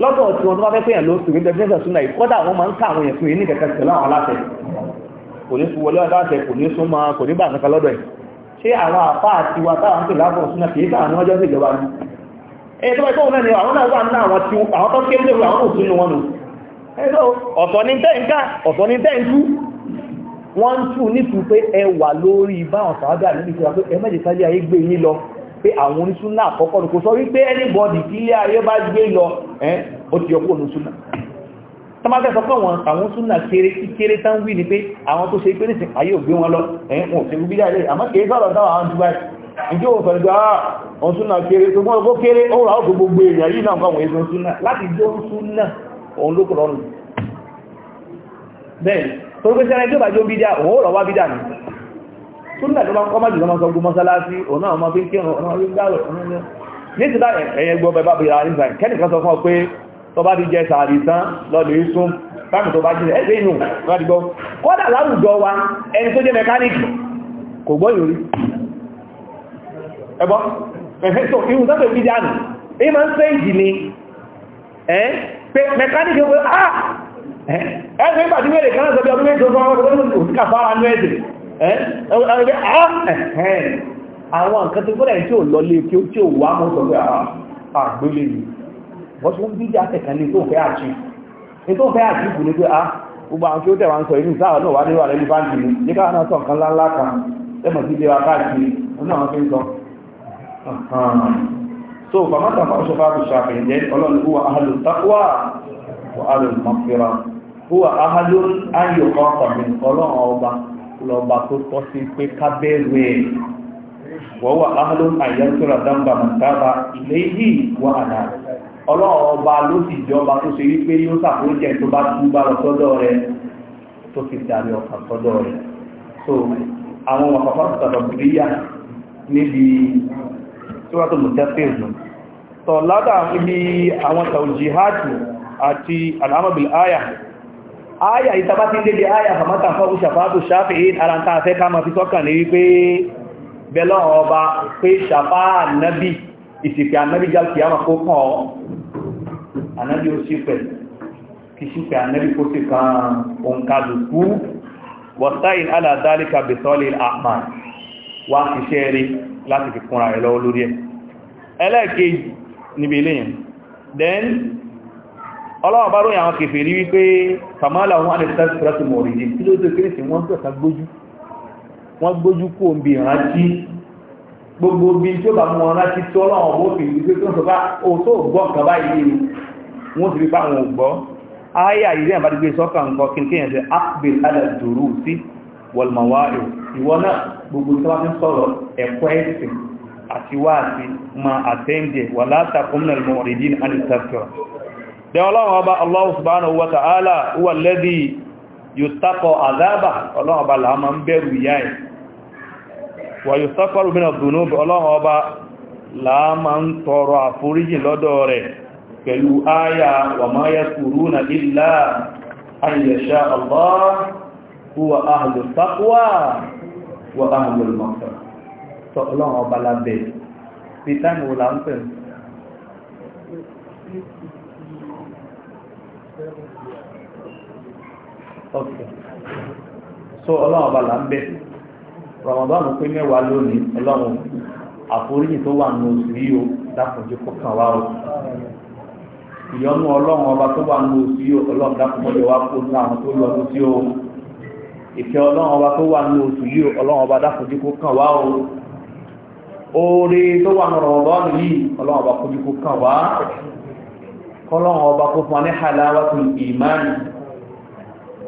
lọ́dọ̀ tí wọ́n tó bá fẹ́ pèyàn lóṣù ní definition súnà yìí kọ́dà wọ́n máa ń ká àwọn èèyàn fún yìí ní kẹ̀kẹ́ tẹ̀lé àwọn aláṣẹ kò ní wọlé aláṣẹ kò ní súnmọ́ kò ní bà kankan lọ́dọ̀ yìí ṣé àwọn àfá àti wa táwọn pè lábọ̀ súnà kìí káà ní ọjọ́ sí ìjọba ní ẹni tó bá ikọ́ náà ni àwọn náà wà ní àwọn tí àwọn tó kéwé lórí àwọn òsínú wọn nù ọ̀tọ̀ ní tẹ́ǹkà ọ̀tọ̀ pé àwọn onísúnà àkọ́kọ́ ní kò sọ wípé anybody tí ilé ayé bá gbé lọ ẹ́n ó ti yọkó onísúnà tó bá tẹ́sọ pọ̀ wọn àwọn súnà kéré kí kéré tán wí ni pé àwọn tó ṣe pé nìsìn ayé ò gbé wọn lọ ẹ́n wọn ò ṣe rú bí dáadé àmọ́ kéré sọ̀rọ̀ táwọn àwọn dubai ìjọ ò sọ̀rọ̀ gbà àwọn súnà kéré tó gbọ́n kéré ó rà ó tó gbogbo èèyàn yìí náà káwọn èso súnà láti jó súnà òun ló kọ̀rọ̀ nù bẹ́ẹ̀ torí pé sẹ́ni tó bá jó bídà òun ó rọ̀ wá bídà nù súnlẹ̀ tó bá kọ́ májì lọ́mọ sọ gbọmọ sálásí òun náà ọmọ fi ń kírun ọmọ fi ń gbàwẹ̀ ọmọ ní ní ti dá ẹ̀yẹ gbọ́ bẹ bá bèèrè àrí ìsàn kẹ́nìkan sọ fún ọ pé tó bá ti jẹ sàárì tán lọ́dọ̀ ìsún báyìí tó bá jẹ ẹgbẹ́ inú láti gbọ́ láwùjọ wa ẹni tó jẹ mẹkáníkì kò gbọ́ ìrí ẹgbọ́ ẹ̀fẹ́sọ̀ irun sọ́tọ̀ ìbí dánù èyí máa ń fẹ́ ìjì ni pé mẹkáníkì wọ́n ẹgbẹ́ ah! kan sọ bí ọdún mẹ́jọ ọdún àwọn nǹkan tó gbọ́dọ̀ tí ò lọ lé kí ó tí ò wá mọ́ sọ pé àgbélé ah, ah, yìí wọ́n tí wọ́n bí i àtẹ̀kàn ní tó fẹ́ àti tó fẹ́ àti ìbù ní pé a ah, gbogbo àwọn tí ó tẹ̀wà ń sọ inú sáà náà wà níwà lẹ́lú ní sọ káàkiri lọba tó tọ́ sí pé kábẹ́rù ẹ̀ wọ́n wà àyẹ́sọ́ra dáńgbà mọ̀tàbà ilé yìí wà àdá ọlọ́run ló sì jọba tó ṣe wípé yóò tó bá tú bá lọ sọ́dọ̀ rẹ tó fi darí ọkàn sọ́dọ̀ rẹ so àwọn sọ̀rọ̀ bìríyà níbi ládà níbi àwọn àti àlámọ̀bìl áyà áyà ìtàbá ti débi áyà àmátà fọ́ òṣàfáàtò ṣáfihìn ara ń tàà fẹ́ ká ma fi tọ́kà ní wípé bẹ́lọ́ ọba pé ṣàfá ànábì ìsìnkú ànábì jálùkì àmà kó kàn ọ́ ànábì ó sípẹ̀ kí sípẹ̀ ànábì kó sì kan òǹkàlùkú wọ́sáìn aládálíkà bẹ̀tọ́lì àmàn wá ọlọ́wọ́ bá ròyìn àwọn kèfèrí wípé kàmálà wọn alẹ́sẹ̀sẹ̀sẹ̀ mọ̀rìdì tí ló tó kéré sí wọ́n tọ́ta gbójú wọ́n gbójú kó ń bí ìrántí gbogbo bí tí ó bá mú ọ̀rá ti tó ọlọ́wọ́ bó fi wípé tó ń sọ bá o tó gbọ́ nǹkan báyìí wọ́n ti rí bá wọn gbọ́ ayà ìdí àbá ti gbé sọ́kà nǹkan kí n kéèyàn ṣe akbil aladùrú sí wọlmọ̀wárì ìwọ náà gbogbo tí wọ́n fi ń sọ̀rọ̀ ẹ̀kọ́ ẹ̀sìn àti wáàsí máa àtẹ́ǹdẹ̀ e. wà tẹ ọlọ́run ọba Allah subhanahu wa ta'ala huwa alladhi yutaqo azaba ọlọ́run ọba láàmà ń bẹ̀rù ìyá ẹ̀ wà yustaqaru min adh-dhunub ọlọ́run ọba láàmà ń tọrọ àforíjì lọ́dọ̀ rẹ̀ pẹ̀lú áyà wa ma yadhkuruna illa an yasha Allah huwa ahlu taqwa wa ahlu al-maghfirah ok so ọlọ́run ọba là ń bẹ̀ Ramadan pé mẹ́wàá lónìí ọlọ́run àforíjì tó wà nù sí yìí o dákùnjẹ́ kó kàn wá o ìyọnu ọlọ́run ọba tó wà nù sí yìí o ọlọ́run dákùnjẹ́ wá kó nù àwọn tó yọnu sí o ìfẹ́ ọlọ́run ọba tó wà nù sí yìí o ọlọ́run ọba dákùnjẹ́ kó kàn wá o oore tó wà nù Ramadan yìí ọlọ́run ọba kójú kó kàn wá kọ́lọ́run ọba kó fún wa ní halawatul iman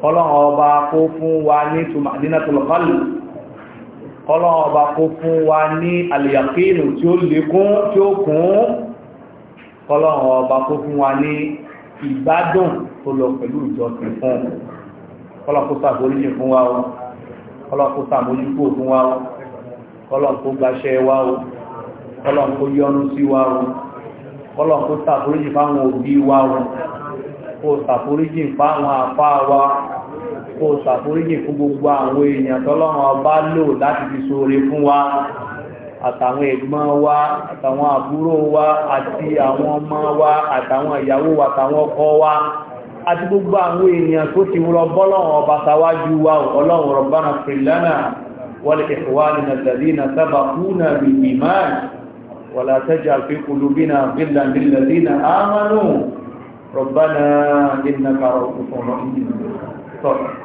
kọ́lọ́n ọba kó fún wa ní madinatul qalb kọ́lọ́n ọba kó fún wa ní al-yaqinu tí ó lékún tí ó kún kọ́lọ́n ọba kó fún wa ní ìgbádùn tó lọ pẹ̀lú ìjọsìn fún kọ́lọ́n kó sàbóríyìn fún wa o kọ́lọ́n kó sàmójúkò fún wa o kó gbaṣẹ́ wa o kó yọ́nú kó ṣàforíjì ń fáwọn afá wa kó ṣàforíjì fún gbogbo àwọn èèyàn tọ́lọ́run ọba lò láti fi ṣoore fún wa àtàwọn ẹ̀gbọ́n wa àtàwọn àbúrò wa àti àwọn ọmọ wa àtàwọn ìyàwó wa àtàwọn ọkọ wa àti gbogbo àwọn èèyàn tó ti rọ bọ́lọ́run ọba sáwájú wa ọlọ́run rọ̀bánà fìlánà wal ikhwanina alladhina sabaquna bil iman wala taj'al fi qulubina ghillan lil ربنا إنك رؤوف رحيم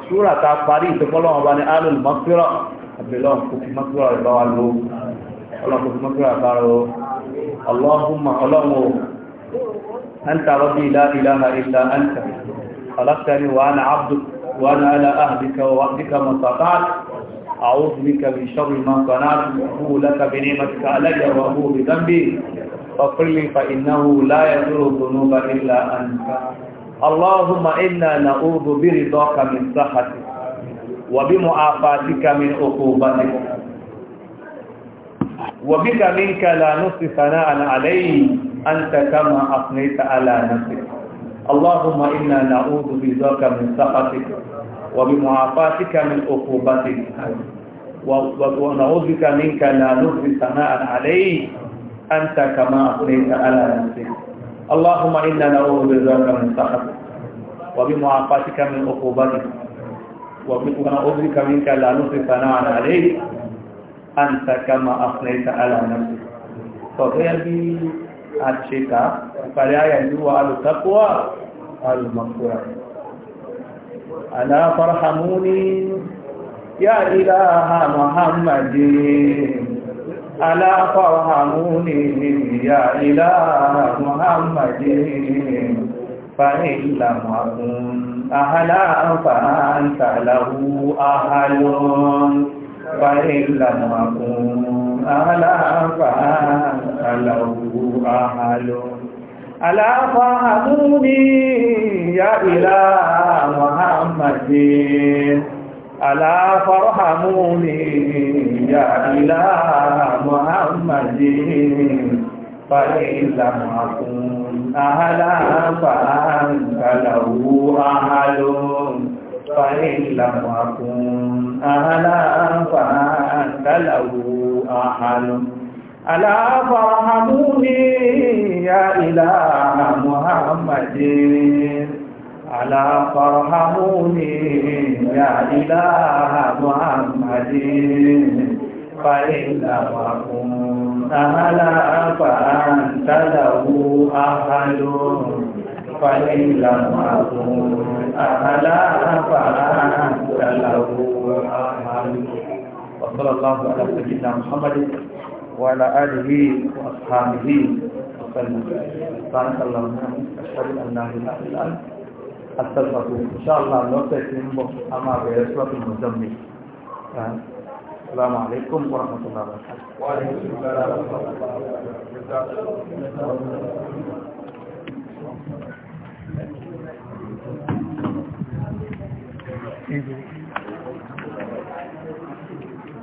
سورة تعباري تقول الله بني آل المغفرة أبي الله كفي مغفرة الله عنه الله كفي مغفرة الله اللهم اللهم أنت ربي لا إله إلا أنت خلقتني وأنا عبدك وأنا على أهلك ووعدك ما استطعت أعوذ بك من شر ما صنعت وأبوء لك بنعمتك علي وأبوء بذنبي فاغفر لي فإنه لا يغفر الذنوب إلا أنت اللهم إنا نعوذ برضاك من سخطك وبمعافاتك من عقوبتك وبك منك لا نصف ثناء عليه أنت كما أثنيت على نفسك اللهم إنا نعوذ برضاك من سخطك وبمعافاتك من عقوبتك ونعوذ بك منك لا نصف ثناء عليه أنت كما أثنيت على نفسك اللهم إنا نعوذ بذلك من سخطك وبمعافاتك من عقوبتك ونعوذ بك منك لا نصرف ثناء عليك أنت كما أثنيت على نفسك فغير بي أتشكا فلا يجوى على التقوى على المغفرة ألا فارحموني يا إله محمد ألا فارحموني يا إله محمد فإن لم أكن أهلا فأنت له أهل فإن لم أكن أهلا فأنت له أهل ألا فارحموني يا إله محمد ألا فارحموني يا إله محمد فإن لم أكن أهلا فأنت له أهل فإن لم أكن أهلا فأنت له أهل ألا فارحموني يا إله محمد ألا فارحموني يا إله محمد فإنما كنت أهلا فأنت له أهل فإن لم أكن أهلا فأنت له أهل وصلى الله على سيدنا محمد وعلى آله وأصحابه وسلم سبحانك اللهم وبحمدك أشهد أن لا إله إلا أنت àtàkùn ìṣàlá lọ́tẹ̀ tí ń bọ̀ a máa bẹ̀rẹ̀ sọ́tún mọ̀jọ́mí السلام عليكم ورحمة الله وبركاته وعليكم السلام ورحمة الله وبركاته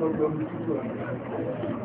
Thank you.